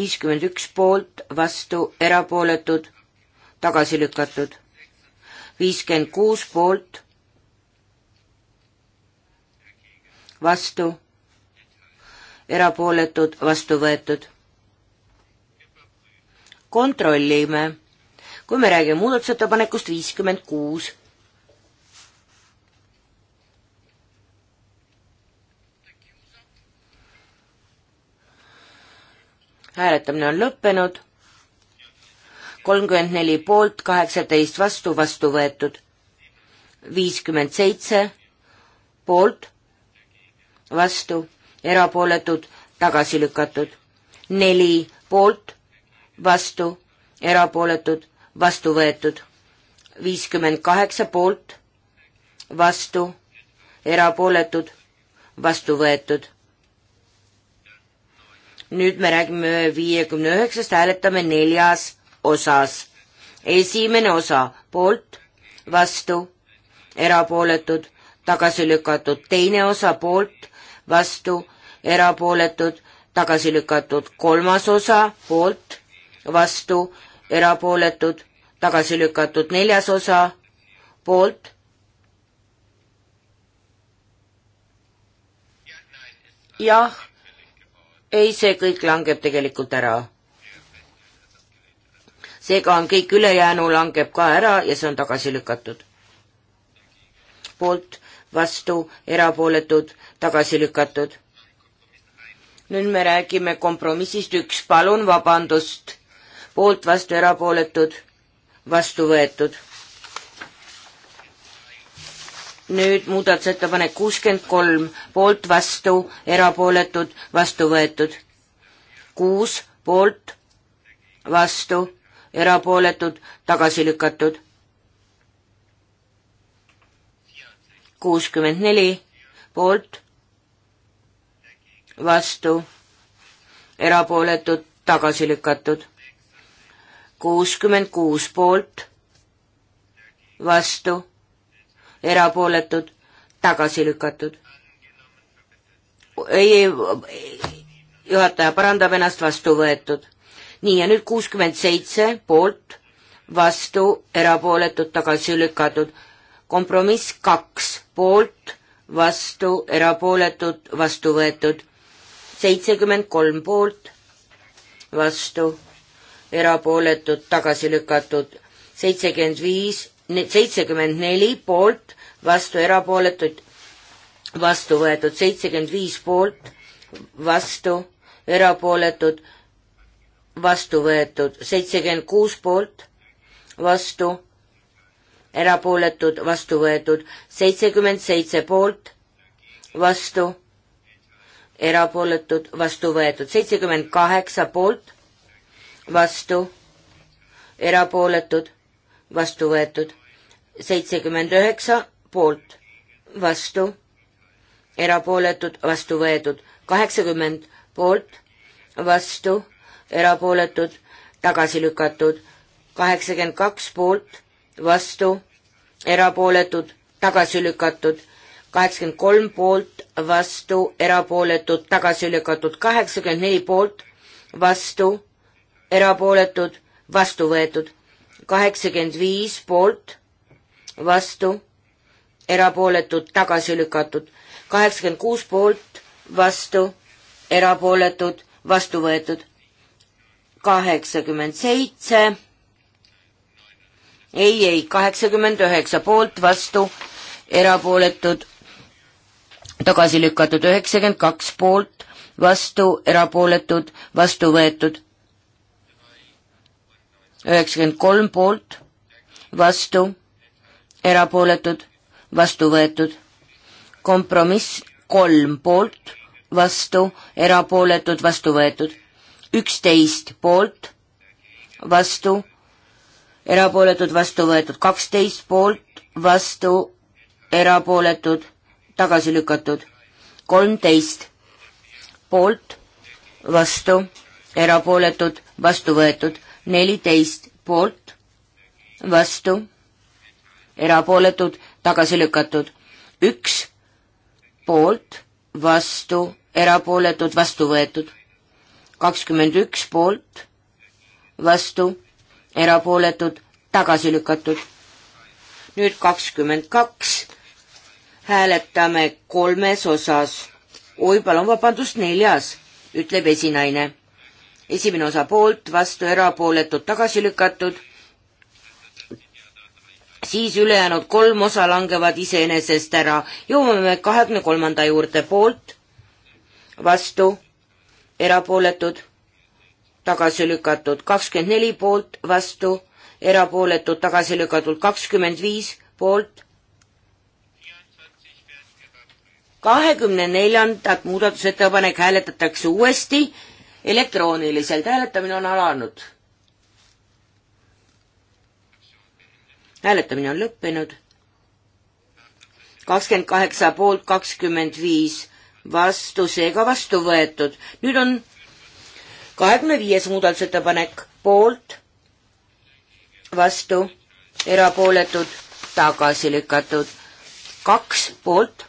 viiskümmend üks poolt, vastu, erapooletud, tagasi lükatud. viiskümmend kuus poolt, vastu, erapooletud, vastu võetud. kontrollime. kui me räägime muudatusettepanekust viiskümmend kuus hääletamine on lõppenud, kolmkümmend neli poolt, kaheksateist vastu, vastu võetud, viiskümmend seitse poolt, vastu, erapooletud, tagasi lükatud, neli poolt, vastu, erapooletud, vastu võetud, viiskümmend kaheksa poolt, vastu, erapooletud, vastu võetud nüüd me räägime viiekümne üheksast, hääletame neljas osas. esimene osa poolt, vastu, erapooletud, tagasi lükatud, teine osa poolt, vastu, erapooletud, tagasi lükatud, kolmas osa poolt, vastu, erapooletud, tagasi lükatud, neljas osa poolt jah ei, see kõik langeb tegelikult ära. seega on kõik ülejäänu langeb ka ära ja see on tagasi lükatud. poolt, vastu, erapooletud, tagasi lükatud. nüüd me räägime kompromissist üks, palun vabandust. poolt, vastu, erapooletud, vastu võetud nüüd muudatusettepanek kuuskümmend kolm, poolt vastu, erapooletud, vastu võetud. kuus poolt, vastu, erapooletud, tagasi lükatud. kuuskümmend neli poolt, vastu, erapooletud, tagasi lükatud. kuuskümmend kuus poolt, vastu erapooletud, tagasi lükatud. ei, juhataja parandab ennast, vastu võetud. nii, ja nüüd kuuskümmend seitse poolt, vastu, erapooletud, tagasi lükatud. kompromiss kaks poolt, vastu, erapooletud, vastu võetud. seitsekümmend kolm poolt, vastu, erapooletud, tagasi lükatud. seitsekümmend viis seitsekümmend neli poolt, vastu erapooletuid, vastu võetud seitsekümmend viis poolt, vastu erapooletud, vastu võetud seitsekümmend kuus poolt, vastu erapooletud, vastu võetud seitsekümmend seitse poolt, vastu erapooletud, vastu võetud seitsekümmend kaheksa poolt, vastu erapooletud, vastu võetud seitsekümmend üheksa poolt, vastu, erapooletud, vastu võetud, kaheksakümmend poolt, vastu, erapooletud, tagasi lükatud, kaheksakümmend kaks poolt, vastu, erapooletud, tagasi lükatud, kaheksakümmend kolm poolt, vastu, erapooletud, tagasi lükatud, kaheksakümmend neli poolt, vastu, erapooletud, vastu võetud, kaheksakümmend viis poolt vastu, erapooletud, tagasi lükatud. kaheksakümmend kuus poolt, vastu, erapooletud, vastu võetud. kaheksakümmend seitse, ei, ei, kaheksakümmend üheksa poolt, vastu, erapooletud, tagasi lükatud, üheksakümmend kaks poolt, vastu, erapooletud, vastu võetud. üheksakümmend kolm poolt, vastu, erapooletud, vastu võetud. kompromiss kolm poolt, vastu, erapooletud, vastu võetud. üksteist poolt, vastu, erapooletud, vastu võetud. kaksteist poolt, vastu, erapooletud, tagasi lükatud. kolmteist poolt, vastu, erapooletud, vastu võetud. neliteist poolt, vastu erapooletud, tagasi lükatud. üks poolt, vastu, erapooletud, vastu võetud. kakskümmend üks poolt, vastu, erapooletud, tagasi lükatud. nüüd kakskümmend kaks, hääletame kolmes osas. oi, palun vabandust, neljas, ütleb esinaine. esimene osa poolt, vastu, erapooletud, tagasi lükatud siis ülejäänud kolm osa langevad iseenesest ära. jõuame me kahekümne kolmanda juurde, poolt, vastu, erapooletud, tagasi lükatud, kakskümmend neli poolt, vastu, erapooletud, tagasi lükatud, kakskümmend viis poolt, kahekümne neljandat muudatusettepanek hääletatakse uuesti elektrooniliselt, hääletamine on alanud hääletamine on lõppenud. kakskümmend kaheksa poolt, kakskümmend viis vastu, seega vastu võetud. nüüd on kahekümne viies muudatusettepanek poolt, vastu, erapooletud, tagasi lükatud. kaks poolt,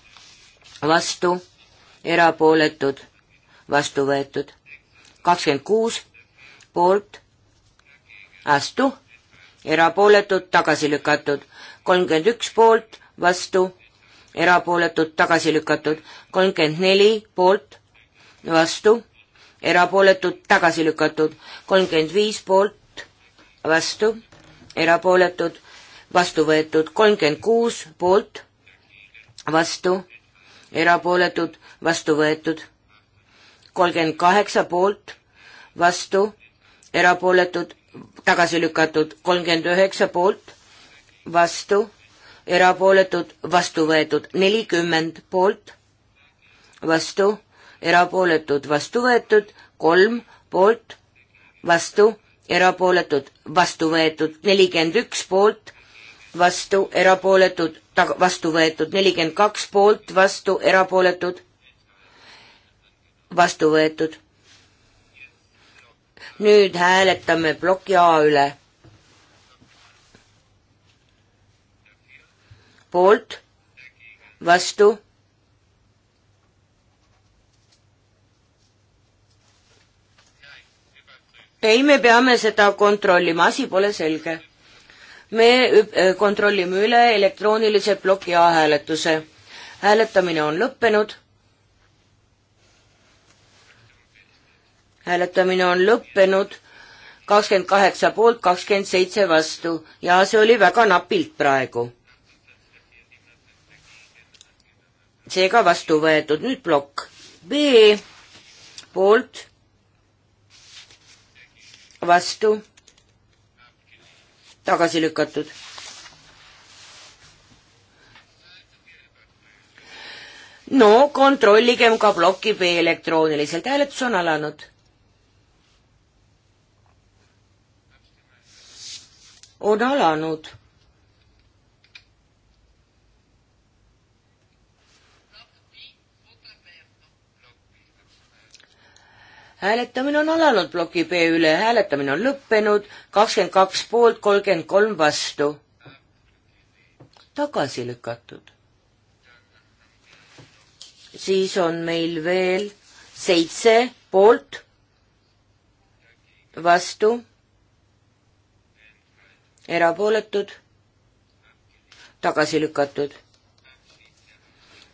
vastu, erapooletud, vastu võetud. kakskümmend kuus poolt, vastu erapooletud, tagasi lükatud. kolmkümmend üks poolt, vastu, erapooletud, tagasi lükatud. kolmkümmend neli poolt, vastu, erapooletud, tagasi lükatud. kolmkümmend viis poolt, vastu, erapooletud, vastu võetud. kolmkümmend kuus poolt, vastu, erapooletud, vastu võetud. kolmkümmend kaheksa poolt, vastu, erapooletud, tagasi lükatud, kolmkümmend üheksa poolt, vastu, erapooletud, vastu võetud, nelikümmend poolt, vastu, erapooletud, vastu võetud, kolm poolt, vastu, erapooletud, vastu võetud, nelikümmend üks poolt, vastu, erapooletud, vastu võetud, nelikümmend kaks poolt, vastu, erapooletud, vastu võetud nüüd hääletame ploki A üle. poolt, vastu. ei, me peame seda kontrollima, asi pole selge. me äh, kontrollime üle elektroonilise ploki A hääletuse. hääletamine on lõppenud hääletamine on lõppenud, kakskümmend kaheksa poolt, kakskümmend seitse vastu ja see oli väga napilt praegu. seega vastu võetud, nüüd plokk B poolt, vastu, tagasi lükatud no kontrolligem ka ploki B elektrooniliselt, hääletus on alanud. on alanud. hääletamine on alanud ploki B üle, hääletamine on lõppenud, kakskümmend kaks poolt, kolmkümmend kolm vastu. tagasi lükatud. siis on meil veel seitse poolt, vastu erapooletud, tagasi lükatud.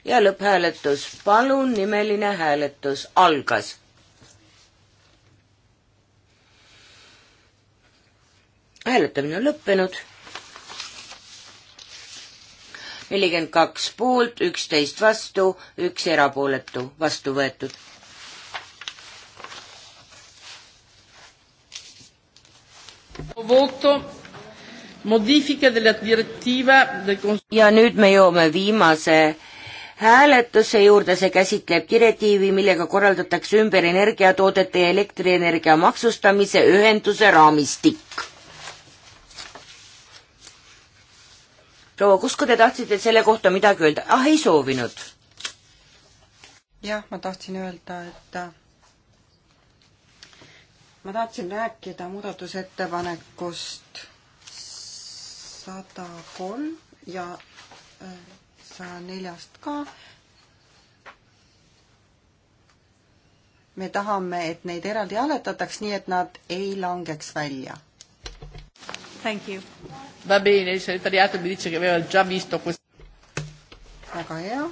ja lõpphääletus, palun, nimeline hääletus algas. hääletamine on lõppenud. nelikümmend kaks poolt, üksteist vastu, üks erapooletu, vastu võetud voto ja nüüd me jõuame viimase hääletuse juurde, see käsitleb direktiivi, millega korraldatakse ümber energiatoodete ja elektrienergia maksustamise ühenduse raamistik. proua Kusko, te tahtsite selle kohta midagi öelda? ah, ei soovinud. jah, ma tahtsin öelda, et äh, ma tahtsin rääkida muudatusettepanekust sada kolm ja äh, saja neljast ka. me tahame, et neid eraldi hääletataks, nii et nad ei langeks välja. väga hea.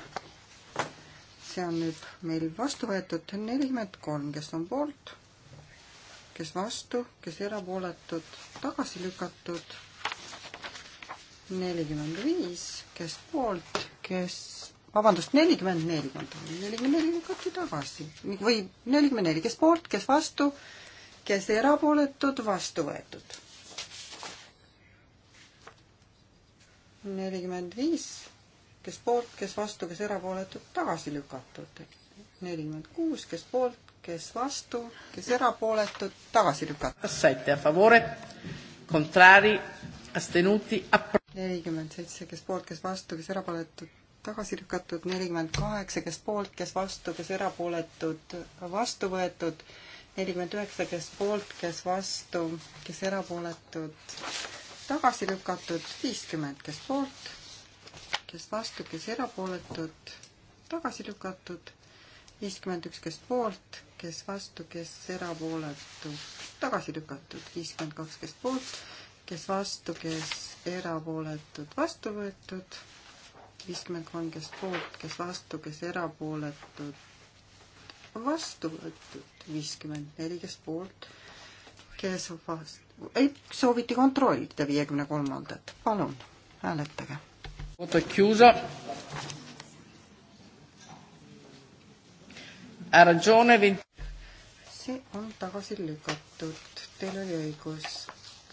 see on nüüd meil vastu võetud nelikümmend kolm, kes on poolt, kes vastu, kes erapooletud, tagasi lükatud nelikümmend viis, kes poolt, kes, vabandust, nelikümmend neli, nelikümmend neli lükati tagasi või nelikümmend neli, kes poolt, kes vastu, kes erapooletud, vastu võetud. nelikümmend viis, kes poolt, kes vastu, kes erapooletud, tagasi lükatud. nelikümmend kuus, kes poolt, kes vastu, kes erapooletud, tagasi lükatud. saite a favore, contrari, astenuti, appro- nelikümmend seitse, kes poolt, kes vastu, kes erapooletud, tagasi lükatud, nelikümmend kaheksa, kes poolt, kes vastu, kes erapooletud, vastu võetud, nelikümmend üheksa, kes poolt, kes vastu, kes erapooletud, tagasi lükatud, viiskümmend, kes poolt, kes vastu, kes erapooletud, tagasi lükatud, viiskümmend üks, kes poolt, kes vastu, kes erapooletud, tagasi lükatud, viiskümmend kaks, kes poolt, kes vastu, kes erapooletud, vastu võetud, viiskümmend kolm, kes poolt, kes vastu, kes erapooletud, vastu võetud, viiskümmend neli, kes poolt, kes vastu, ei, sooviti kontrollida viiekümne kolmandat, palun, hääletage. oota, Kiusa. ära, John Evin. see on tagasi lükatud, teil oli õigus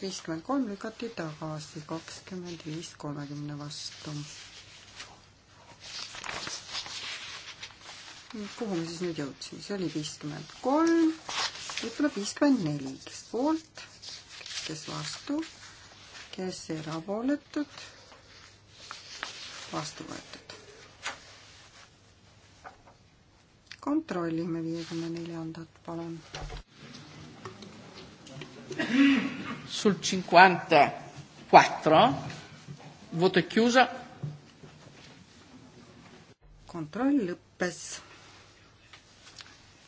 viiskümmend kolm lükati tagasi, kakskümmend viis kolmekümne vastu. kuhu me siis nüüd jõudsime, see oli viiskümmend kolm, nüüd tuleb viiskümmend neli, kes poolt, kes vastu, kes erapooletud, vastu võetud. kontrollime viiekümne neljandat, palun sul 54, voto è chiuso. Kontroll lõppes.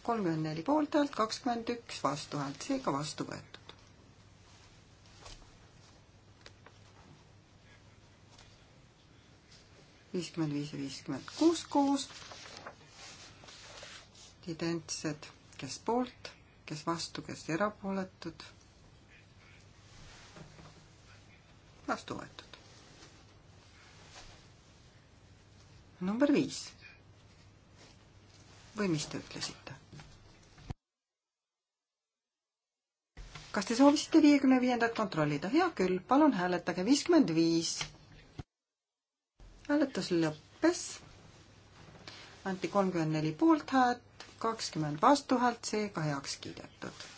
34 pooltelt, 21 vastuhäält, seega vastu võetud. viiskümmend viis ja viiskümmend kuus koos. identsed, kes poolt, kes vastu, kes erapooletud vastu võetud. number viis. või mis te ütlesite? kas te soovisite viiekümne viiendat kontrollida? hea küll, palun hääletage viiskümmend viis. hääletus lõppes. anti kolmkümmend neli poolthäält, kakskümmend vastuhäält, seega heaks kiidetud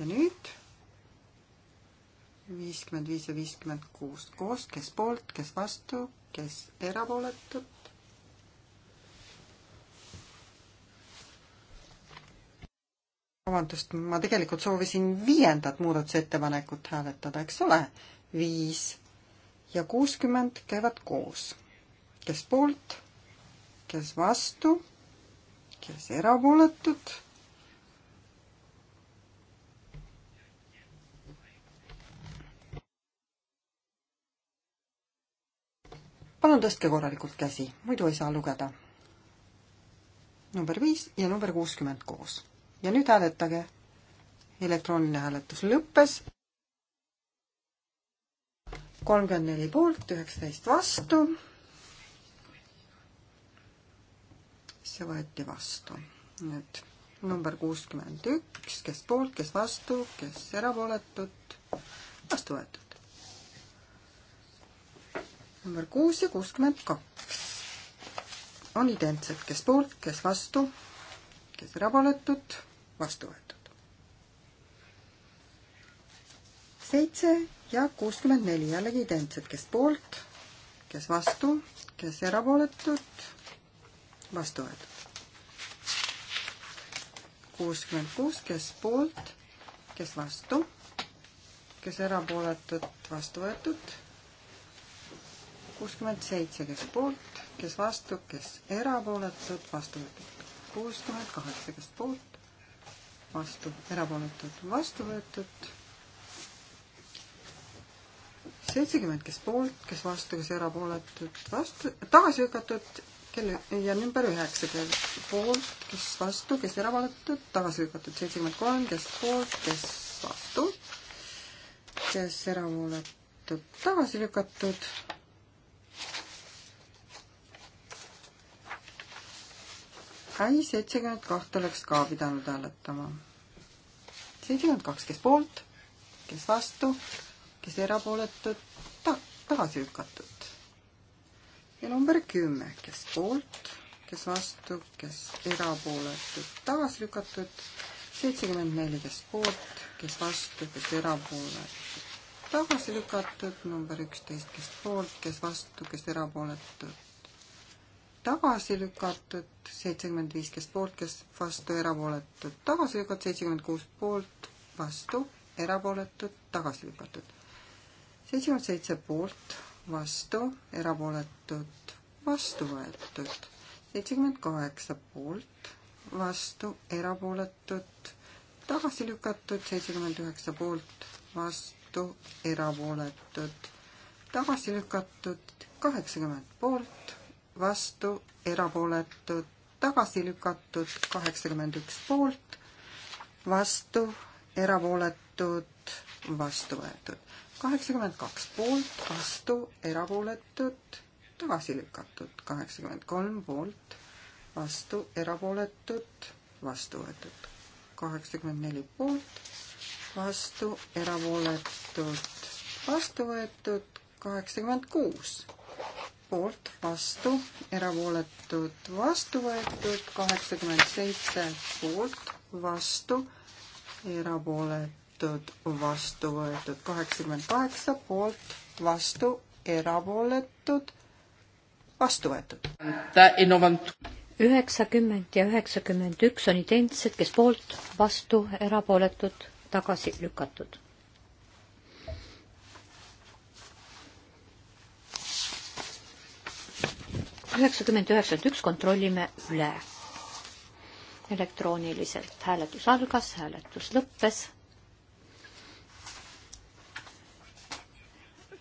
ja nüüd viiskümmend viis ja viiskümmend kuus koos, kes poolt, kes vastu, kes erapooletud. vabandust, ma tegelikult soovisin viiendat muudatusettepanekut hääletada, eks ole, viis ja kuuskümmend käivad koos. kes poolt, kes vastu, kes erapooletud palun tõstke korralikult käsi, muidu ei saa lugeda. number viis ja number kuuskümmend koos. ja nüüd hääletage. elektrooniline hääletus lõppes. kolmkümmend neli poolt, üheksateist vastu. see võeti vastu. nüüd number kuuskümmend üks, kes poolt, kes vastu, kes erapooletud, vastu võetud number kuus ja kuuskümmend kaks on identsed, kes poolt, kes vastu, kes erapooletud, vastu võetud. seitse ja kuuskümmend neli jällegi identsed, kes poolt, kes vastu, kes erapooletud, vastu võetud. kuuskümmend kuus, kes poolt, kes vastu, kes erapooletud, vastu võetud kuuskümmend seitse, kes poolt, kes vastu, kes erapooletud, vastu võetud. kuuskümmend kaheksa, kes poolt, vastu, erapooletud, vastu võetud. seitsekümmend, kes poolt, kes vastu, kes erapooletud, vastu, tagasi lükatud kelle ja number üheksa, kes poolt, kes vastu, kes erapooletud, tagasi lükatud seitsekümmend kolm, kes poolt, kes vastu, kes erapooletud, tagasi lükatud Ai, seitsekümmend kaht oleks ka pidanud hääletama. seitsekümmend kaks, kes poolt, kes vastu, kes erapooletud, ta-, tagasi lükatud. ja number kümme, kes poolt, kes vastu, kes erapooletud, tagasi lükatud, seitsekümmend neli, kes poolt, kes vastu, kes erapooletud, tagasi lükatud, number üksteist, kes poolt, kes vastu, kes erapooletud, tagasi lükatud, seitsekümmend viis, kes poolt, kes vastu, erapooletud, tagasi lükatud, seitsekümmend kuus poolt, vastu, erapooletud, tagasi lükatud. seitsekümmend seitse poolt, vastu, erapooletud, vastu võetud. seitsekümmend kaheksa poolt, vastu, erapooletud, tagasi lükatud, seitsekümmend üheksa poolt, vastu, erapooletud, tagasi lükatud, kaheksakümmend poolt, vastu, erapooletud, tagasi lükatud, kaheksakümmend üks poolt, vastu, erapooletud, vastu võetud. kaheksakümmend kaks poolt, vastu, erapooletud, tagasi lükatud, kaheksakümmend kolm poolt, vastu, erapooletud, vastu võetud. kaheksakümmend neli poolt, vastu, erapooletud, vastu võetud, kaheksakümmend kuus poolt, vastu, erapooletud, vastu võetud, kaheksakümmend seitse poolt, vastu, erapooletud, vastu võetud, kaheksakümmend kaheksa poolt, vastu, erapooletud, vastu võetud. üheksakümmend ja üheksakümmend üks on identsed, kes poolt, vastu, erapooletud, tagasi lükatud üheksakümmend üheksakümmend üks kontrollime üle. elektrooniliselt hääletus algas, hääletus lõppes.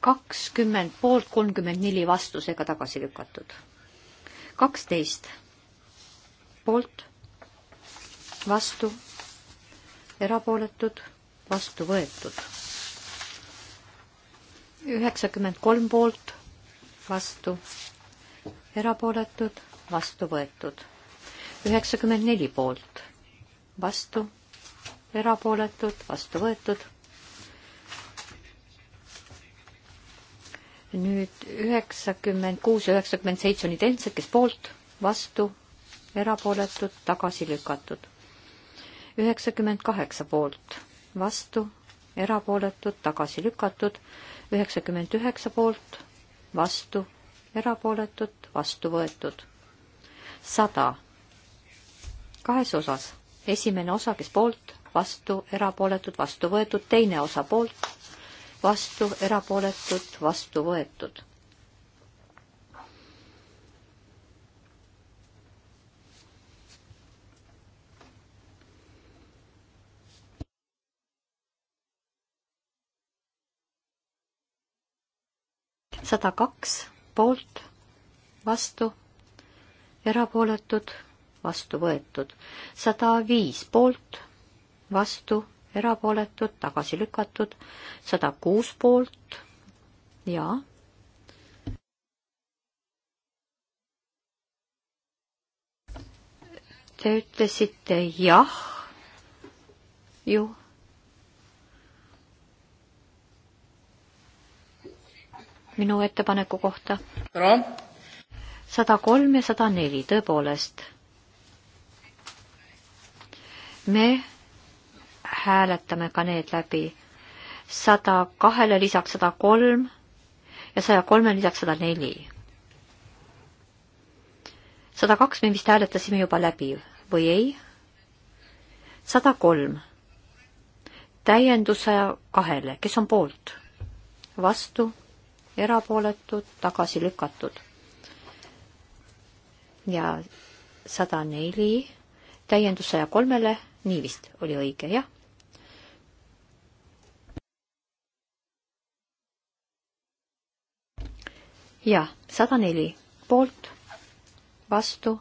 kakskümmend poolt, kolmkümmend neli vastusega tagasi lükatud. kaksteist poolt, vastu, erapooletud, vastu võetud. üheksakümmend kolm poolt, vastu erapooletud, vastu võetud. üheksakümmend neli poolt, vastu, erapooletud, vastu võetud. nüüd üheksakümmend kuus ja üheksakümmend seitse on identsed, kes poolt, vastu, erapooletud, tagasi lükatud. üheksakümmend kaheksa poolt, vastu, erapooletud, tagasi lükatud, üheksakümmend üheksa poolt, vastu, erapooletud, vastu võetud. sada kahes osas, esimene osa, kes poolt, vastu, erapooletud, vastu võetud, teine osa poolt, vastu, erapooletud, vastu võetud. sada kaks poolt vastu, erapooletud, vastu võetud. sada viis poolt, vastu, erapooletud, tagasi lükatud, sada kuus poolt ja Te ütlesite jah ju minu ettepaneku kohta sada kolm ja sada neli, tõepoolest. me hääletame ka need läbi. sada kahele lisaks sada kolm ja saja kolme lisaks sada neli. sada kaks me vist hääletasime juba läbi või ei? sada kolm. täiendus saja kahele, kes on poolt? vastu, erapooletud, tagasi lükatud ja sada neli täiendus saja kolmele, nii vist oli õige, jah jah, sada neli poolt, vastu,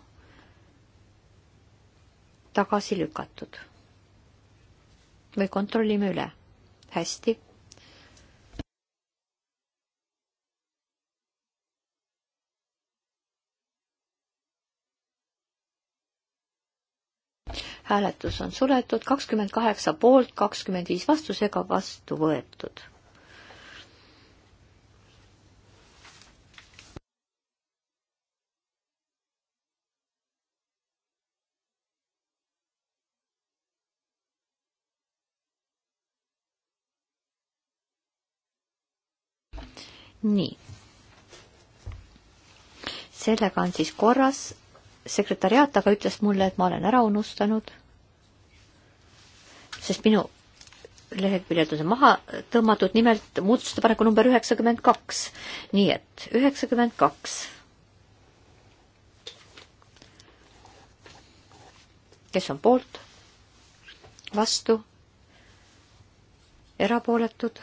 tagasi lükatud. või kontrollime üle. hästi. hääletus on suletud, kakskümmend kaheksa poolt, kakskümmend viis vastu, seega vastu võetud. nii. sellega on siis korras sekretäriaat aga ütles mulle, et ma olen ära unustanud, sest minu leheküljed on maha tõmmatud, nimelt muudatusettepaneku number üheksakümmend kaks. nii et üheksakümmend kaks. kes on poolt? vastu? erapooletud?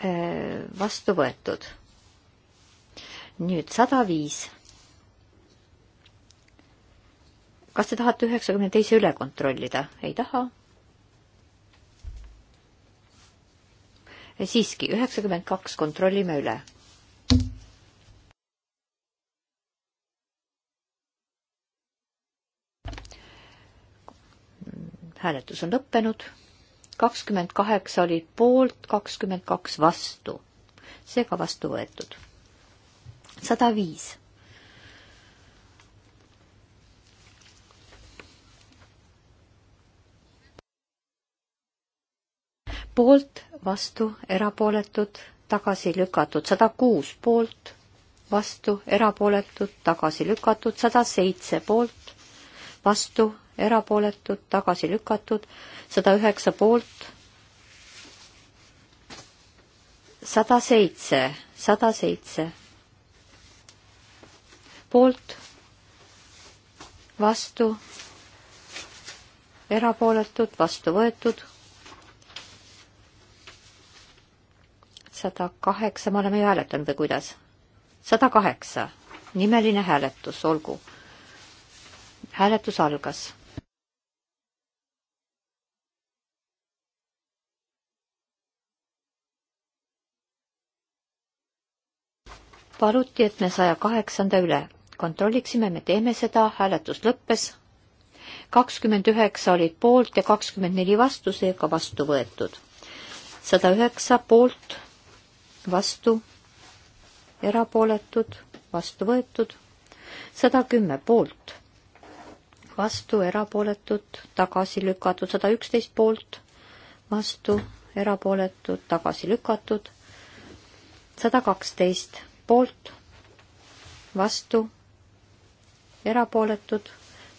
Äh, vastu võetud nüüd sada viis. kas te tahate üheksakümne teise üle kontrollida? ei taha? siiski, üheksakümmend kaks kontrollime üle hääletus on lõppenud. kakskümmend kaheksa olid poolt, kakskümmend kaks vastu. seega vastu võetud sada viis. poolt, vastu, erapooletud, tagasi lükatud, sada kuus poolt, vastu, erapooletud, tagasi lükatud, sada seitse poolt, vastu, erapooletud, tagasi lükatud, sada üheksa poolt, sada seitse, sada seitse poolt, vastu, erapooletud, vastu võetud. sada kaheksa, me oleme ju hääletanud või kuidas? sada kaheksa, nimeline hääletus, olgu. hääletus algas paluti, et me saja kaheksanda üle kontrolliksime, me teeme seda, hääletus lõppes. kakskümmend üheksa olid poolt ja kakskümmend neli vastu, seega vastu võetud. sada üheksa poolt, vastu, erapooletud, vastu võetud. sada kümme poolt, vastu, erapooletud, tagasi lükatud, sada üksteist poolt, vastu, erapooletud, tagasi lükatud sada kaksteist poolt, vastu, erapooletud,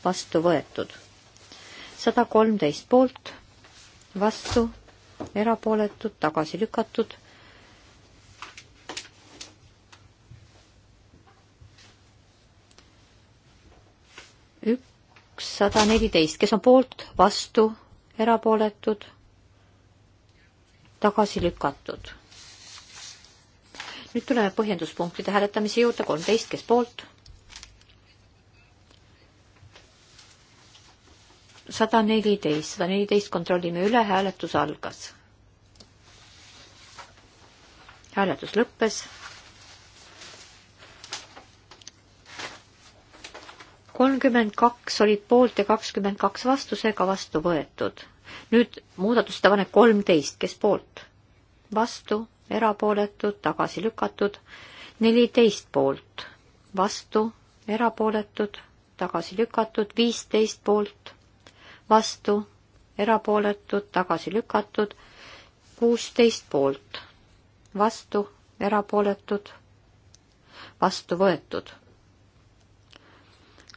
vastu võetud. sada kolmteist poolt, vastu, erapooletud, tagasi lükatud. ükssada neliteist, kes on poolt, vastu, erapooletud, tagasi lükatud. nüüd tuleme põhjenduspunktide hääletamise juurde, kolmteist, kes poolt sada neliteist, sada neliteist kontrollime üle, hääletus algas. hääletus lõppes. kolmkümmend kaks olid poolt ja kakskümmend kaks vastusega vastu võetud. nüüd muudatusettepanek kolmteist, kes poolt? vastu, erapooletud, tagasi lükatud, neliteist poolt, vastu, erapooletud, tagasi lükatud, viisteist poolt vastu, erapooletud, tagasi lükatud, kuusteist poolt, vastu, erapooletud, vastu võetud.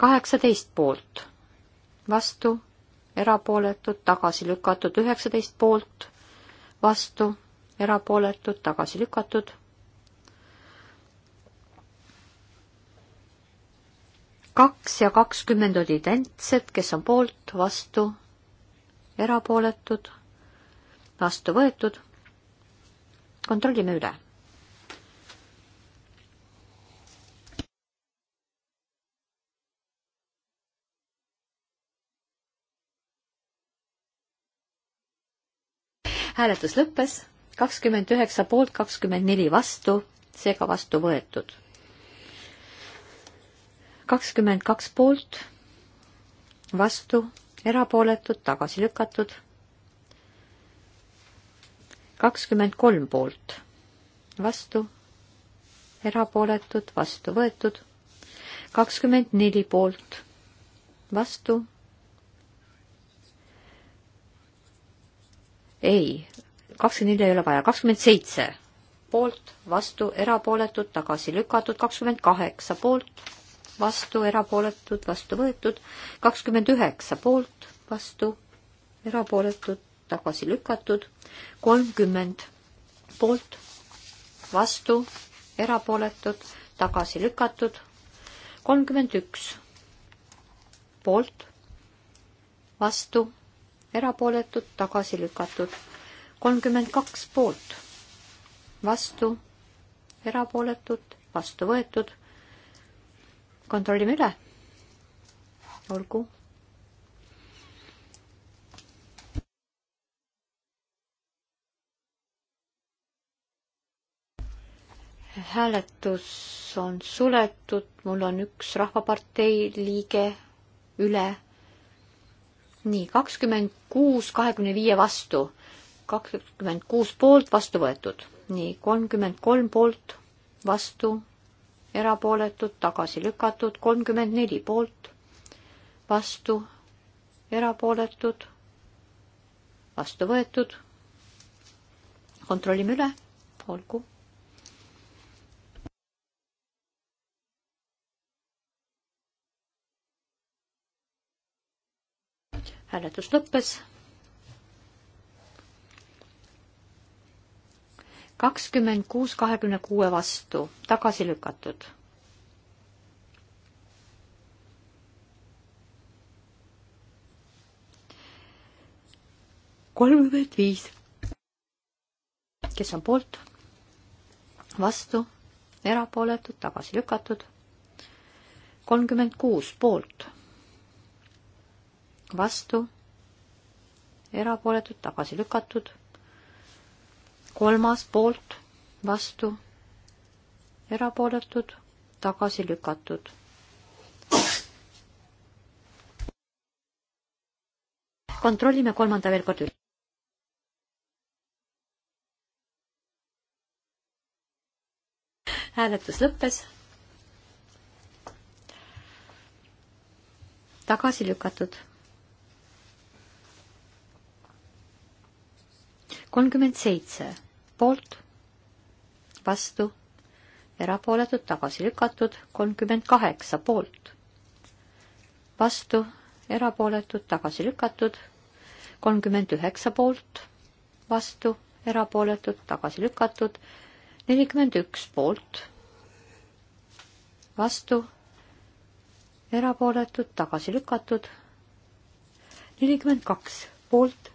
kaheksateist poolt, vastu, erapooletud, tagasi lükatud, üheksateist poolt, vastu, erapooletud, tagasi lükatud kaks ja kakskümmend olid identsed, kes on poolt, vastu, erapooletud, vastu võetud. kontrollime üle. hääletus lõppes kakskümmend üheksa poolt, kakskümmend neli vastu, seega vastu võetud kakskümmend kaks poolt, vastu, erapooletud, tagasi lükatud. kakskümmend kolm poolt, vastu, erapooletud, vastu võetud. kakskümmend neli poolt, vastu. ei, kakskümmend neli ei ole vaja, kakskümmend seitse poolt, vastu, erapooletud, tagasi lükatud, kakskümmend kaheksa poolt vastu, erapooletud, vastu võetud, kakskümmend üheksa poolt, vastu, erapooletud, tagasi lükatud, kolmkümmend poolt, vastu, erapooletud, tagasi lükatud, kolmkümmend üks poolt, vastu, erapooletud, tagasi lükatud, kolmkümmend kaks poolt, vastu, erapooletud, vastu võetud kontrollime üle. olgu. hääletus on suletud, mul on üks Rahvapartei liige üle. nii, kakskümmend kuus, kahekümne viie vastu, kakskümmend kuus poolt vastu võetud, nii, kolmkümmend kolm poolt vastu erapooletud, tagasi lükatud, kolmkümmend neli poolt, vastu, erapooletud, vastu võetud. kontrollime üle, olgu. hääletus lõppes kakskümmend kuus kahekümne kuue vastu, tagasi lükatud. kolmkümmend viis. kes on poolt? vastu, erapooletud, tagasi lükatud. kolmkümmend kuus poolt. vastu, erapooletud, tagasi lükatud kolmas poolt, vastu, erapooletud, tagasi lükatud. kontrollime kolmanda veel kord üle. hääletus lõppes. tagasi lükatud. kolmkümmend seitse poolt, vastu, erapooletud, tagasi lükatud, kolmkümmend kaheksa poolt, vastu, erapooletud, tagasi lükatud, kolmkümmend üheksa poolt, vastu, erapooletud, tagasi lükatud, nelikümmend üks poolt, vastu, erapooletud, tagasi lükatud, nelikümmend kaks poolt,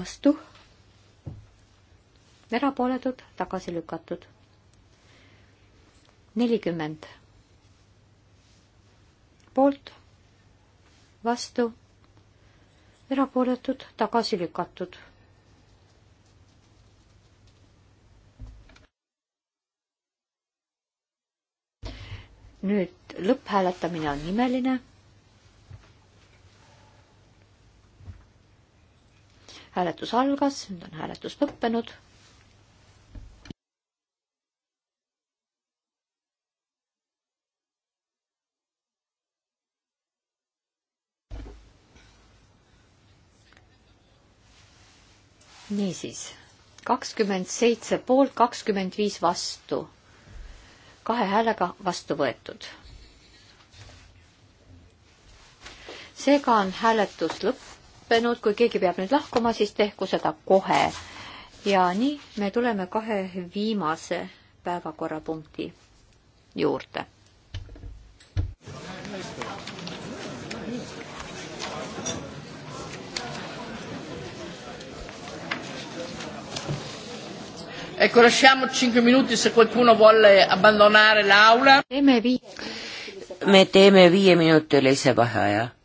vastu erapooletud, tagasi lükatud. nelikümmend poolt, vastu, erapooletud, tagasi lükatud. nüüd lõpphääletamine on nimeline. hääletus algas, nüüd on hääletus lõppenud niisiis, kakskümmend seitse poolt, kakskümmend viis vastu. kahe häälega vastu võetud. seega on hääletus lõppenud, kui keegi peab nüüd lahkuma, siis tehku seda kohe. ja nii me tuleme kahe viimase päevakorrapunkti juurde Ecco, lasciamo 5 minuti se qualcuno vuole abbandonare l'aula. me teeme viieminutilise vaheaja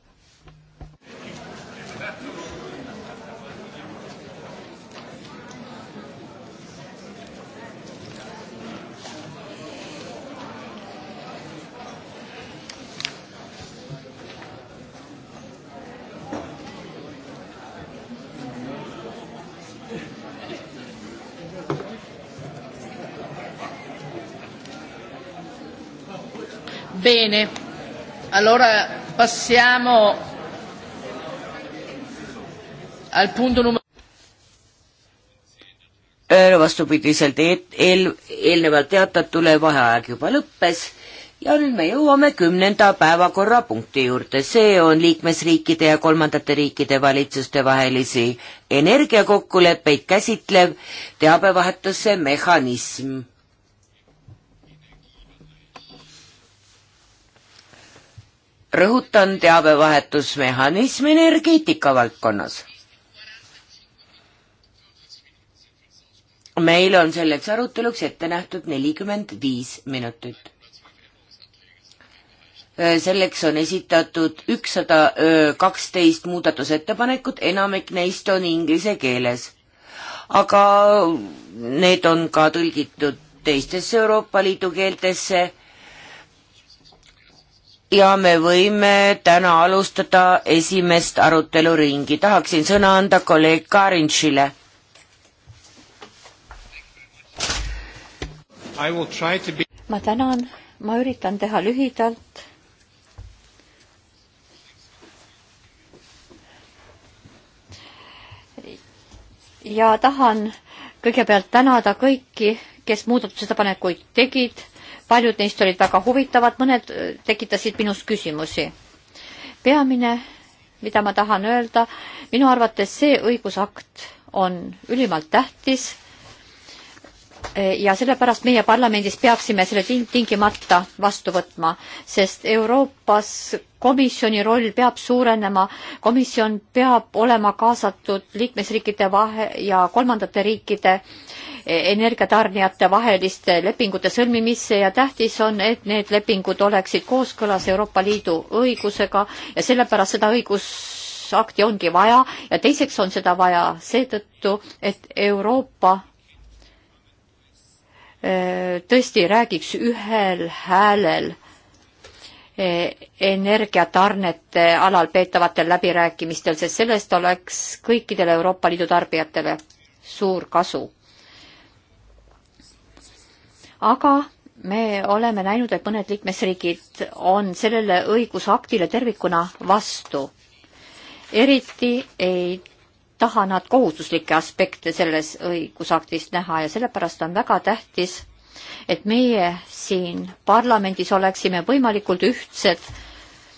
Bene, allora passiamo al punto numero vastupidiselt eel, eel, eelnevalt teatatule vaheaeg juba lõppes ja nüüd me jõuame kümnenda päevakorrapunkti juurde. see on liikmesriikide ja kolmandate riikide valitsuste vahelisi energiakokkuleppeid käsitlev teabevahetuse mehhanism rõhutan teabevahetusmehhanism energeetika valdkonnas. meil on selleks aruteluks ette nähtud nelikümmend viis minutit. Äh, selleks on esitatud ükssada äh, kaksteist muudatusettepanekut, enamik neist on inglise keeles. aga need on ka tõlgitud teistesse Euroopa Liidu keeltesse ja me võime täna alustada esimest aruteluringi. tahaksin sõna anda kolleeg Karinšile. Be... ma tänan, ma üritan teha lühidalt. ja tahan kõigepealt tänada kõiki, kes muudatusettepanekuid tegid paljud neist olid väga huvitavad, mõned äh, tekitasid minus küsimusi. peamine, mida ma tahan öelda, minu arvates see õigusakt on ülimalt tähtis e, ja sellepärast meie parlamendis peaksime selle tingimata vastu võtma, sest Euroopas komisjoni roll peab suurenema, komisjon peab olema kaasatud liikmesriikide vahe ja kolmandate riikide energiatarnijate vaheliste lepingute sõlmimisse ja tähtis on, et need lepingud oleksid kooskõlas Euroopa Liidu õigusega ja sellepärast seda õigusakti ongi vaja ja teiseks on seda vaja seetõttu, et Euroopa äh, tõesti räägiks ühel häälel äh, energiatarnete alal peetavatel läbirääkimistel, sest sellest oleks kõikidele Euroopa Liidu tarbijatele suur kasu aga me oleme näinud, et mõned liikmesriigid on sellele õigusaktile tervikuna vastu. eriti ei taha nad kohustuslikke aspekte selles õigusaktis näha ja sellepärast on väga tähtis, et meie siin parlamendis oleksime võimalikult ühtsed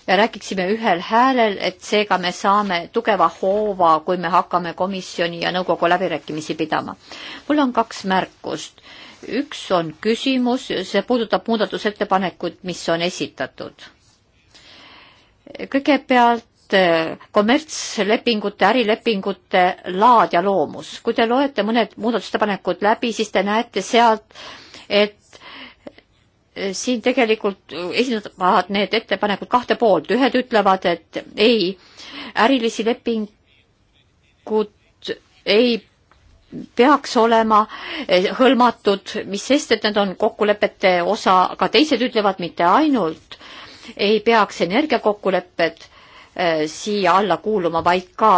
ja räägiksime ühel häälel, et seega me saame tugeva hoova, kui me hakkame komisjoni ja nõukogu läbirääkimisi pidama. mul on kaks märkust üks on küsimus, see puudutab muudatusettepanekut, mis on esitatud. kõigepealt eh, kommertslepingute, ärilepingute laad ja loomus. kui te loete mõned muudatusettepanekud läbi, siis te näete sealt, et eh, siin tegelikult esindavad need ettepanekud kahte poolt, ühed ütlevad, et ei, ärilisi lepingud ei peaks olema eh, hõlmatud, mis sest, et need on kokkulepete osa, aga teised ütlevad mitte ainult, ei peaks energiakokkulepped eh, siia alla kuuluma, vaid ka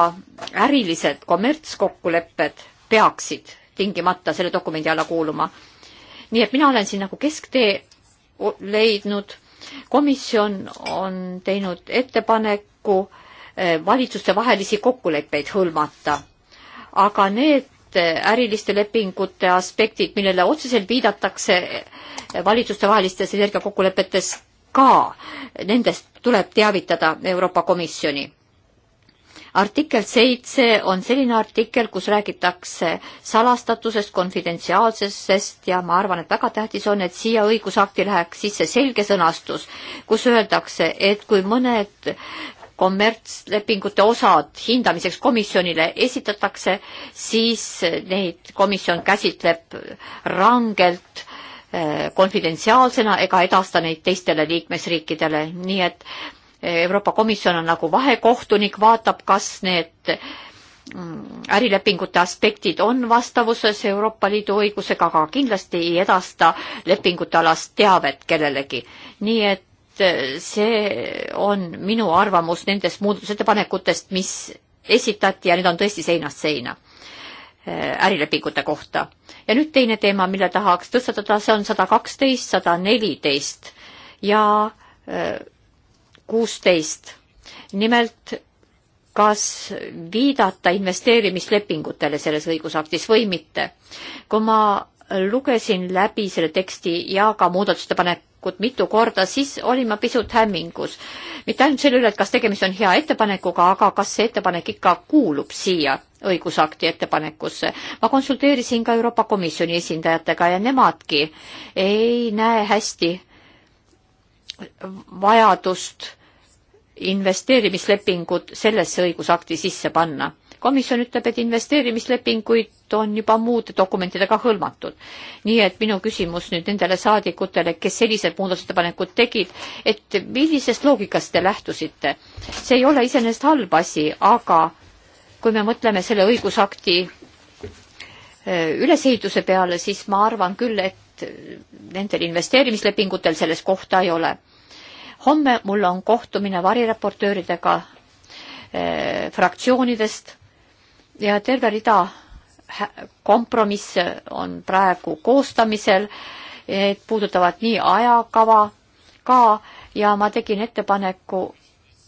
ärilised kommertskokkulepped peaksid tingimata selle dokumendi alla kuuluma. nii et mina olen siin nagu kesktee leidnud. komisjon on teinud ettepaneku eh, valitsustevahelisi kokkuleppeid hõlmata, aga need äriliste lepingute aspektid, millele otseselt viidatakse valitsustevahelistes energiakokkulepetes ka, nendest tuleb teavitada Euroopa Komisjoni. artikkel seitse on selline artikkel, kus räägitakse salastatusest, konfidentsiaalsusest ja ma arvan, et väga tähtis on, et siia õigusakti läheks sisse selge sõnastus, kus öeldakse, et kui mõned kommertslepingute osad hindamiseks komisjonile esitatakse, siis neid komisjon käsitleb rangelt eh, konfidentsiaalsena ega edasta neid teistele liikmesriikidele, nii et eh, Euroopa Komisjon on nagu vahekohtunik, vaatab, kas need mm, ärilepingute aspektid on vastavuses Euroopa Liidu õigusega, aga kindlasti ei edasta lepingute alast teavet kellelegi. nii et see on minu arvamus nendest muudatusettepanekutest, mis esitati ja need on tõesti seinast seina äh, ärilepingute kohta. ja nüüd teine teema, mille tahaks tõstatada, see on sada kaksteist, sada neliteist ja äh, kuusteist. nimelt, kas viidata investeerimislepingutele selles õigusaktis või mitte. kui ma lugesin läbi selle teksti ja ka muudatusettepanek ettepanekut mitu korda, siis olin ma pisut hämmingus. mitte ainult selle üle, et kas tegemist on hea ettepanekuga, aga kas see ettepanek ikka kuulub siia õigusakti ettepanekusse. ma konsulteerisin ka Euroopa Komisjoni esindajatega ja nemadki ei näe hästi vajadust investeerimislepingud sellesse õigusakti sisse panna komisjon ütleb, et investeerimislepinguid on juba muude dokumentidega hõlmatud. nii et minu küsimus nüüd nendele saadikutele, kes sellised muudatusettepanekud tegid, et millisest loogikast te lähtusite? see ei ole iseenesest halb asi, aga kui me mõtleme selle õigusakti äh, ülesehituse peale, siis ma arvan küll, et nendel investeerimislepingutel selles kohta ei ole. homme mul on kohtumine variraportööridega äh, fraktsioonidest ja terve rida kompromisse on praegu koostamisel, need puudutavad nii ajakava ka ja ma tegin ettepaneku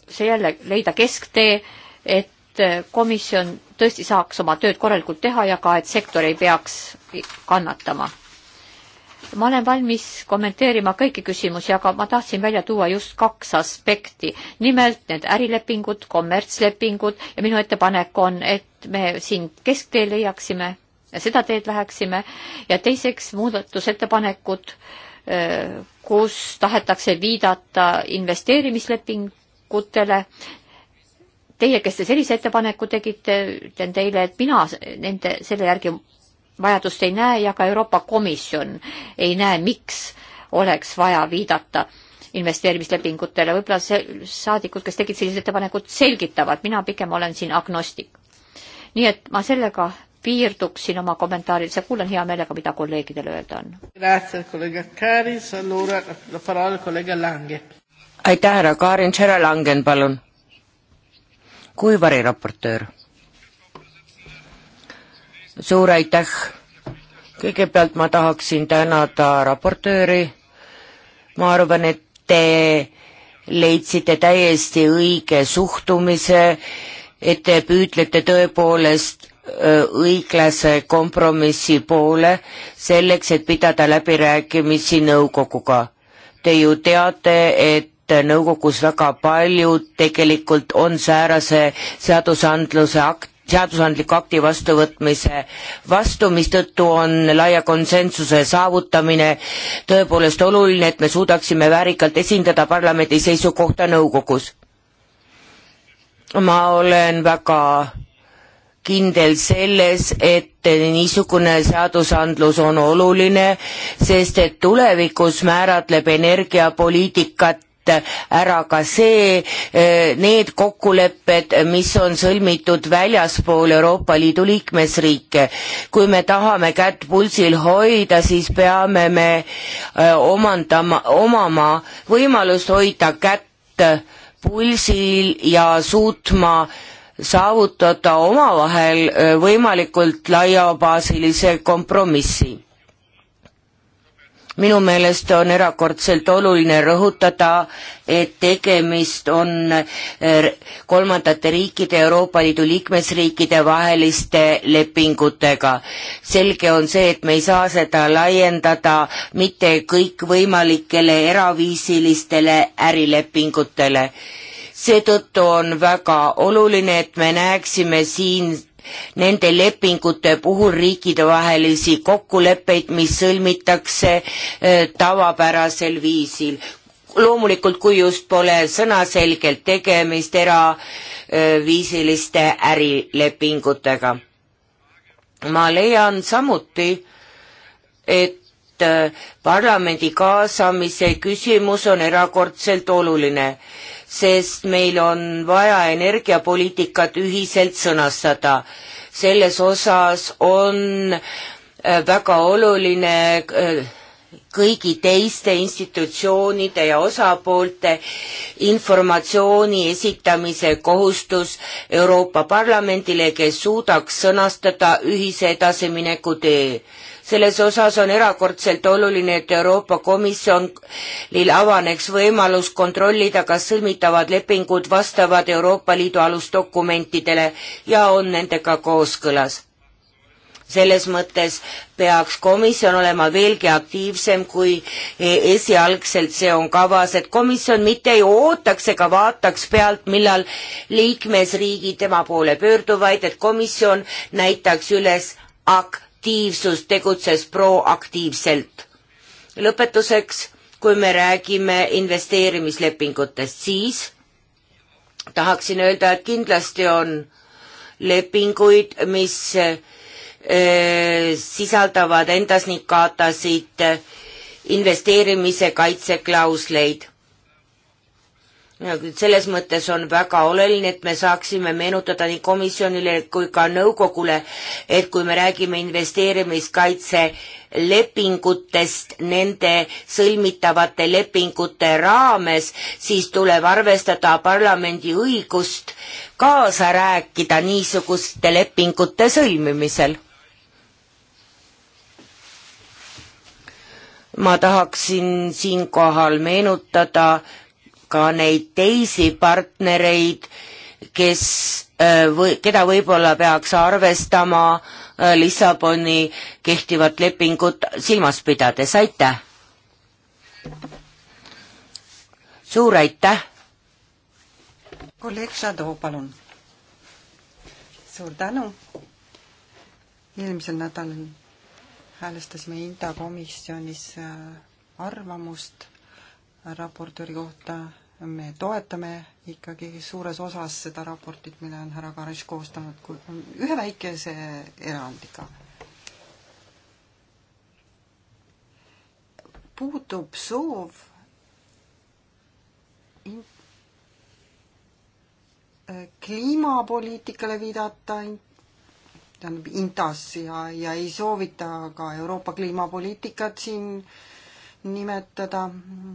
see jälle leida kesktee, et komisjon tõesti saaks oma tööd korralikult teha ja ka, et sektor ei peaks kannatama ma olen valmis kommenteerima kõiki küsimusi, aga ma tahtsin välja tuua just kaks aspekti. nimelt need ärilepingud, kommertslepingud ja minu ettepanek on, et me siin kesktee leiaksime ja seda teed läheksime ja teiseks muudatusettepanekud, eh, kus tahetakse viidata investeerimislepingutele. Teie, kes te sellise ettepaneku tegite, ütlen teile, et mina nende, selle järgi vajadust ei näe ja ka Euroopa Komisjon ei näe, miks oleks vaja viidata investeerimislepingutele, võib-olla see saadikud, kes tegid sellised ettepanekud, selgitavad, mina pigem olen siin agnostik. nii et ma sellega piirduksin oma kommentaaris ja kuulan hea meelega, mida kolleegidel öelda on. aitäh, härra Karin Šera-Langen, palun. kui variraportöör suur aitäh! kõigepealt ma tahaksin tänada raportööri, ma arvan, et te leidsite täiesti õige suhtumise, et te püüdlete tõepoolest õiglase kompromissi poole selleks, et pidada läbirääkimisi nõukoguga. Te ju teate, et nõukogus väga paljud tegelikult on säärase seadusandluse akt, seadusandliku akti vastuvõtmise vastu, mistõttu on laia konsensuse saavutamine tõepoolest oluline, et me suudaksime väärikalt esindada parlamendi seisukohta nõukogus. ma olen väga kindel selles, et niisugune seadusandlus on oluline, sest et tulevikus määratleb energiapoliitikat ära ka see, eh, need kokkulepped, mis on sõlmitud väljaspool Euroopa Liidu liikmesriike. kui me tahame kätt pulsil hoida, siis peame me eh, omandama, omama võimalust hoida kätt pulsil ja suutma saavutada omavahel eh, võimalikult laiabaasilise kompromissi minu meelest on erakordselt oluline rõhutada, et tegemist on eh, kolmandate riikide, Euroopa Liidu liikmesriikide vaheliste lepingutega. selge on see, et me ei saa seda laiendada mitte kõikvõimalikele eraviisilistele ärilepingutele seetõttu on väga oluline, et me näeksime siin nende lepingute puhul riikidevahelisi kokkuleppeid, mis sõlmitakse eh, tavapärasel viisil. loomulikult, kui just pole sõnaselgelt tegemist eraviisiliste ärilepingutega. ma leian samuti, et eh, parlamendi kaasamise küsimus on erakordselt oluline sest meil on vaja energiapoliitikat ühiselt sõnastada. selles osas on äh, väga oluline äh, kõigi teiste institutsioonide ja osapoolte informatsiooni esitamise kohustus Euroopa Parlamendile, kes suudaks sõnastada ühise edasimineku tee selles osas on erakordselt oluline, et Euroopa Komisjonil avaneks võimalus kontrollida, kas sõlmitavad lepingud vastavad Euroopa Liidu alusdokumentidele ja on nendega kooskõlas selles mõttes peaks komisjon olema veelgi aktiivsem, kui esialgselt see on kavas, et komisjon mitte ei ootaks ega vaataks pealt, millal liikmesriigid tema poole pöörduvad, et komisjon näitaks üles ak-, aktiivsus tegutses proaktiivselt. lõpetuseks, kui me räägime investeerimislepingutest, siis tahaksin öelda, et kindlasti on lepinguid, mis eh, sisaldavad endas Nikatasid investeerimise kaitseklausleid selles mõttes on väga oluline, et me saaksime meenutada nii komisjonile kui ka nõukogule, et kui me räägime investeerimiskaitse lepingutest, nende sõlmitavate lepingute raames, siis tuleb arvestada parlamendi õigust kaasa rääkida niisuguste lepingute sõlmimisel. ma tahaksin siinkohal meenutada ka neid teisi partnereid, kes äh, või, keda võib-olla peaks arvestama äh, Lissaboni kehtivat lepingut silmas pidades, aitäh! suur aitäh! kolleeg Šadov, palun! suur tänu! eelmisel nädalal häälestasime Inta komisjonis äh, arvamust raportööri kohta. me toetame ikkagi suures osas seda raportit, mille on härra Karish koostanud, ühe väikese erandiga. puudub soov kliimapoliitikale viidata, tähendab Intas ja, ja ei soovita ka Euroopa kliimapoliitikat siin äh, nimetada.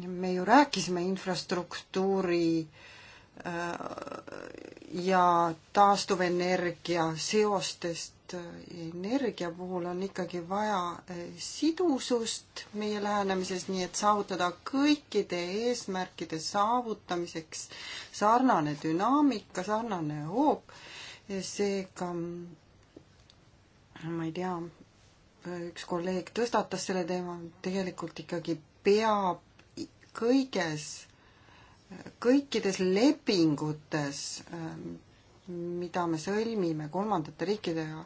me ju rääkisime infrastruktuuri äh, ja taastuvenergia seostest. energia puhul on ikkagi vaja äh, sidusust meie lähenemises, nii et saavutada kõikide eesmärkide saavutamiseks sarnane dünaamika, sarnane hoop. seega ma ei tea, üks kolleeg tõstatas selle teema, tegelikult ikkagi peab kõiges, kõikides lepingutes, mida me sõlmime kolmandate riikidega,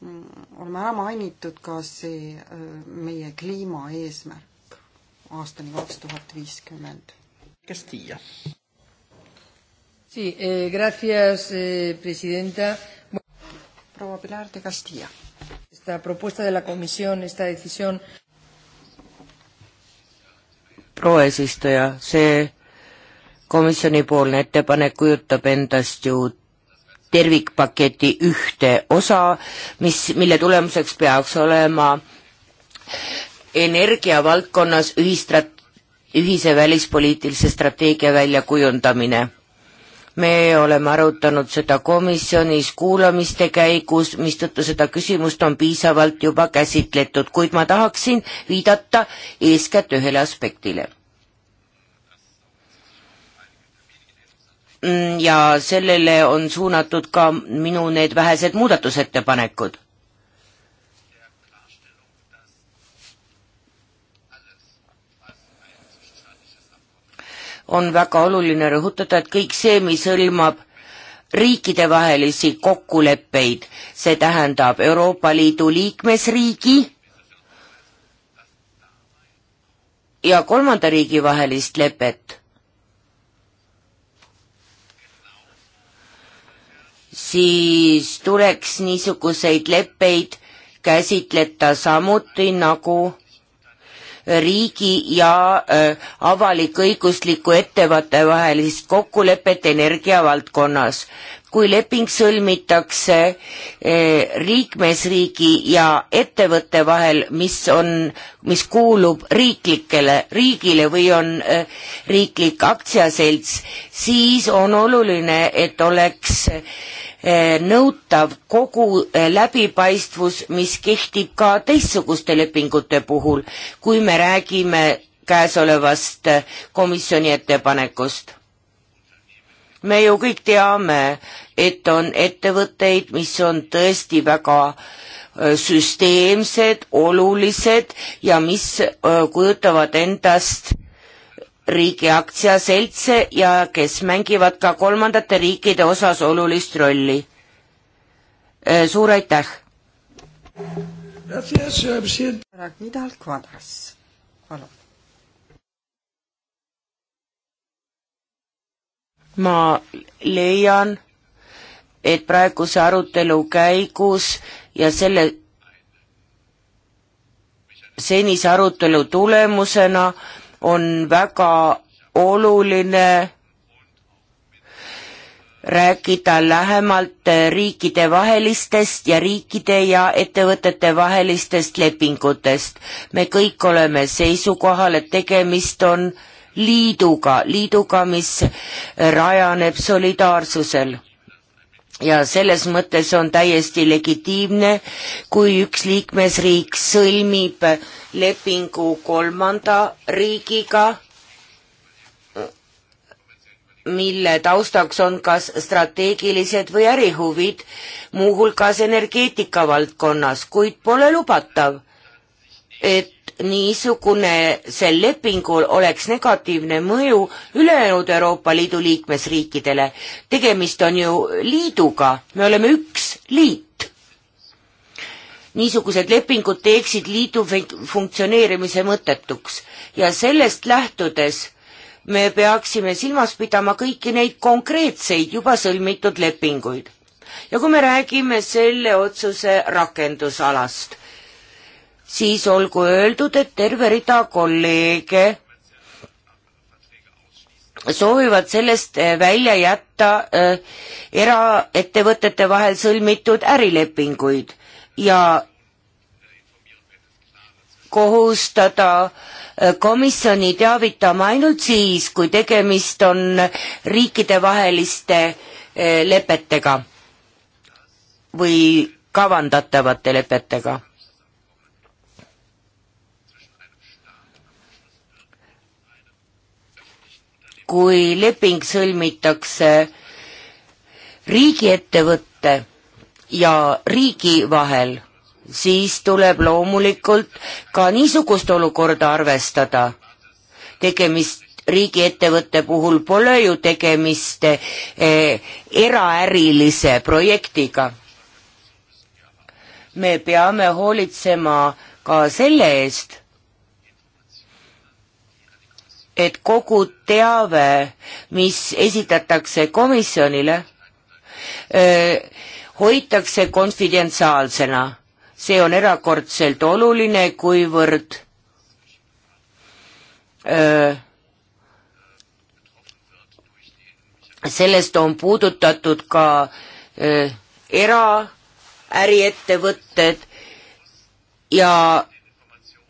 mm, oleme ära mainitud ka see äh, meie kliimaeesmärk aastani kaks tuhat viiskümmend. Castilla. Sí, eh, gracias, eh, presidenta. Proua Pilar de Castilla Esta propuesta de la komisjon, esta decision. proua eesistuja, see komisjonipoolne ettepanek kujutab endast ju tervikpaketi ühte osa, mis, mille tulemuseks peaks olema energiavaldkonnas ühistrat-, ühise välispoliitilise strateegia väljakujundamine me oleme arutanud seda komisjonis kuulamiste käigus, mistõttu seda küsimust on piisavalt juba käsitletud, kuid ma tahaksin viidata eeskätt ühele aspektile. Mm, ja sellele on suunatud ka minu need vähesed muudatusettepanekud on väga oluline rõhutada, et kõik see, mis hõlmab riikidevahelisi kokkuleppeid, see tähendab Euroopa Liidu liikmesriigi ja kolmanda riigi vahelist lepet, siis tuleks niisuguseid leppeid käsitleda samuti nagu riigi ja avalik-õigusliku ettevõtte vahelist kokkulepet energiavaldkonnas. kui leping sõlmitakse liikmesriigi ja ettevõtte vahel, mis on, mis kuulub riiklikele, riigile või on riiklik aktsiaselts, siis on oluline, et oleks Eh, nõutav kogu eh, läbipaistvus, mis kehtib ka teistsuguste lepingute puhul, kui me räägime käesolevast eh, komisjoni ettepanekust. me ju kõik teame, et on ettevõtteid, mis on tõesti väga süsteemsed, olulised ja mis kujutavad endast riigi aktsiaseltse ja kes mängivad ka kolmandate riikide osas olulist rolli. Äh, suur aitäh! ma leian, et praeguse arutelu käigus ja selle senise arutelu tulemusena äh, on väga oluline rääkida lähemalt riikide vahelistest ja riikide ja ettevõtete vahelistest lepingutest. me kõik oleme seisukohal, et tegemist on liiduga, liiduga, mis rajaneb solidaarsusel ja selles mõttes on täiesti legitiimne, kui üks liikmesriik sõlmib lepingu kolmanda riigiga, mille taustaks on kas strateegilised või ärihuvid, muuhulgas energeetika valdkonnas, kuid pole lubatav, et niisugune sel lepingul oleks negatiivne mõju ülejäänud Euroopa Liidu liikmesriikidele. tegemist on ju liiduga, me oleme üks liit. niisugused lepingud teeksid liidu funktsioneerimise mõttetuks ja sellest lähtudes me peaksime silmas pidama kõiki neid konkreetseid juba sõlmitud lepinguid. ja kui me räägime selle otsuse rakendusalast siis olgu öeldud, et terve rida kolleege soovivad sellest eh, välja jätta eh, eraettevõtete vahel sõlmitud ärilepinguid ja kohustada eh, komisjoni teavitama ainult siis, kui tegemist on riikidevaheliste lepetega või kavandatavate lepetega kui leping sõlmitakse riigiettevõtte ja riigi vahel, siis tuleb loomulikult ka niisugust olukorda arvestada. tegemist riigiettevõtte puhul pole ju tegemist eh, eraärilise projektiga. me peame hoolitsema ka selle eest et kogu teave, mis esitatakse komisjonile, hoitakse konfidentsiaalsena. see on erakordselt oluline, kuivõrd öö, sellest on puudutatud ka öö, eraäriettevõtted ja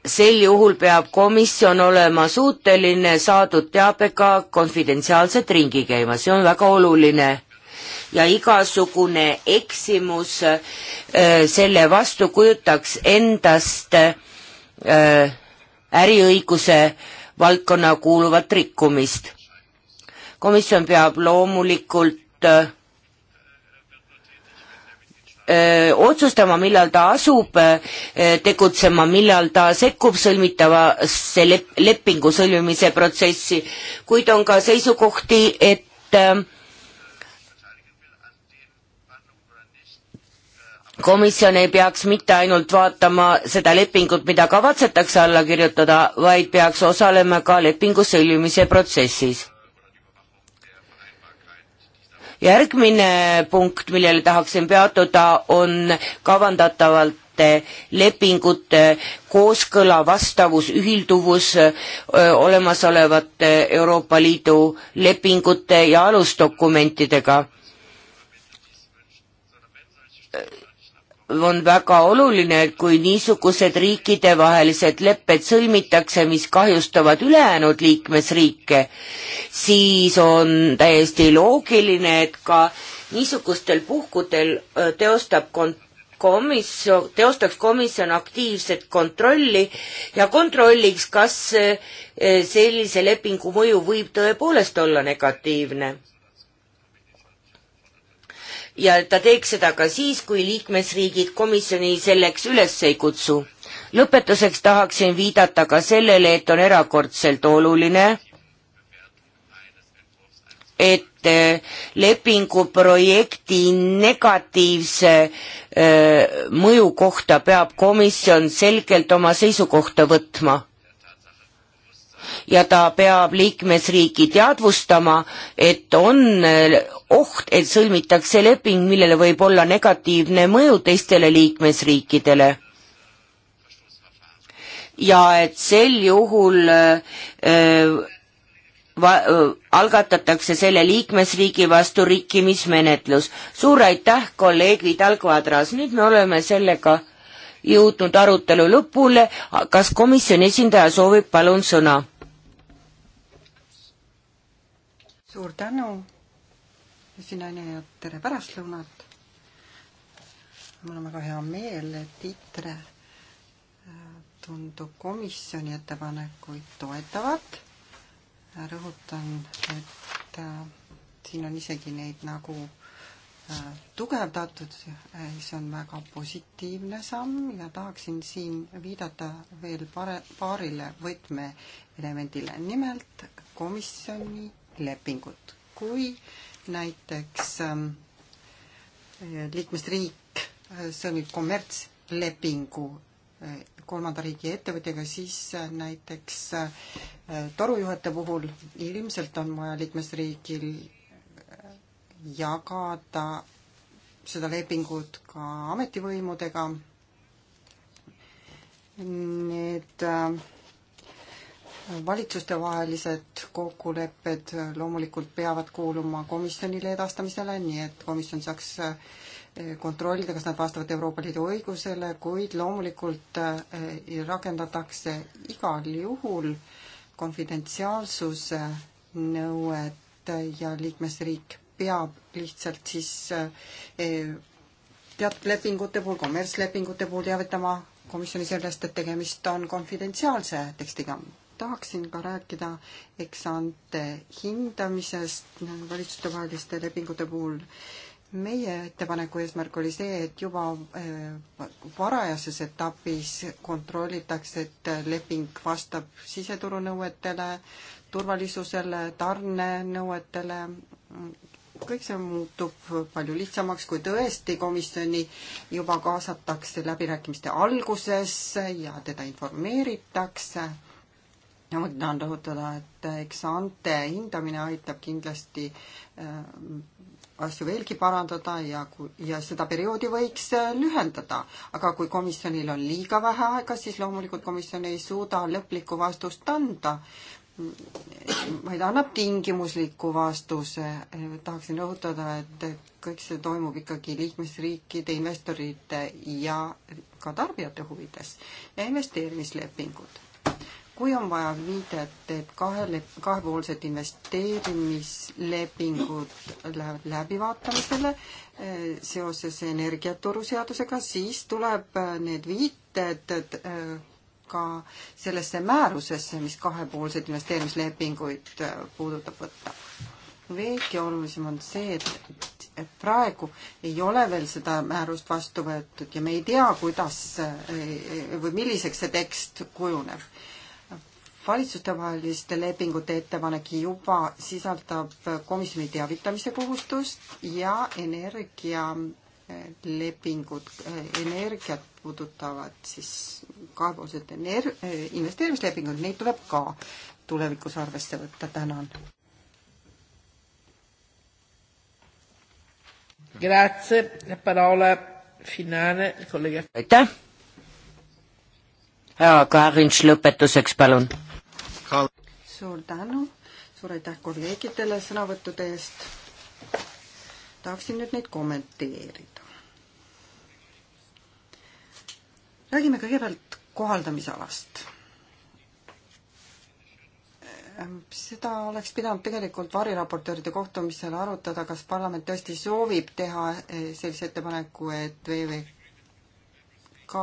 sel juhul peab komisjon olema suuteline saadud teabega konfidentsiaalselt ringi käima, see on väga oluline. ja igasugune eksimus äh, selle vastu kujutaks endast äh, äriõiguse valdkonna kuuluvat rikkumist. komisjon peab loomulikult äh, otsustama, millal ta asub tegutsema, millal ta sekkub sõlmitavasse lep lepingu sõlmimise protsessi, kuid on ka seisukohti, et komisjon ei peaks mitte ainult vaatama seda lepingut, mida kavatsetakse alla kirjutada, vaid peaks osalema ka lepingu sõlmimise protsessis järgmine punkt, millele tahaksin peatuda, on kavandatavalt lepingute kooskõla, vastavus, ühilduvus olemasolevate Euroopa Liidu lepingute ja alusdokumentidega. on väga oluline, et kui niisugused riikidevahelised lepped sõlmitakse, mis kahjustavad ülejäänud liikmesriike, siis on täiesti loogiline, et ka niisugustel puhkudel teostab kont-, komisjon, teostaks komisjon aktiivset kontrolli ja kontrolliks, kas sellise lepingu mõju võib tõepoolest olla negatiivne ja ta teeks seda ka siis, kui liikmesriigid komisjoni selleks üles ei kutsu. lõpetuseks tahaksin viidata ka sellele, et on erakordselt oluline, et eh, lepingu projekti negatiivse öö, eh, mõju kohta peab komisjon selgelt oma seisukohta võtma ja ta peab liikmesriiki teadvustama, et on äh, oht, et sõlmitakse leping, millele võib olla negatiivne mõju teistele liikmesriikidele. ja et sel juhul öö, äh, äh, va-, algatatakse selle liikmesriigi vastu rikkimismenetlus. suur aitäh, kolleeg Vidal Quadras, nüüd me oleme sellega jõudnud arutelu lõpule, kas komisjoni esindaja soovib palun sõna? suur tänu, esinaine ja tere pärastlõunat. mul on väga hea meel, et ITRE äh, tundub komisjoni ettepanekuid toetavat. rõhutan, et äh, siin on isegi neid nagu äh, tugevdatud, see on väga positiivne samm ja tahaksin siin viidata veel pare, paarile võtmeelemendile, nimelt komisjoni lepingut. kui näiteks ähm, liikmesriik äh, sõlmib kommertslepingu äh, kolmanda riigi ettevõtjaga, siis äh, näiteks torujuhete puhul ilmselt on vaja liikmesriigil jagada seda lepingut ka ametivõimudega. Need äh, valitsustevahelised kokkulepped loomulikult peavad kuuluma komisjonile edastamisele, nii et komisjon saaks eh, kontrollida, kas nad vastavad Euroopa Liidu õigusele, kuid loomulikult eh, rakendatakse igal juhul konfidentsiaalsuse nõuet ja liikmesriik peab lihtsalt siis eh, teatud lepingute puhul, kommertslepingute puhul teavitama komisjoni sellest, et tegemist on konfidentsiaalse tekstiga tahaksin ka rääkida eksante hindamisest valitsustevaheliste lepingute puhul. meie ettepaneku eesmärk oli see, et juba eh, varajases etapis kontrollitakse, et leping vastab siseturu nõuetele, turvalisusele, tarnenõuetele, kõik see muutub palju lihtsamaks, kui tõesti komisjoni juba kaasatakse läbirääkimiste alguses ja teda informeeritakse ja ma tahan rõhutada, et äh, eks ante hindamine aitab kindlasti äh, asju veelgi parandada ja, ja seda perioodi võiks äh, lühendada. aga kui komisjonil on liiga vähe aega, siis loomulikult komisjon ei suuda lõplikku vastust anda, vaid annab tingimusliku vastuse. tahaksin rõhutada, et kõik see toimub ikkagi liikmesriikide, investorite ja ka tarbijate huvides ja investeerimislepingud kui on vaja viidet, et kahele, kahepoolsed investeerimislepingud lähevad läbivaatamisele eh, seoses energiaturuseadusega, siis tuleb eh, need viited eh, ka sellesse määrusesse, mis kahepoolseid investeerimislepinguid puudutab võtta. veelgi olulisem on see, et, et praegu ei ole veel seda määrust vastu võetud ja me ei tea, kuidas või milliseks see tekst kujuneb valitsustevaheliste lepingute ettepanek juba sisaldab komisjoni teavitamise kohustust ja energialepingud, eh, eh, energiat puudutavad siis kahepoolsed ener-, eh, investeerimislepingud, neid tuleb ka tulevikus arvesse võtta, tänan. aitäh! Karin Šlõpetuseks, palun suur tänu, suur aitäh kolleegidele sõnavõttude eest. tahaksin nüüd neid kommenteerida. räägime kõigepealt kohaldamisalast. Ehm, seda oleks pidanud tegelikult variraportööride kohtumisel arutada, kas parlament tõesti soovib teha eh, sellise ettepaneku, et VVK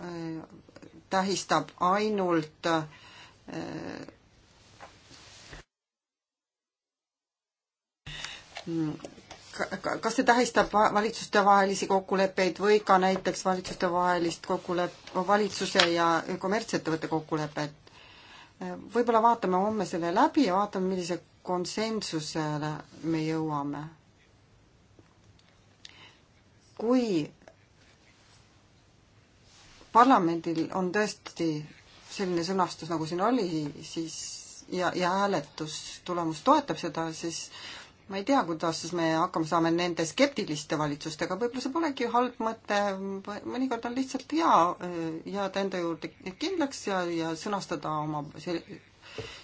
eh, tähistab ainult äh, kas see tähistab valitsustevahelisi kokkuleppeid või ka näiteks valitsustevahelist kokkulepp-, valitsuse ja kommertsettevõtte kokkulepet? võib-olla vaatame homme selle läbi ja vaatame, millise konsensusele me jõuame. kui parlamendil on tõesti selline sõnastus, nagu siin oli, siis ja, ja hääletustulemus toetab seda, siis ma ei tea, kuidas siis me hakkama saame nende skeptiliste valitsustega, võib-olla see polegi halb mõte, mõnikord on lihtsalt hea jääda enda juurde kindlaks ja, ja sõnastada oma sel-,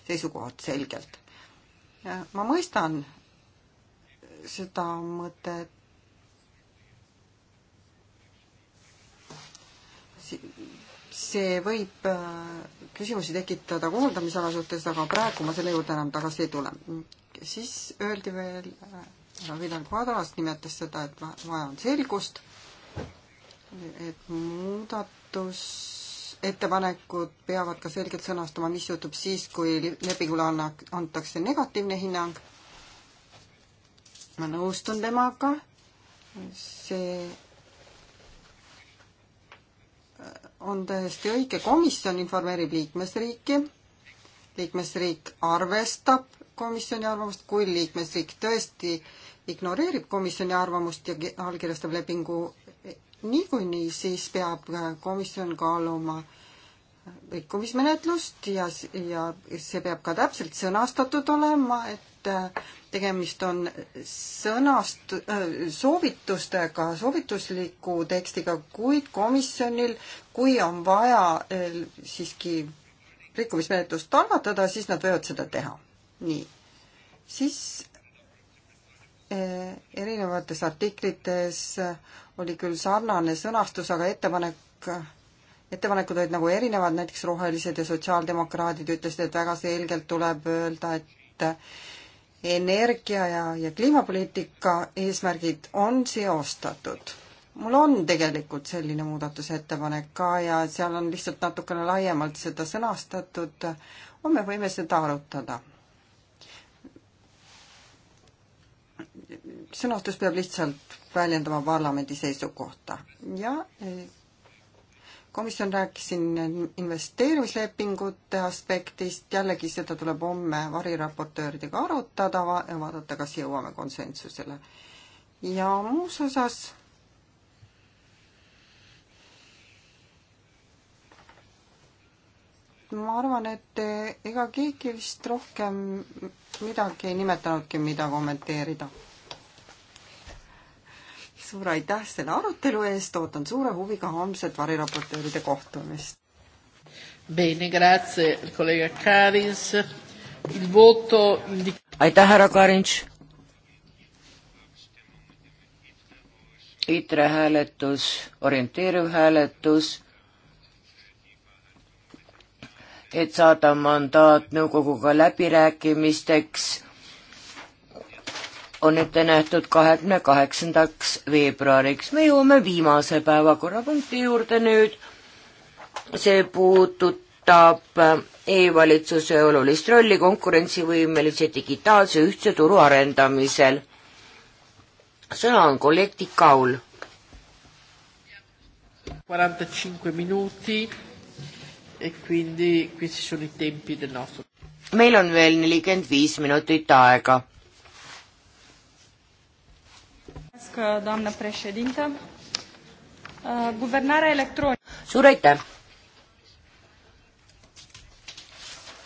seisukohad selgelt. ma mõistan seda mõtet, see võib äh, küsimusi tekitada kohaldamisala suhtes, aga praegu ma selle juurde enam tagasi ei tule. siis öeldi veel, äh, härra Vidal Quadras nimetas seda, et vaja on selgust, et muudatus ettepanekud peavad ka selgelt sõnastama, mis juhtub siis, kui lepingule anna, antakse negatiivne hinnang. ma nõustun temaga, see on täiesti õige, komisjon informeerib liikmesriiki, liikmesriik arvestab komisjoni arvamust, kui liikmesriik tõesti ignoreerib komisjoni arvamust ja allkirjastab lepingu niikuinii, siis peab komisjon kaaluma rikkumismenetlust ja, ja see peab ka täpselt sõnastatud olema, et et äh, tegemist on sõnast, äh, soovitustega, soovitusliku tekstiga, kuid komisjonil, kui on vaja äh, siiski rikkumismenetlust algatada, siis nad võivad seda teha. nii. siis erinevates artiklites oli küll sarnane sõnastus, aga ettepanek, ettepanekud olid nagu erinevad, näiteks rohelised ja sotsiaaldemokraadid ütlesid, et väga selgelt tuleb öelda, et energia ja, ja kliimapoliitika eesmärgid on seostatud. mul on tegelikult selline muudatusettepanek ka ja seal on lihtsalt natukene laiemalt seda sõnastatud, homme oh, võime seda arutada. sõnastus peab lihtsalt väljendama parlamendi seisukohta ja komisjon rääkis siin investeerimislepingute aspektist, jällegi seda tuleb homme variraportööridega arutada, vaadata, kas jõuame konsensusele. ja muus osas ma arvan, et ega keegi vist rohkem midagi ei nimetanudki, mida kommenteerida suur aitäh selle arutelu eest, ootan suure huviga homset variraportööride kohtumist. Bene, grazie, kolleeg Karins. Il voto indi-. aitäh, härra Karins. ITRE hääletus, orienteeriv hääletus, et saada mandaat nõukoguga läbirääkimisteks on ette nähtud kahekümne kaheksandaks veebruariks. me jõuame viimase päevakorrapunkti juurde nüüd. see puudutab äh, e-valitsuse olulist rolli konkurentsivõimelise digitaalse ühtse turu arendamisel. sõna on kolleeg Tikaul. E meil on veel nelikümmend viis minutit aega Uh, doamnă președintă. Uh, guvernarea electronică. suur aitäh!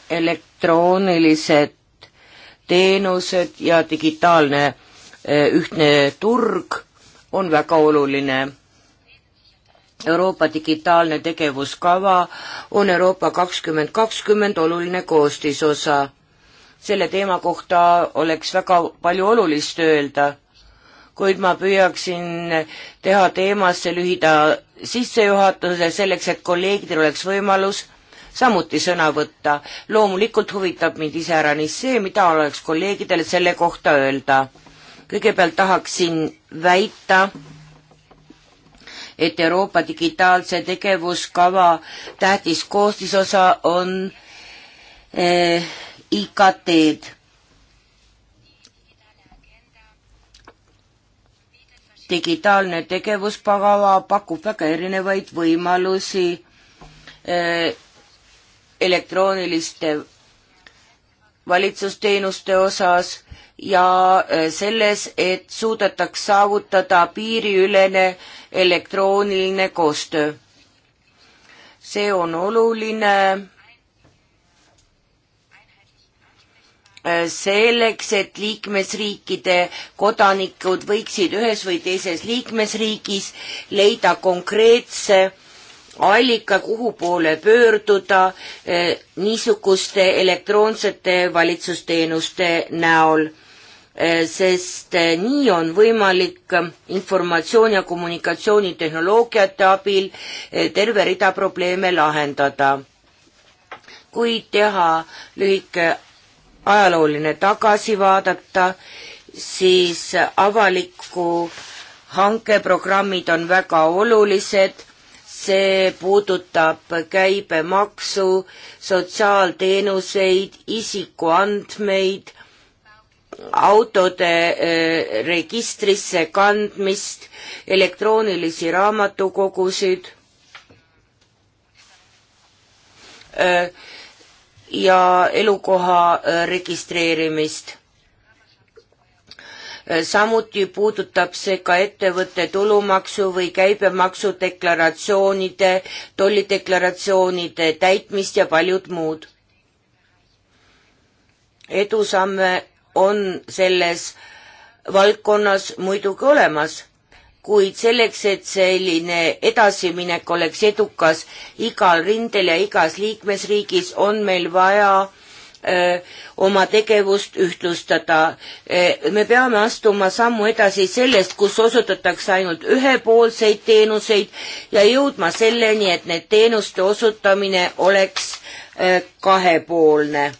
elektroonilised teenused ja digitaalne eh, ühtne turg on väga oluline. Euroopa digitaalne tegevuskava on Euroopa kakskümmend kakskümmend oluline koostisosa. selle teema kohta oleks väga palju olulist öelda kuid ma püüaksin teha teemasse lühida sissejuhatuse selleks, et kolleegidel oleks võimalus samuti sõna võtta. loomulikult huvitab mind iseäranis see, mida oleks kolleegidel selle kohta öelda. kõigepealt tahaksin väita, et Euroopa digitaalse tegevuskava tähtis koostisosa on eh, IKT-d digitaalne tegevuspagava pakub väga erinevaid võimalusi eh, elektrooniliste valitsusteenuste osas ja eh, selles, et suudetaks saavutada piiriülene elektrooniline koostöö. see on oluline Äh, selleks, et liikmesriikide kodanikud võiksid ühes või teises liikmesriigis leida konkreetse allika, kuhu poole pöörduda äh, niisuguste elektroonsete valitsusteenuste näol, äh, sest nii on võimalik informatsioon- ja kommunikatsioonitehnoloogiate abil terve rida probleeme lahendada. kuid teha lühike ajalooline tagasi vaadata, siis avaliku hankeprogrammid on väga olulised, see puudutab käibemaksu, sotsiaalteenuseid, isikuandmeid, autode äh, registrisse kandmist, elektroonilisi raamatukogusid äh,, ja elukoha äh, registreerimist. Äh, samuti puudutab see ka ettevõtte tulumaksu või käibemaksu deklaratsioonide, tollideklaratsioonide täitmist ja paljud muud. edusamme on selles valdkonnas muidugi olemas kuid selleks, et selline edasiminek oleks edukas igal rindel ja igas liikmesriigis, on meil vaja öö, äh, oma tegevust ühtlustada. Äh, me peame astuma sammu edasi sellest, kus osutatakse ainult ühepoolseid teenuseid ja jõudma selleni, et need teenuste osutamine oleks öö, äh, kahepoolne.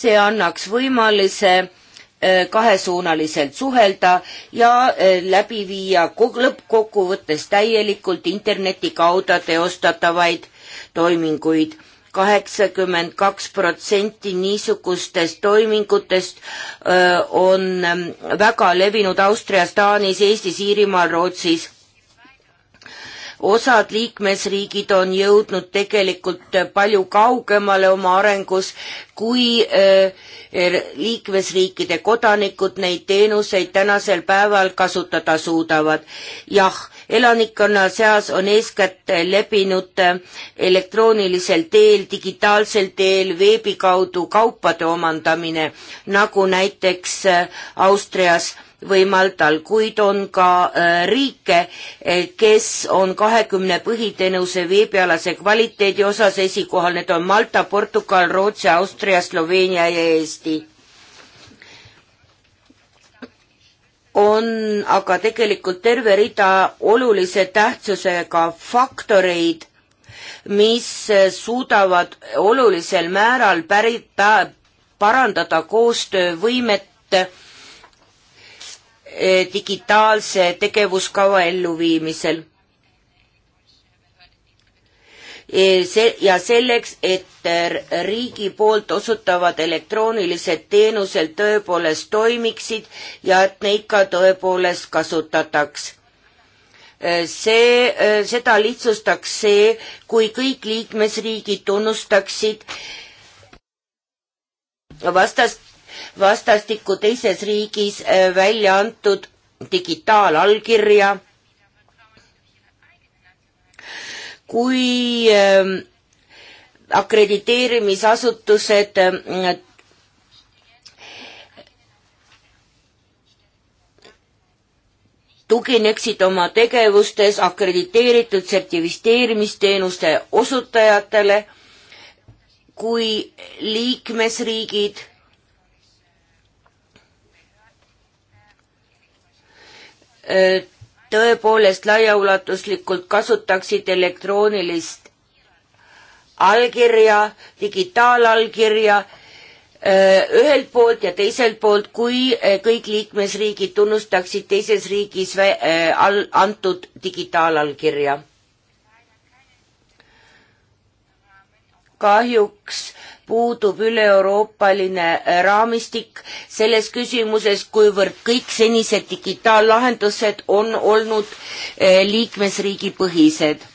see annaks võimalise Äh, kahesuunaliselt suhelda ja äh, läbi viia lõppkokkuvõttes täielikult interneti kaudu teostatavaid toiminguid. kaheksakümmend kaks protsenti niisugustest toimingutest äh, on ähm, väga levinud Austrias, Taanis, Eestis, Iirimaal, Rootsis osad liikmesriigid on jõudnud tegelikult palju kaugemale oma arengus, kui äh, liikmesriikide kodanikud neid teenuseid tänasel päeval kasutada suudavad. jah, elanikkonna seas on eeskätt lebinud äh, elektroonilisel teel, digitaalsel teel, veebi kaudu kaupade omandamine, nagu näiteks äh, Austrias või Maltal, kuid on ka äh, riike, äh, kes on kahekümne põhiteenuse veebialase kvaliteedi osas esikohal, need on Malta, Portugal, Rootsi, Austria, Sloveenia ja Eesti. on aga tegelikult terve rida olulise tähtsusega faktoreid, mis äh, suudavad olulisel määral päri-, parandada koostöövõimet Eh, digitaalse tegevuskava elluviimisel. Eh, see ja selleks, et eh, riigi poolt osutavad elektroonilised teenused tõepoolest toimiksid ja et neid ka tõepoolest kasutataks see, seda lihtsustaks see, kui kõik liikmesriigid tunnustaksid vastast vastastikku teises riigis äh, välja antud digitaalallkirja. kui ähm, akrediteerimisasutused äh, tugineksid oma tegevustes akrediteeritud sertifitseerimisteenuste osutajatele, kui liikmesriigid Äh, tõepoolest laiaulatuslikult kasutaksid elektroonilist allkirja, digitaalallkirja äh, ühelt poolt ja teiselt poolt, kui äh, kõik liikmesriigid tunnustaksid teises riigis all antud digitaalallkirja. kahjuks puudub üle-euroopaline raamistik selles küsimuses, kuivõrd kõik senised digitaallahendused on olnud eh, liikmesriigi põhised.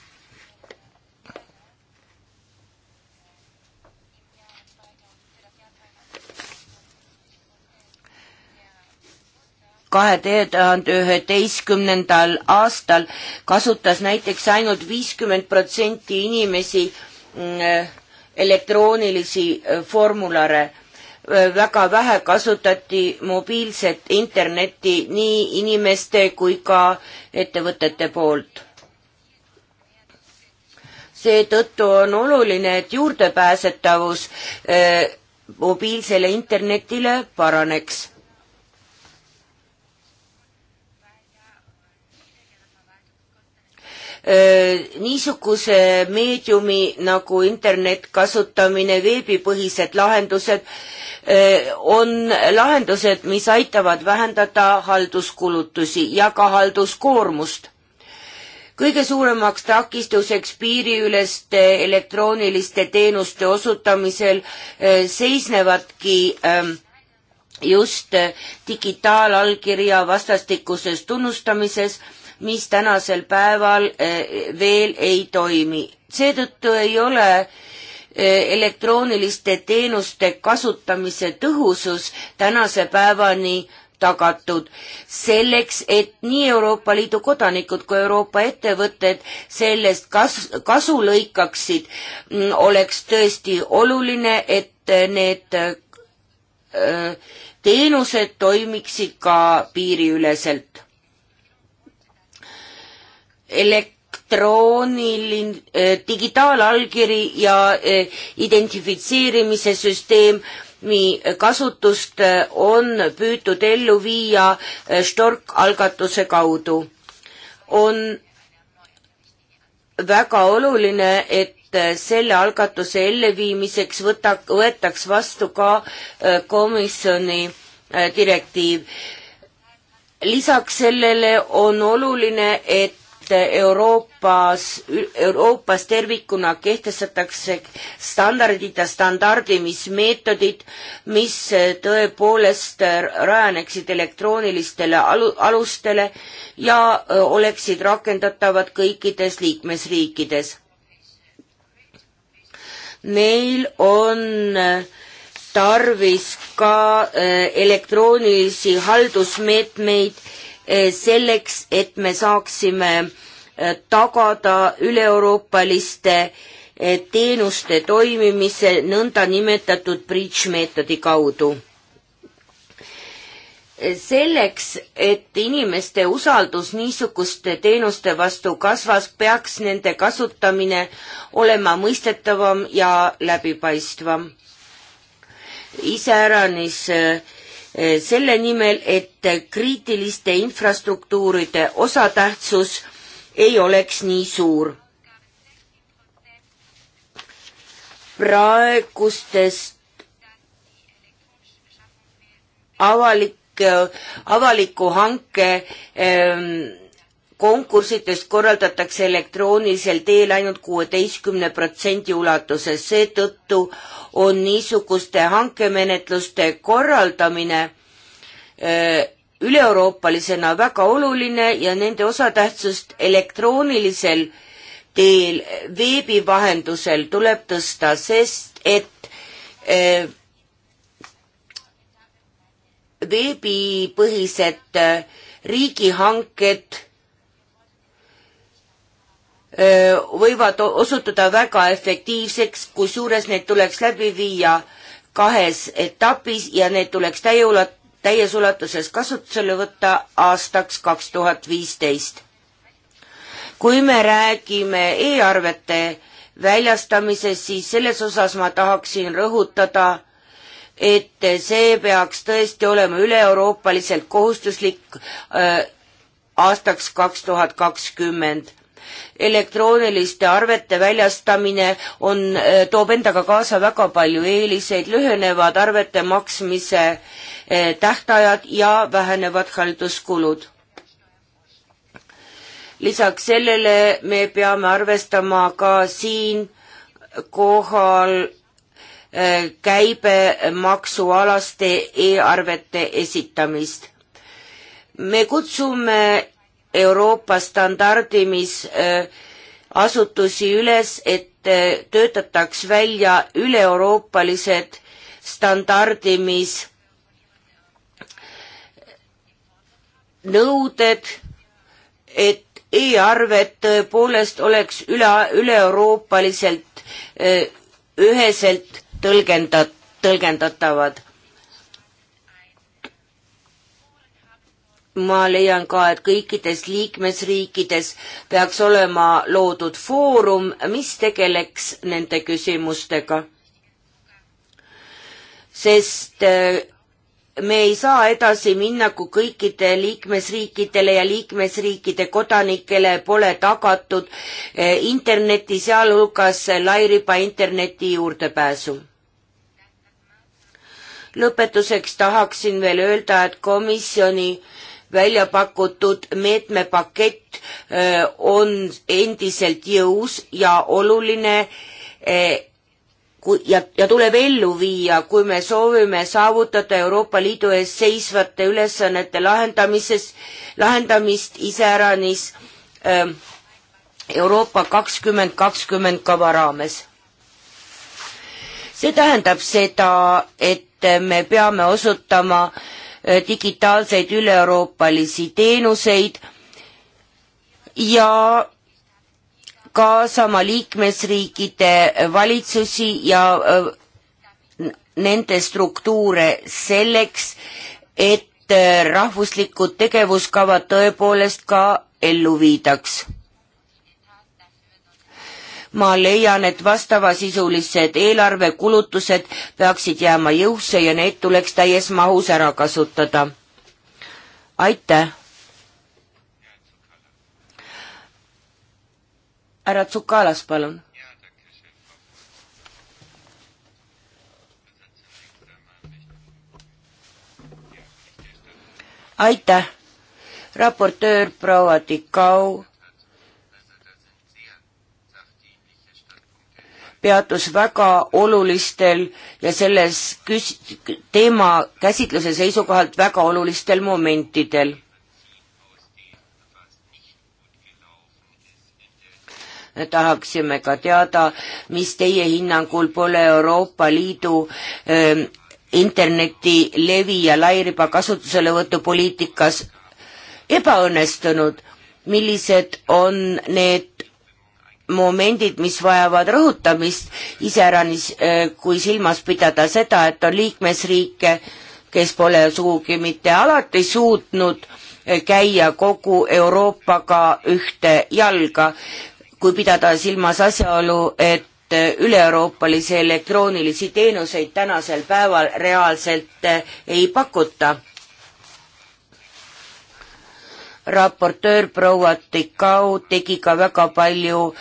kahe tuhande üheteistkümnendal aastal kasutas näiteks ainult viiskümmend protsenti inimesi mm, eh, elektroonilisi äh, formulare. Äh, väga vähe kasutati mobiilset internetti nii inimeste kui ka ettevõtete poolt. seetõttu on oluline, et juurdepääsetavus äh, mobiilsele internetile paraneks niisuguse meediumi nagu internet kasutamine, veebipõhised lahendused on lahendused, mis aitavad vähendada halduskulutusi ja ka halduskoormust kõige suuremaks takistuseks piiriüleste elektrooniliste teenuste osutamisel seisnevadki just digitaalallkirja vastastikuses tunnustamises mis tänasel päeval eh, veel ei toimi. seetõttu ei ole eh, elektrooniliste teenuste kasutamise tõhusus tänase päevani tagatud selleks, et nii Euroopa Liidu kodanikud kui Euroopa ettevõtted sellest kas-, kasu lõikaksid, mm, oleks tõesti oluline, et eh, need teenused toimiksid ka piiriüleselt elektrooniline äh, digitaalallkiri ja äh, identifitseerimise süsteem äh, kasutust on püütud ellu viia Stork algatuse kaudu. on väga oluline, et selle algatuse elluviimiseks võta, võetaks vastu ka komisjoni direktiiv. lisaks sellele on oluline, et et Euroopas, Euroopas tervikuna kehtestatakse standardid ja standardimismeetodid, mis tõepoolest rajaneksid elektroonilistele alu, alustele ja oleksid rakendatavad kõikides liikmesriikides. meil on tarvis ka elektroonilisi haldusmeetmeid Eh, selleks, et me saaksime eh, tagada üle-euroopaliste eh, teenuste toimimise nõndanimetatud bridge meetodi kaudu. selleks, et inimeste usaldus niisuguste teenuste vastu kasvas, peaks nende kasutamine olema mõistetavam ja läbipaistvam. iseäranis äh, Eh, selle nimel, et kriitiliste infrastruktuuride osatähtsus ei oleks nii suur. praegustest avalik, avaliku hanke ähm, konkurssidest korraldatakse elektroonilisel teel ainult kuueteistkümne protsendi ulatuses, ulatuses. seetõttu on niisuguste hankemenetluste korraldamine üleeuroopalisena väga oluline ja nende osatähtsust elektroonilisel teel veebi vahendusel tuleb tõsta, sest et öö, veebipõhised riigihanked võivad osutuda väga efektiivseks, kusjuures need tuleks läbi viia kahes etapis ja need tuleks täiulat-, täies ulatuses kasutusele võtta aastaks kaks tuhat viisteist. kui me räägime e-arvete väljastamisest, siis selles osas ma tahaksin rõhutada, et see peaks tõesti olema üle-euroopaliselt kohustuslik äh, aastaks kaks tuhat kakskümmend elektrooniliste arvete väljastamine on, äh, toob endaga kaasa väga palju eeliseid, lühenevad arvete maksmise äh, tähtajad ja vähenevad halduskulud. lisaks sellele me peame arvestama ka siin kohal äh, käibemaksualaste e-arvete esitamist. me kutsume Euroopa standardimisasutusi üles, et äh, töötataks välja üle-euroopalised standardimis nõuded, et e-arved tõepoolest oleks üle, üle-euroopaliselt äh, üheselt tõlgendat-, tõlgendatavad ma leian ka, et kõikides liikmesriikides peaks olema loodud foorum, mis tegeleks nende küsimustega. sest äh, me ei saa edasi minna, kui kõikide liikmesriikidele ja liikmesriikide kodanikele pole tagatud äh, interneti, sealhulgas lairiba interneti juurdepääsu lõpetuseks tahaksin veel öelda, et komisjoni äh, välja pakutud meetmepakett on endiselt jõus ja oluline ja, ja tuleb ellu viia, kui me soovime saavutada Euroopa Liidu ees seisvate ülesannete lahendamises, lahendamist iseäranis Euroopa kakskümmend kakskümmend kava raames. see tähendab seda, et me peame osutama äh, Äh, digitaalseid üleeuroopalisi teenuseid ja kaasama liikmesriikide valitsusi ja äh, nende struktuure selleks, et äh, rahvuslikud tegevuskavad tõepoolest ka ellu viidaks ma leian, et vastavasisulised eelarvekulutused peaksid jääma jõusse ja need tuleks täies mahus ära kasutada. aitäh. härra Tsukalas, palun. aitäh, raportöör proua Tikau peatus väga olulistel ja selles küs-, teema käsitluse seisukohalt väga olulistel momentidel. tahaksime ka teada, mis teie hinnangul pole Euroopa Liidu öö, ähm, interneti levi ja lairiba kasutuselevõtu poliitikas ebaõnnestunud, millised on need momendid, mis vajavad rõhutamist, iseäranis äh, kui silmas pidada seda, et on liikmesriike, kes pole sugugi mitte alati suutnud äh, käia kogu Euroopaga ühte jalga, kui pidada silmas asjaolu, et äh, üle-euroopalisi elektroonilisi teenuseid tänasel päeval reaalselt ei pakuta raportöör proua Tikau tegi ka väga palju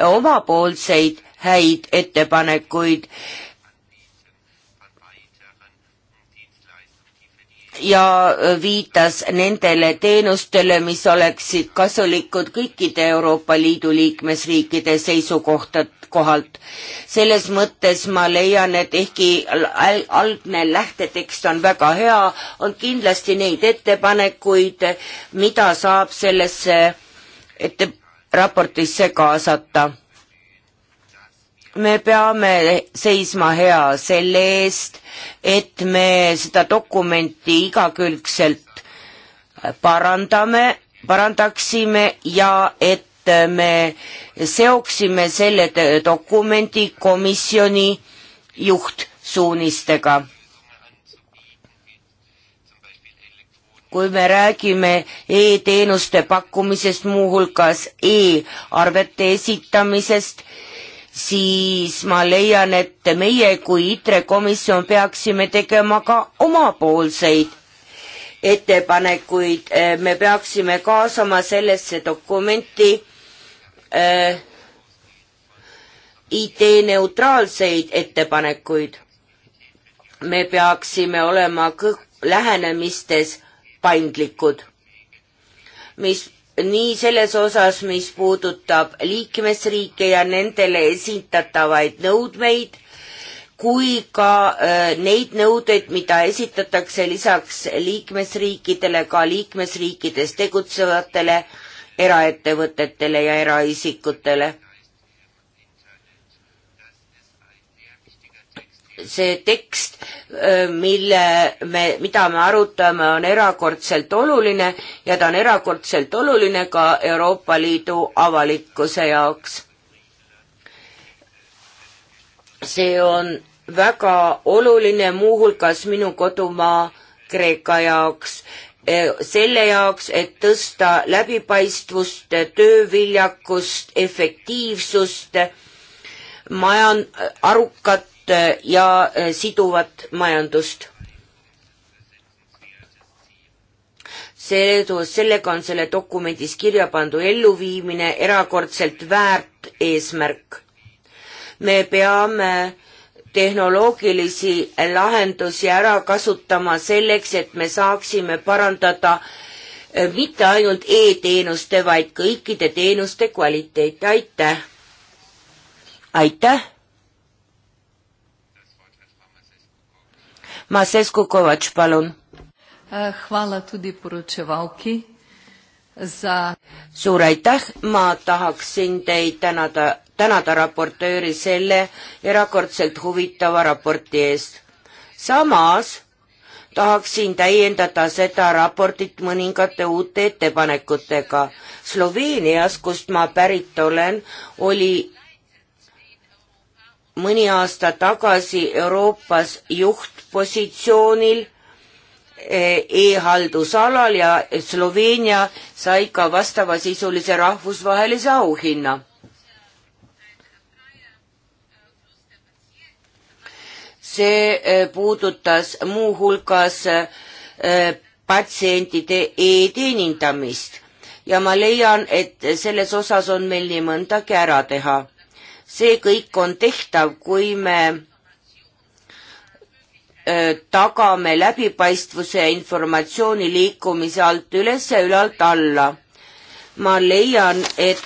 omapoolseid häid ettepanekuid ja äh, viitas nendele teenustele, mis oleksid kasulikud kõikide Euroopa Liidu liikmesriikide seisukohtad, kohalt. selles mõttes ma leian, et ehkki algne lähtetekst on väga hea, on kindlasti neid ettepanekuid, mida saab sellesse ette, raportisse kaasata me peame seisma hea selle eest, et me seda dokumenti igakülgselt parandame, parandaksime ja et me seoksime selle dokumendi komisjoni juhtsuunistega. kui me räägime e-teenuste pakkumisest, muuhulgas e-arvete esitamisest siis ma leian, et meie kui ITRE komisjon peaksime tegema ka omapoolseid ettepanekuid, eh, me peaksime kaasama sellesse dokumenti äh, eh, IT-neutraalseid ettepanekuid. me peaksime olema kõh-, lähenemistes paindlikud. mis nii selles osas, mis puudutab liikmesriike ja nendele esitatavaid nõudmeid, kui ka äh, neid nõudeid, mida esitatakse lisaks liikmesriikidele ka liikmesriikides tegutsevatele eraettevõtetele ja eraisikutele see tekst, mille me, mida me arutame, on erakordselt oluline ja ta on erakordselt oluline ka Euroopa Liidu avalikkuse jaoks. see on väga oluline muuhulgas minu kodumaa Kreeka jaoks, e, selle jaoks, et tõsta läbipaistvust, tööviljakust, efektiivsust, majan-, arukat ühtsust äh, ja äh, siduvat majandust. seetõttu sellega on selle dokumendis kirja pandu elluviimine erakordselt väärt eesmärk. me peame tehnoloogilisi lahendusi ära kasutama selleks, et me saaksime parandada äh, mitte ainult e-teenuste, vaid kõikide teenuste kvaliteeti, aitäh! aitäh! Masesko Kovač, palun. Eh, hvala tudi poročevalki za. suur aitäh, ma tahaksin teid tänada, tänada raportööri selle erakordselt huvitava raporti eest. samas tahaksin täiendada seda raportit mõningate uute ettepanekutega. Sloveenias, kust ma pärit olen, oli mõni aasta tagasi Euroopas juhtpositsioonil eh, e-haldusalal ja Sloveenia sai ka vastavasisulise rahvusvahelise auhinna. see eh, puudutas muuhulgas eh, patsientide e-teenindamist ja ma leian, et selles osas on meil nii mõndagi ära teha see kõik on tehtav, kui me tagame läbipaistvuse ja informatsiooni liikumise alt üles ja ülalt alla. ma leian, et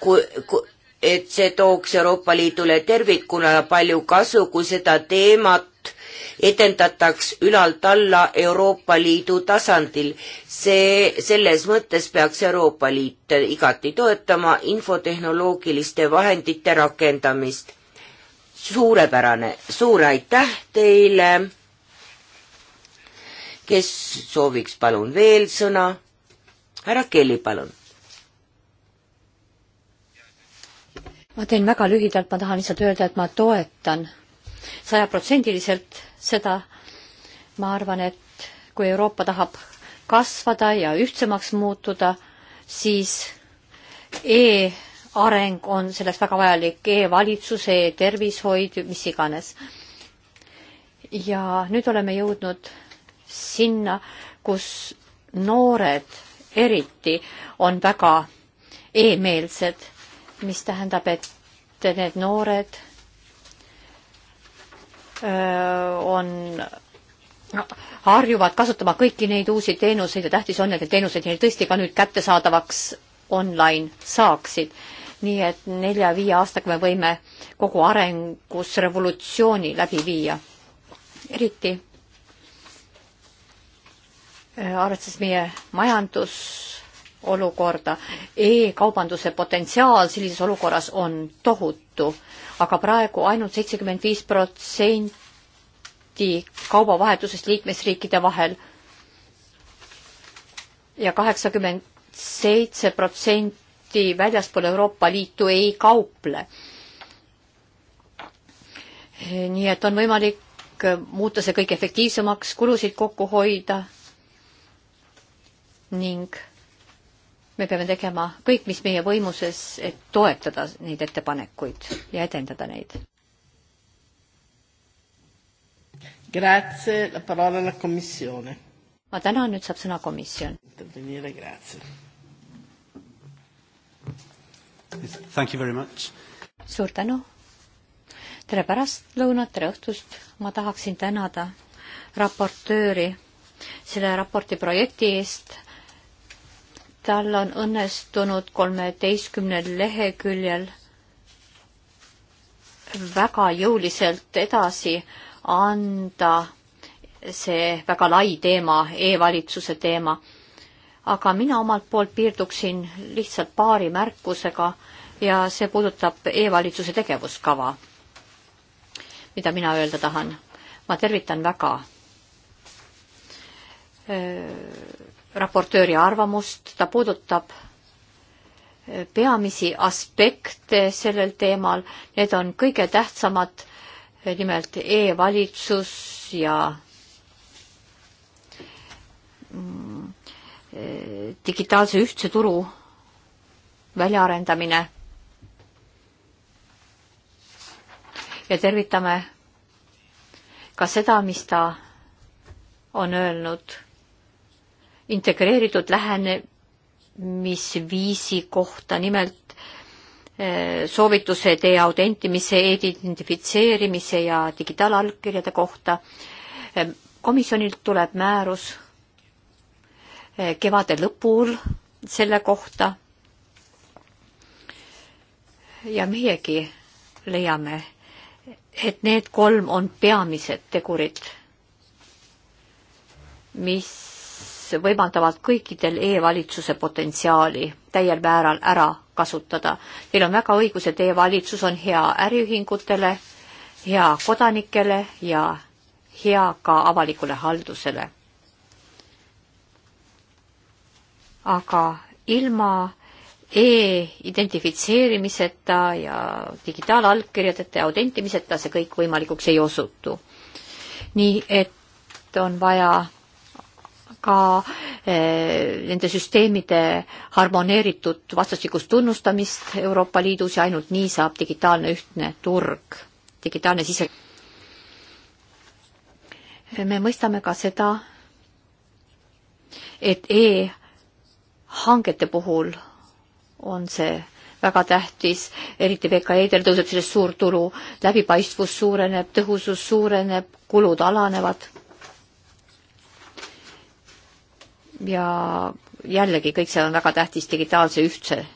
kui, kui, et see tooks Euroopa Liidule tervikuna palju kasu, kui seda teemat edendataks ülalt alla Euroopa Liidu tasandil. see, selles mõttes peaks Euroopa Liit igati toetama infotehnoloogiliste vahendite rakendamist. suurepärane, suur aitäh teile. kes sooviks, palun veel sõna. härra Kelly, palun. ma teen väga lühidalt, ma tahan lihtsalt öelda, et ma toetan sajaprotsendiliselt seda. ma arvan, et kui Euroopa tahab kasvada ja ühtsemaks muutuda, siis e-areng on selleks väga vajalik e, e-valitsus e, e-tervishoid, mis iganes. ja nüüd oleme jõudnud sinna, kus noored eriti on väga e-meelsed, mis tähendab, et need noored on harjuvad kasutama kõiki neid uusi teenuseid ja tähtis on, et need teenused neil tõesti ka nüüd kättesaadavaks online saaksid. nii et nelja-viie aastaga me võime kogu arengus revolutsiooni läbi viia. eriti arvestades meie majandusolukorda e, e-kaubanduse potentsiaal sellises olukorras on tohutu tõttu, aga praegu ainult seitsekümmend viis protsenti kaubavahetusest liikmesriikide vahel ja kaheksakümmend seitse protsenti väljaspool Euroopa Liitu ei kauple. nii et on võimalik muuta see kõik efektiivsemaks, kulusid kokku hoida ning me peame tegema kõik, mis meie võimuses, et toetada neid ettepanekuid ja edendada neid. Grazie, la parola alla commissione. ma tänan, nüüd saab sõna komisjon. Thank you very much. suur tänu. tere pärastlõunat, tere õhtust. ma tahaksin tänada raportööri selle raporti projekti eest tal on õnnestunud kolmeteistkümnel leheküljel väga jõuliselt edasi anda see väga lai teema e, e-valitsuse teema. aga mina omalt poolt piirduksin lihtsalt paari märkusega ja see puudutab e-valitsuse tegevuskava, mida mina öelda tahan. ma tervitan väga öö raportööri arvamust, ta puudutab eh, peamisi aspekte sellel teemal, need on kõige tähtsamad, eh, nimelt e-valitsus ja mm, eh, digitaalse ühtse turu väljaarendamine. ja tervitame ka seda, mis ta on öelnud integreeritud lähenemisviisi kohta, nimelt eh, soovitused e-autentimise, e-identifitseerimise ja digitaalallkirjade kohta. Eh, komisjonilt tuleb määrus eh, kevade lõpul selle kohta. ja meiegi leiame, et need kolm on peamised tegurid, mis võimaldavad kõikidel e-valitsuse potentsiaali täiel määral ära kasutada. Teil on väga õigus, et e-valitsus on hea äriühingutele, hea kodanikele ja hea ka avalikule haldusele. aga ilma e-identifitseerimiseta ja digitaalallkirjadeta ja autentimiseta see kõik võimalikuks ei osutu. nii et on vaja ka eh, nende süsteemide harmoneeritud vastastikust tunnustamist Euroopa Liidus ja ainult nii saab digitaalne ühtne turg, digitaalne sise. me mõistame ka seda, et e-hangete puhul on see väga tähtis, eriti VKE-del tõuseb sellest suur tulu, läbipaistvus suureneb, tõhusus suureneb, kulud alanevad ja jällegi kõik see on väga tähtis digitaalse ühtse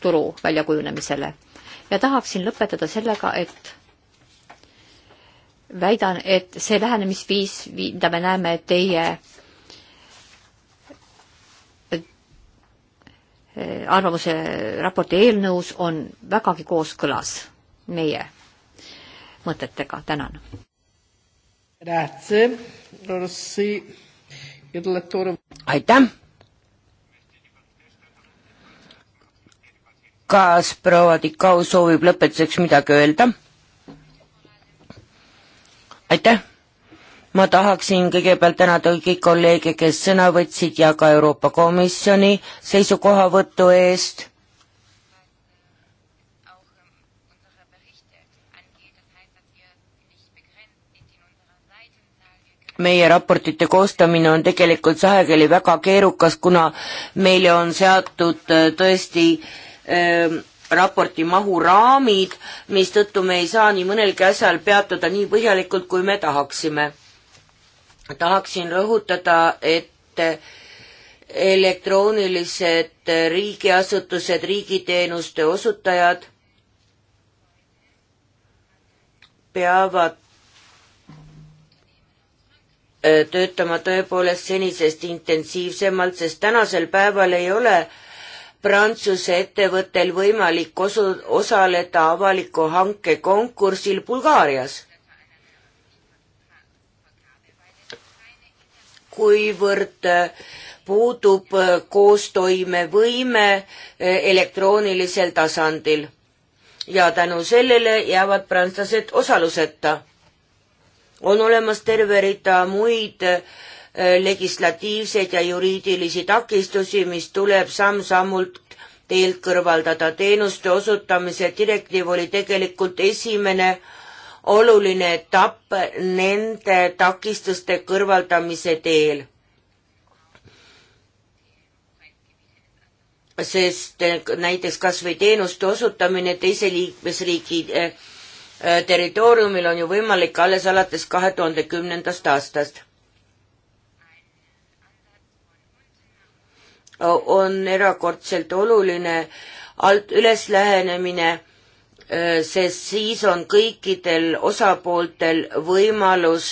turu väljakujunemisele. ja tahaksin lõpetada sellega, et väidan, et see lähenemisviis, mida me näeme teie äh, arvamuse raporti eelnõus, on vägagi kooskõlas meie mõtetega. tänan. Grazie, Rossi aitäh. kas proua Tikau soovib lõpetuseks midagi öelda? aitäh. ma tahaksin kõigepealt tänada kõiki kolleege, kes sõna võtsid ja ka Euroopa Komisjoni seisukohavõtu eest meie raportite koostamine on tegelikult sageli väga keerukas, kuna meile on seatud äh, tõesti äh, raporti mahuraamid, mistõttu me ei saa nii mõnelgi asjal peatuda nii põhjalikult, kui me tahaksime. tahaksin rõhutada, et äh, elektroonilised äh, riigiasutused, riigiteenuste osutajad peavad töötama tõepoolest senisest intensiivsemalt, sest tänasel päeval ei ole Prantsuse ettevõttel võimalik osu-, osaleda avaliku hanke konkursil Bulgaarias. kuivõrd puudub koostoimevõime elektroonilisel tasandil ja tänu sellele jäävad prantslased osaluseta on olemas terve rida muid äh, legislatiivseid ja juriidilisi takistusi, mis tuleb samm-sammult teelt kõrvaldada. teenuste osutamise direktiiv oli tegelikult esimene oluline etapp nende takistuste kõrvaldamise teel. sest äh, näiteks kas või teenuste osutamine teise liikmesriigi eh, Äh, territooriumil on ju võimalik alles alates kahe tuhande kümnendast aastast. on erakordselt oluline alt üles lähenemine, äh, sest siis on kõikidel osapooltel võimalus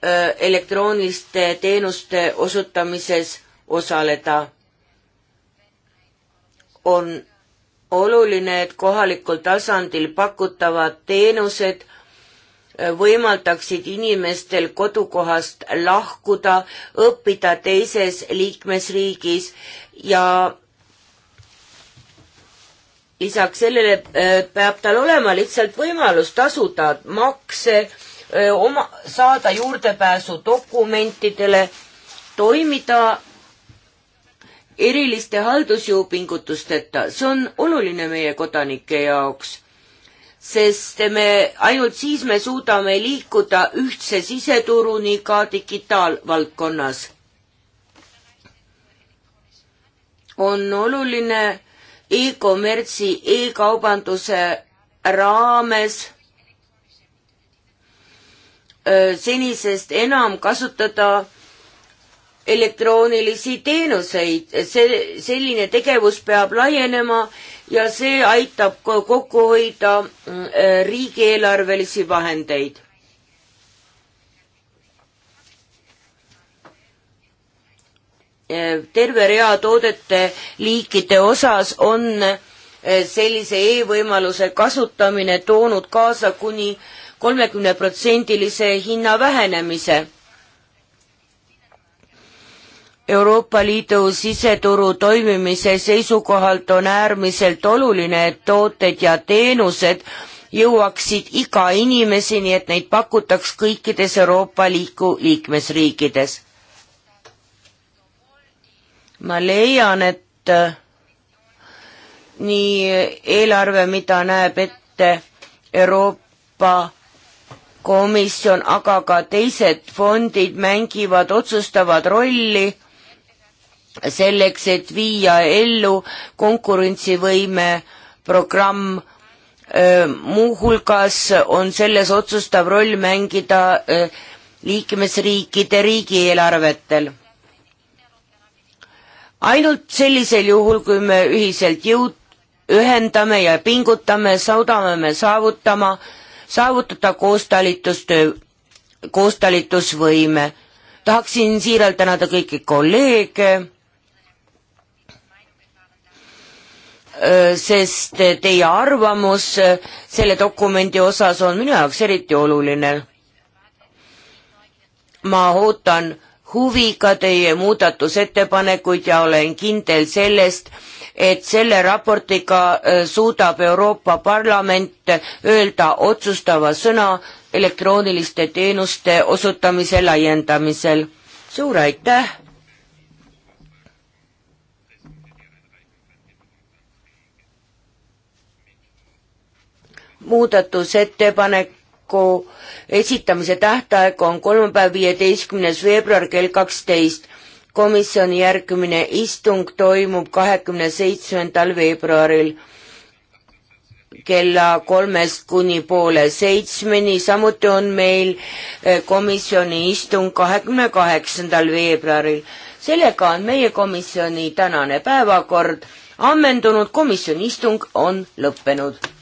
äh, elektrooniliste teenuste osutamises osaleda. on oluline, et kohalikul tasandil pakutavad teenused äh, võimaldaksid inimestel kodukohast lahkuda, õppida teises liikmesriigis ja lisaks sellele äh, peab tal olema lihtsalt võimalus tasuda makse, äh, oma, saada juurdepääsu dokumentidele, toimida eriliste haldusjõupingutusteta, see on oluline meie kodanike jaoks, sest me, ainult siis me suudame liikuda ühtse siseturuni ka digitaalvaldkonnas. on oluline e-kommertsi e, e-kaubanduse raames äh, senisest enam kasutada elektroonilisi teenuseid, see, selline tegevus peab laienema ja see aitab kokku hoida mm, äh, riigieelarvelisi vahendeid. Äh, terve rea toodete liikide osas on äh, sellise e-võimaluse kasutamine toonud kaasa kuni kolmekümneprotsendilise hinna vähenemise Euroopa Liidu siseturu toimimise seisukohalt on äärmiselt oluline, et tooted ja teenused jõuaksid iga inimeseni, et neid pakutaks kõikides Euroopa Liidu liikmesriikides. ma leian, et äh, nii eelarve, mida näeb ette Euroopa Komisjon, aga ka teised fondid mängivad otsustavat rolli selleks, et viia ellu konkurentsivõime programm, äh, muuhulgas on selles otsustav roll mängida äh, liikmesriikide riigieelarvetel. ainult sellisel juhul, kui me ühiselt jõud ühendame ja pingutame, suudame me saavutama, saavutada koostalitustöö, koostalitusvõime. tahaksin siiralt tänada kõiki kolleege Äh, sest äh, teie arvamus äh, selle dokumendi osas on minu jaoks eriti oluline. ma ootan huviga teie muudatusettepanekuid ja olen kindel sellest, et selle raportiga suudab Euroopa Parlament öelda otsustava sõna elektrooniliste teenuste osutamise laiendamisel. suur aitäh! muudatusettepaneku esitamise tähtaeg on kolmapäev, viieteistkümnes veebruar kell kaksteist. komisjoni järgmine istung toimub kahekümne seitsmendal veebruaril kella kolmest kuni poole seitsmeni, samuti on meil eh, komisjoni istung kahekümne kaheksandal veebruaril. sellega on meie komisjoni tänane päevakord ammendunud, komisjoni istung on lõppenud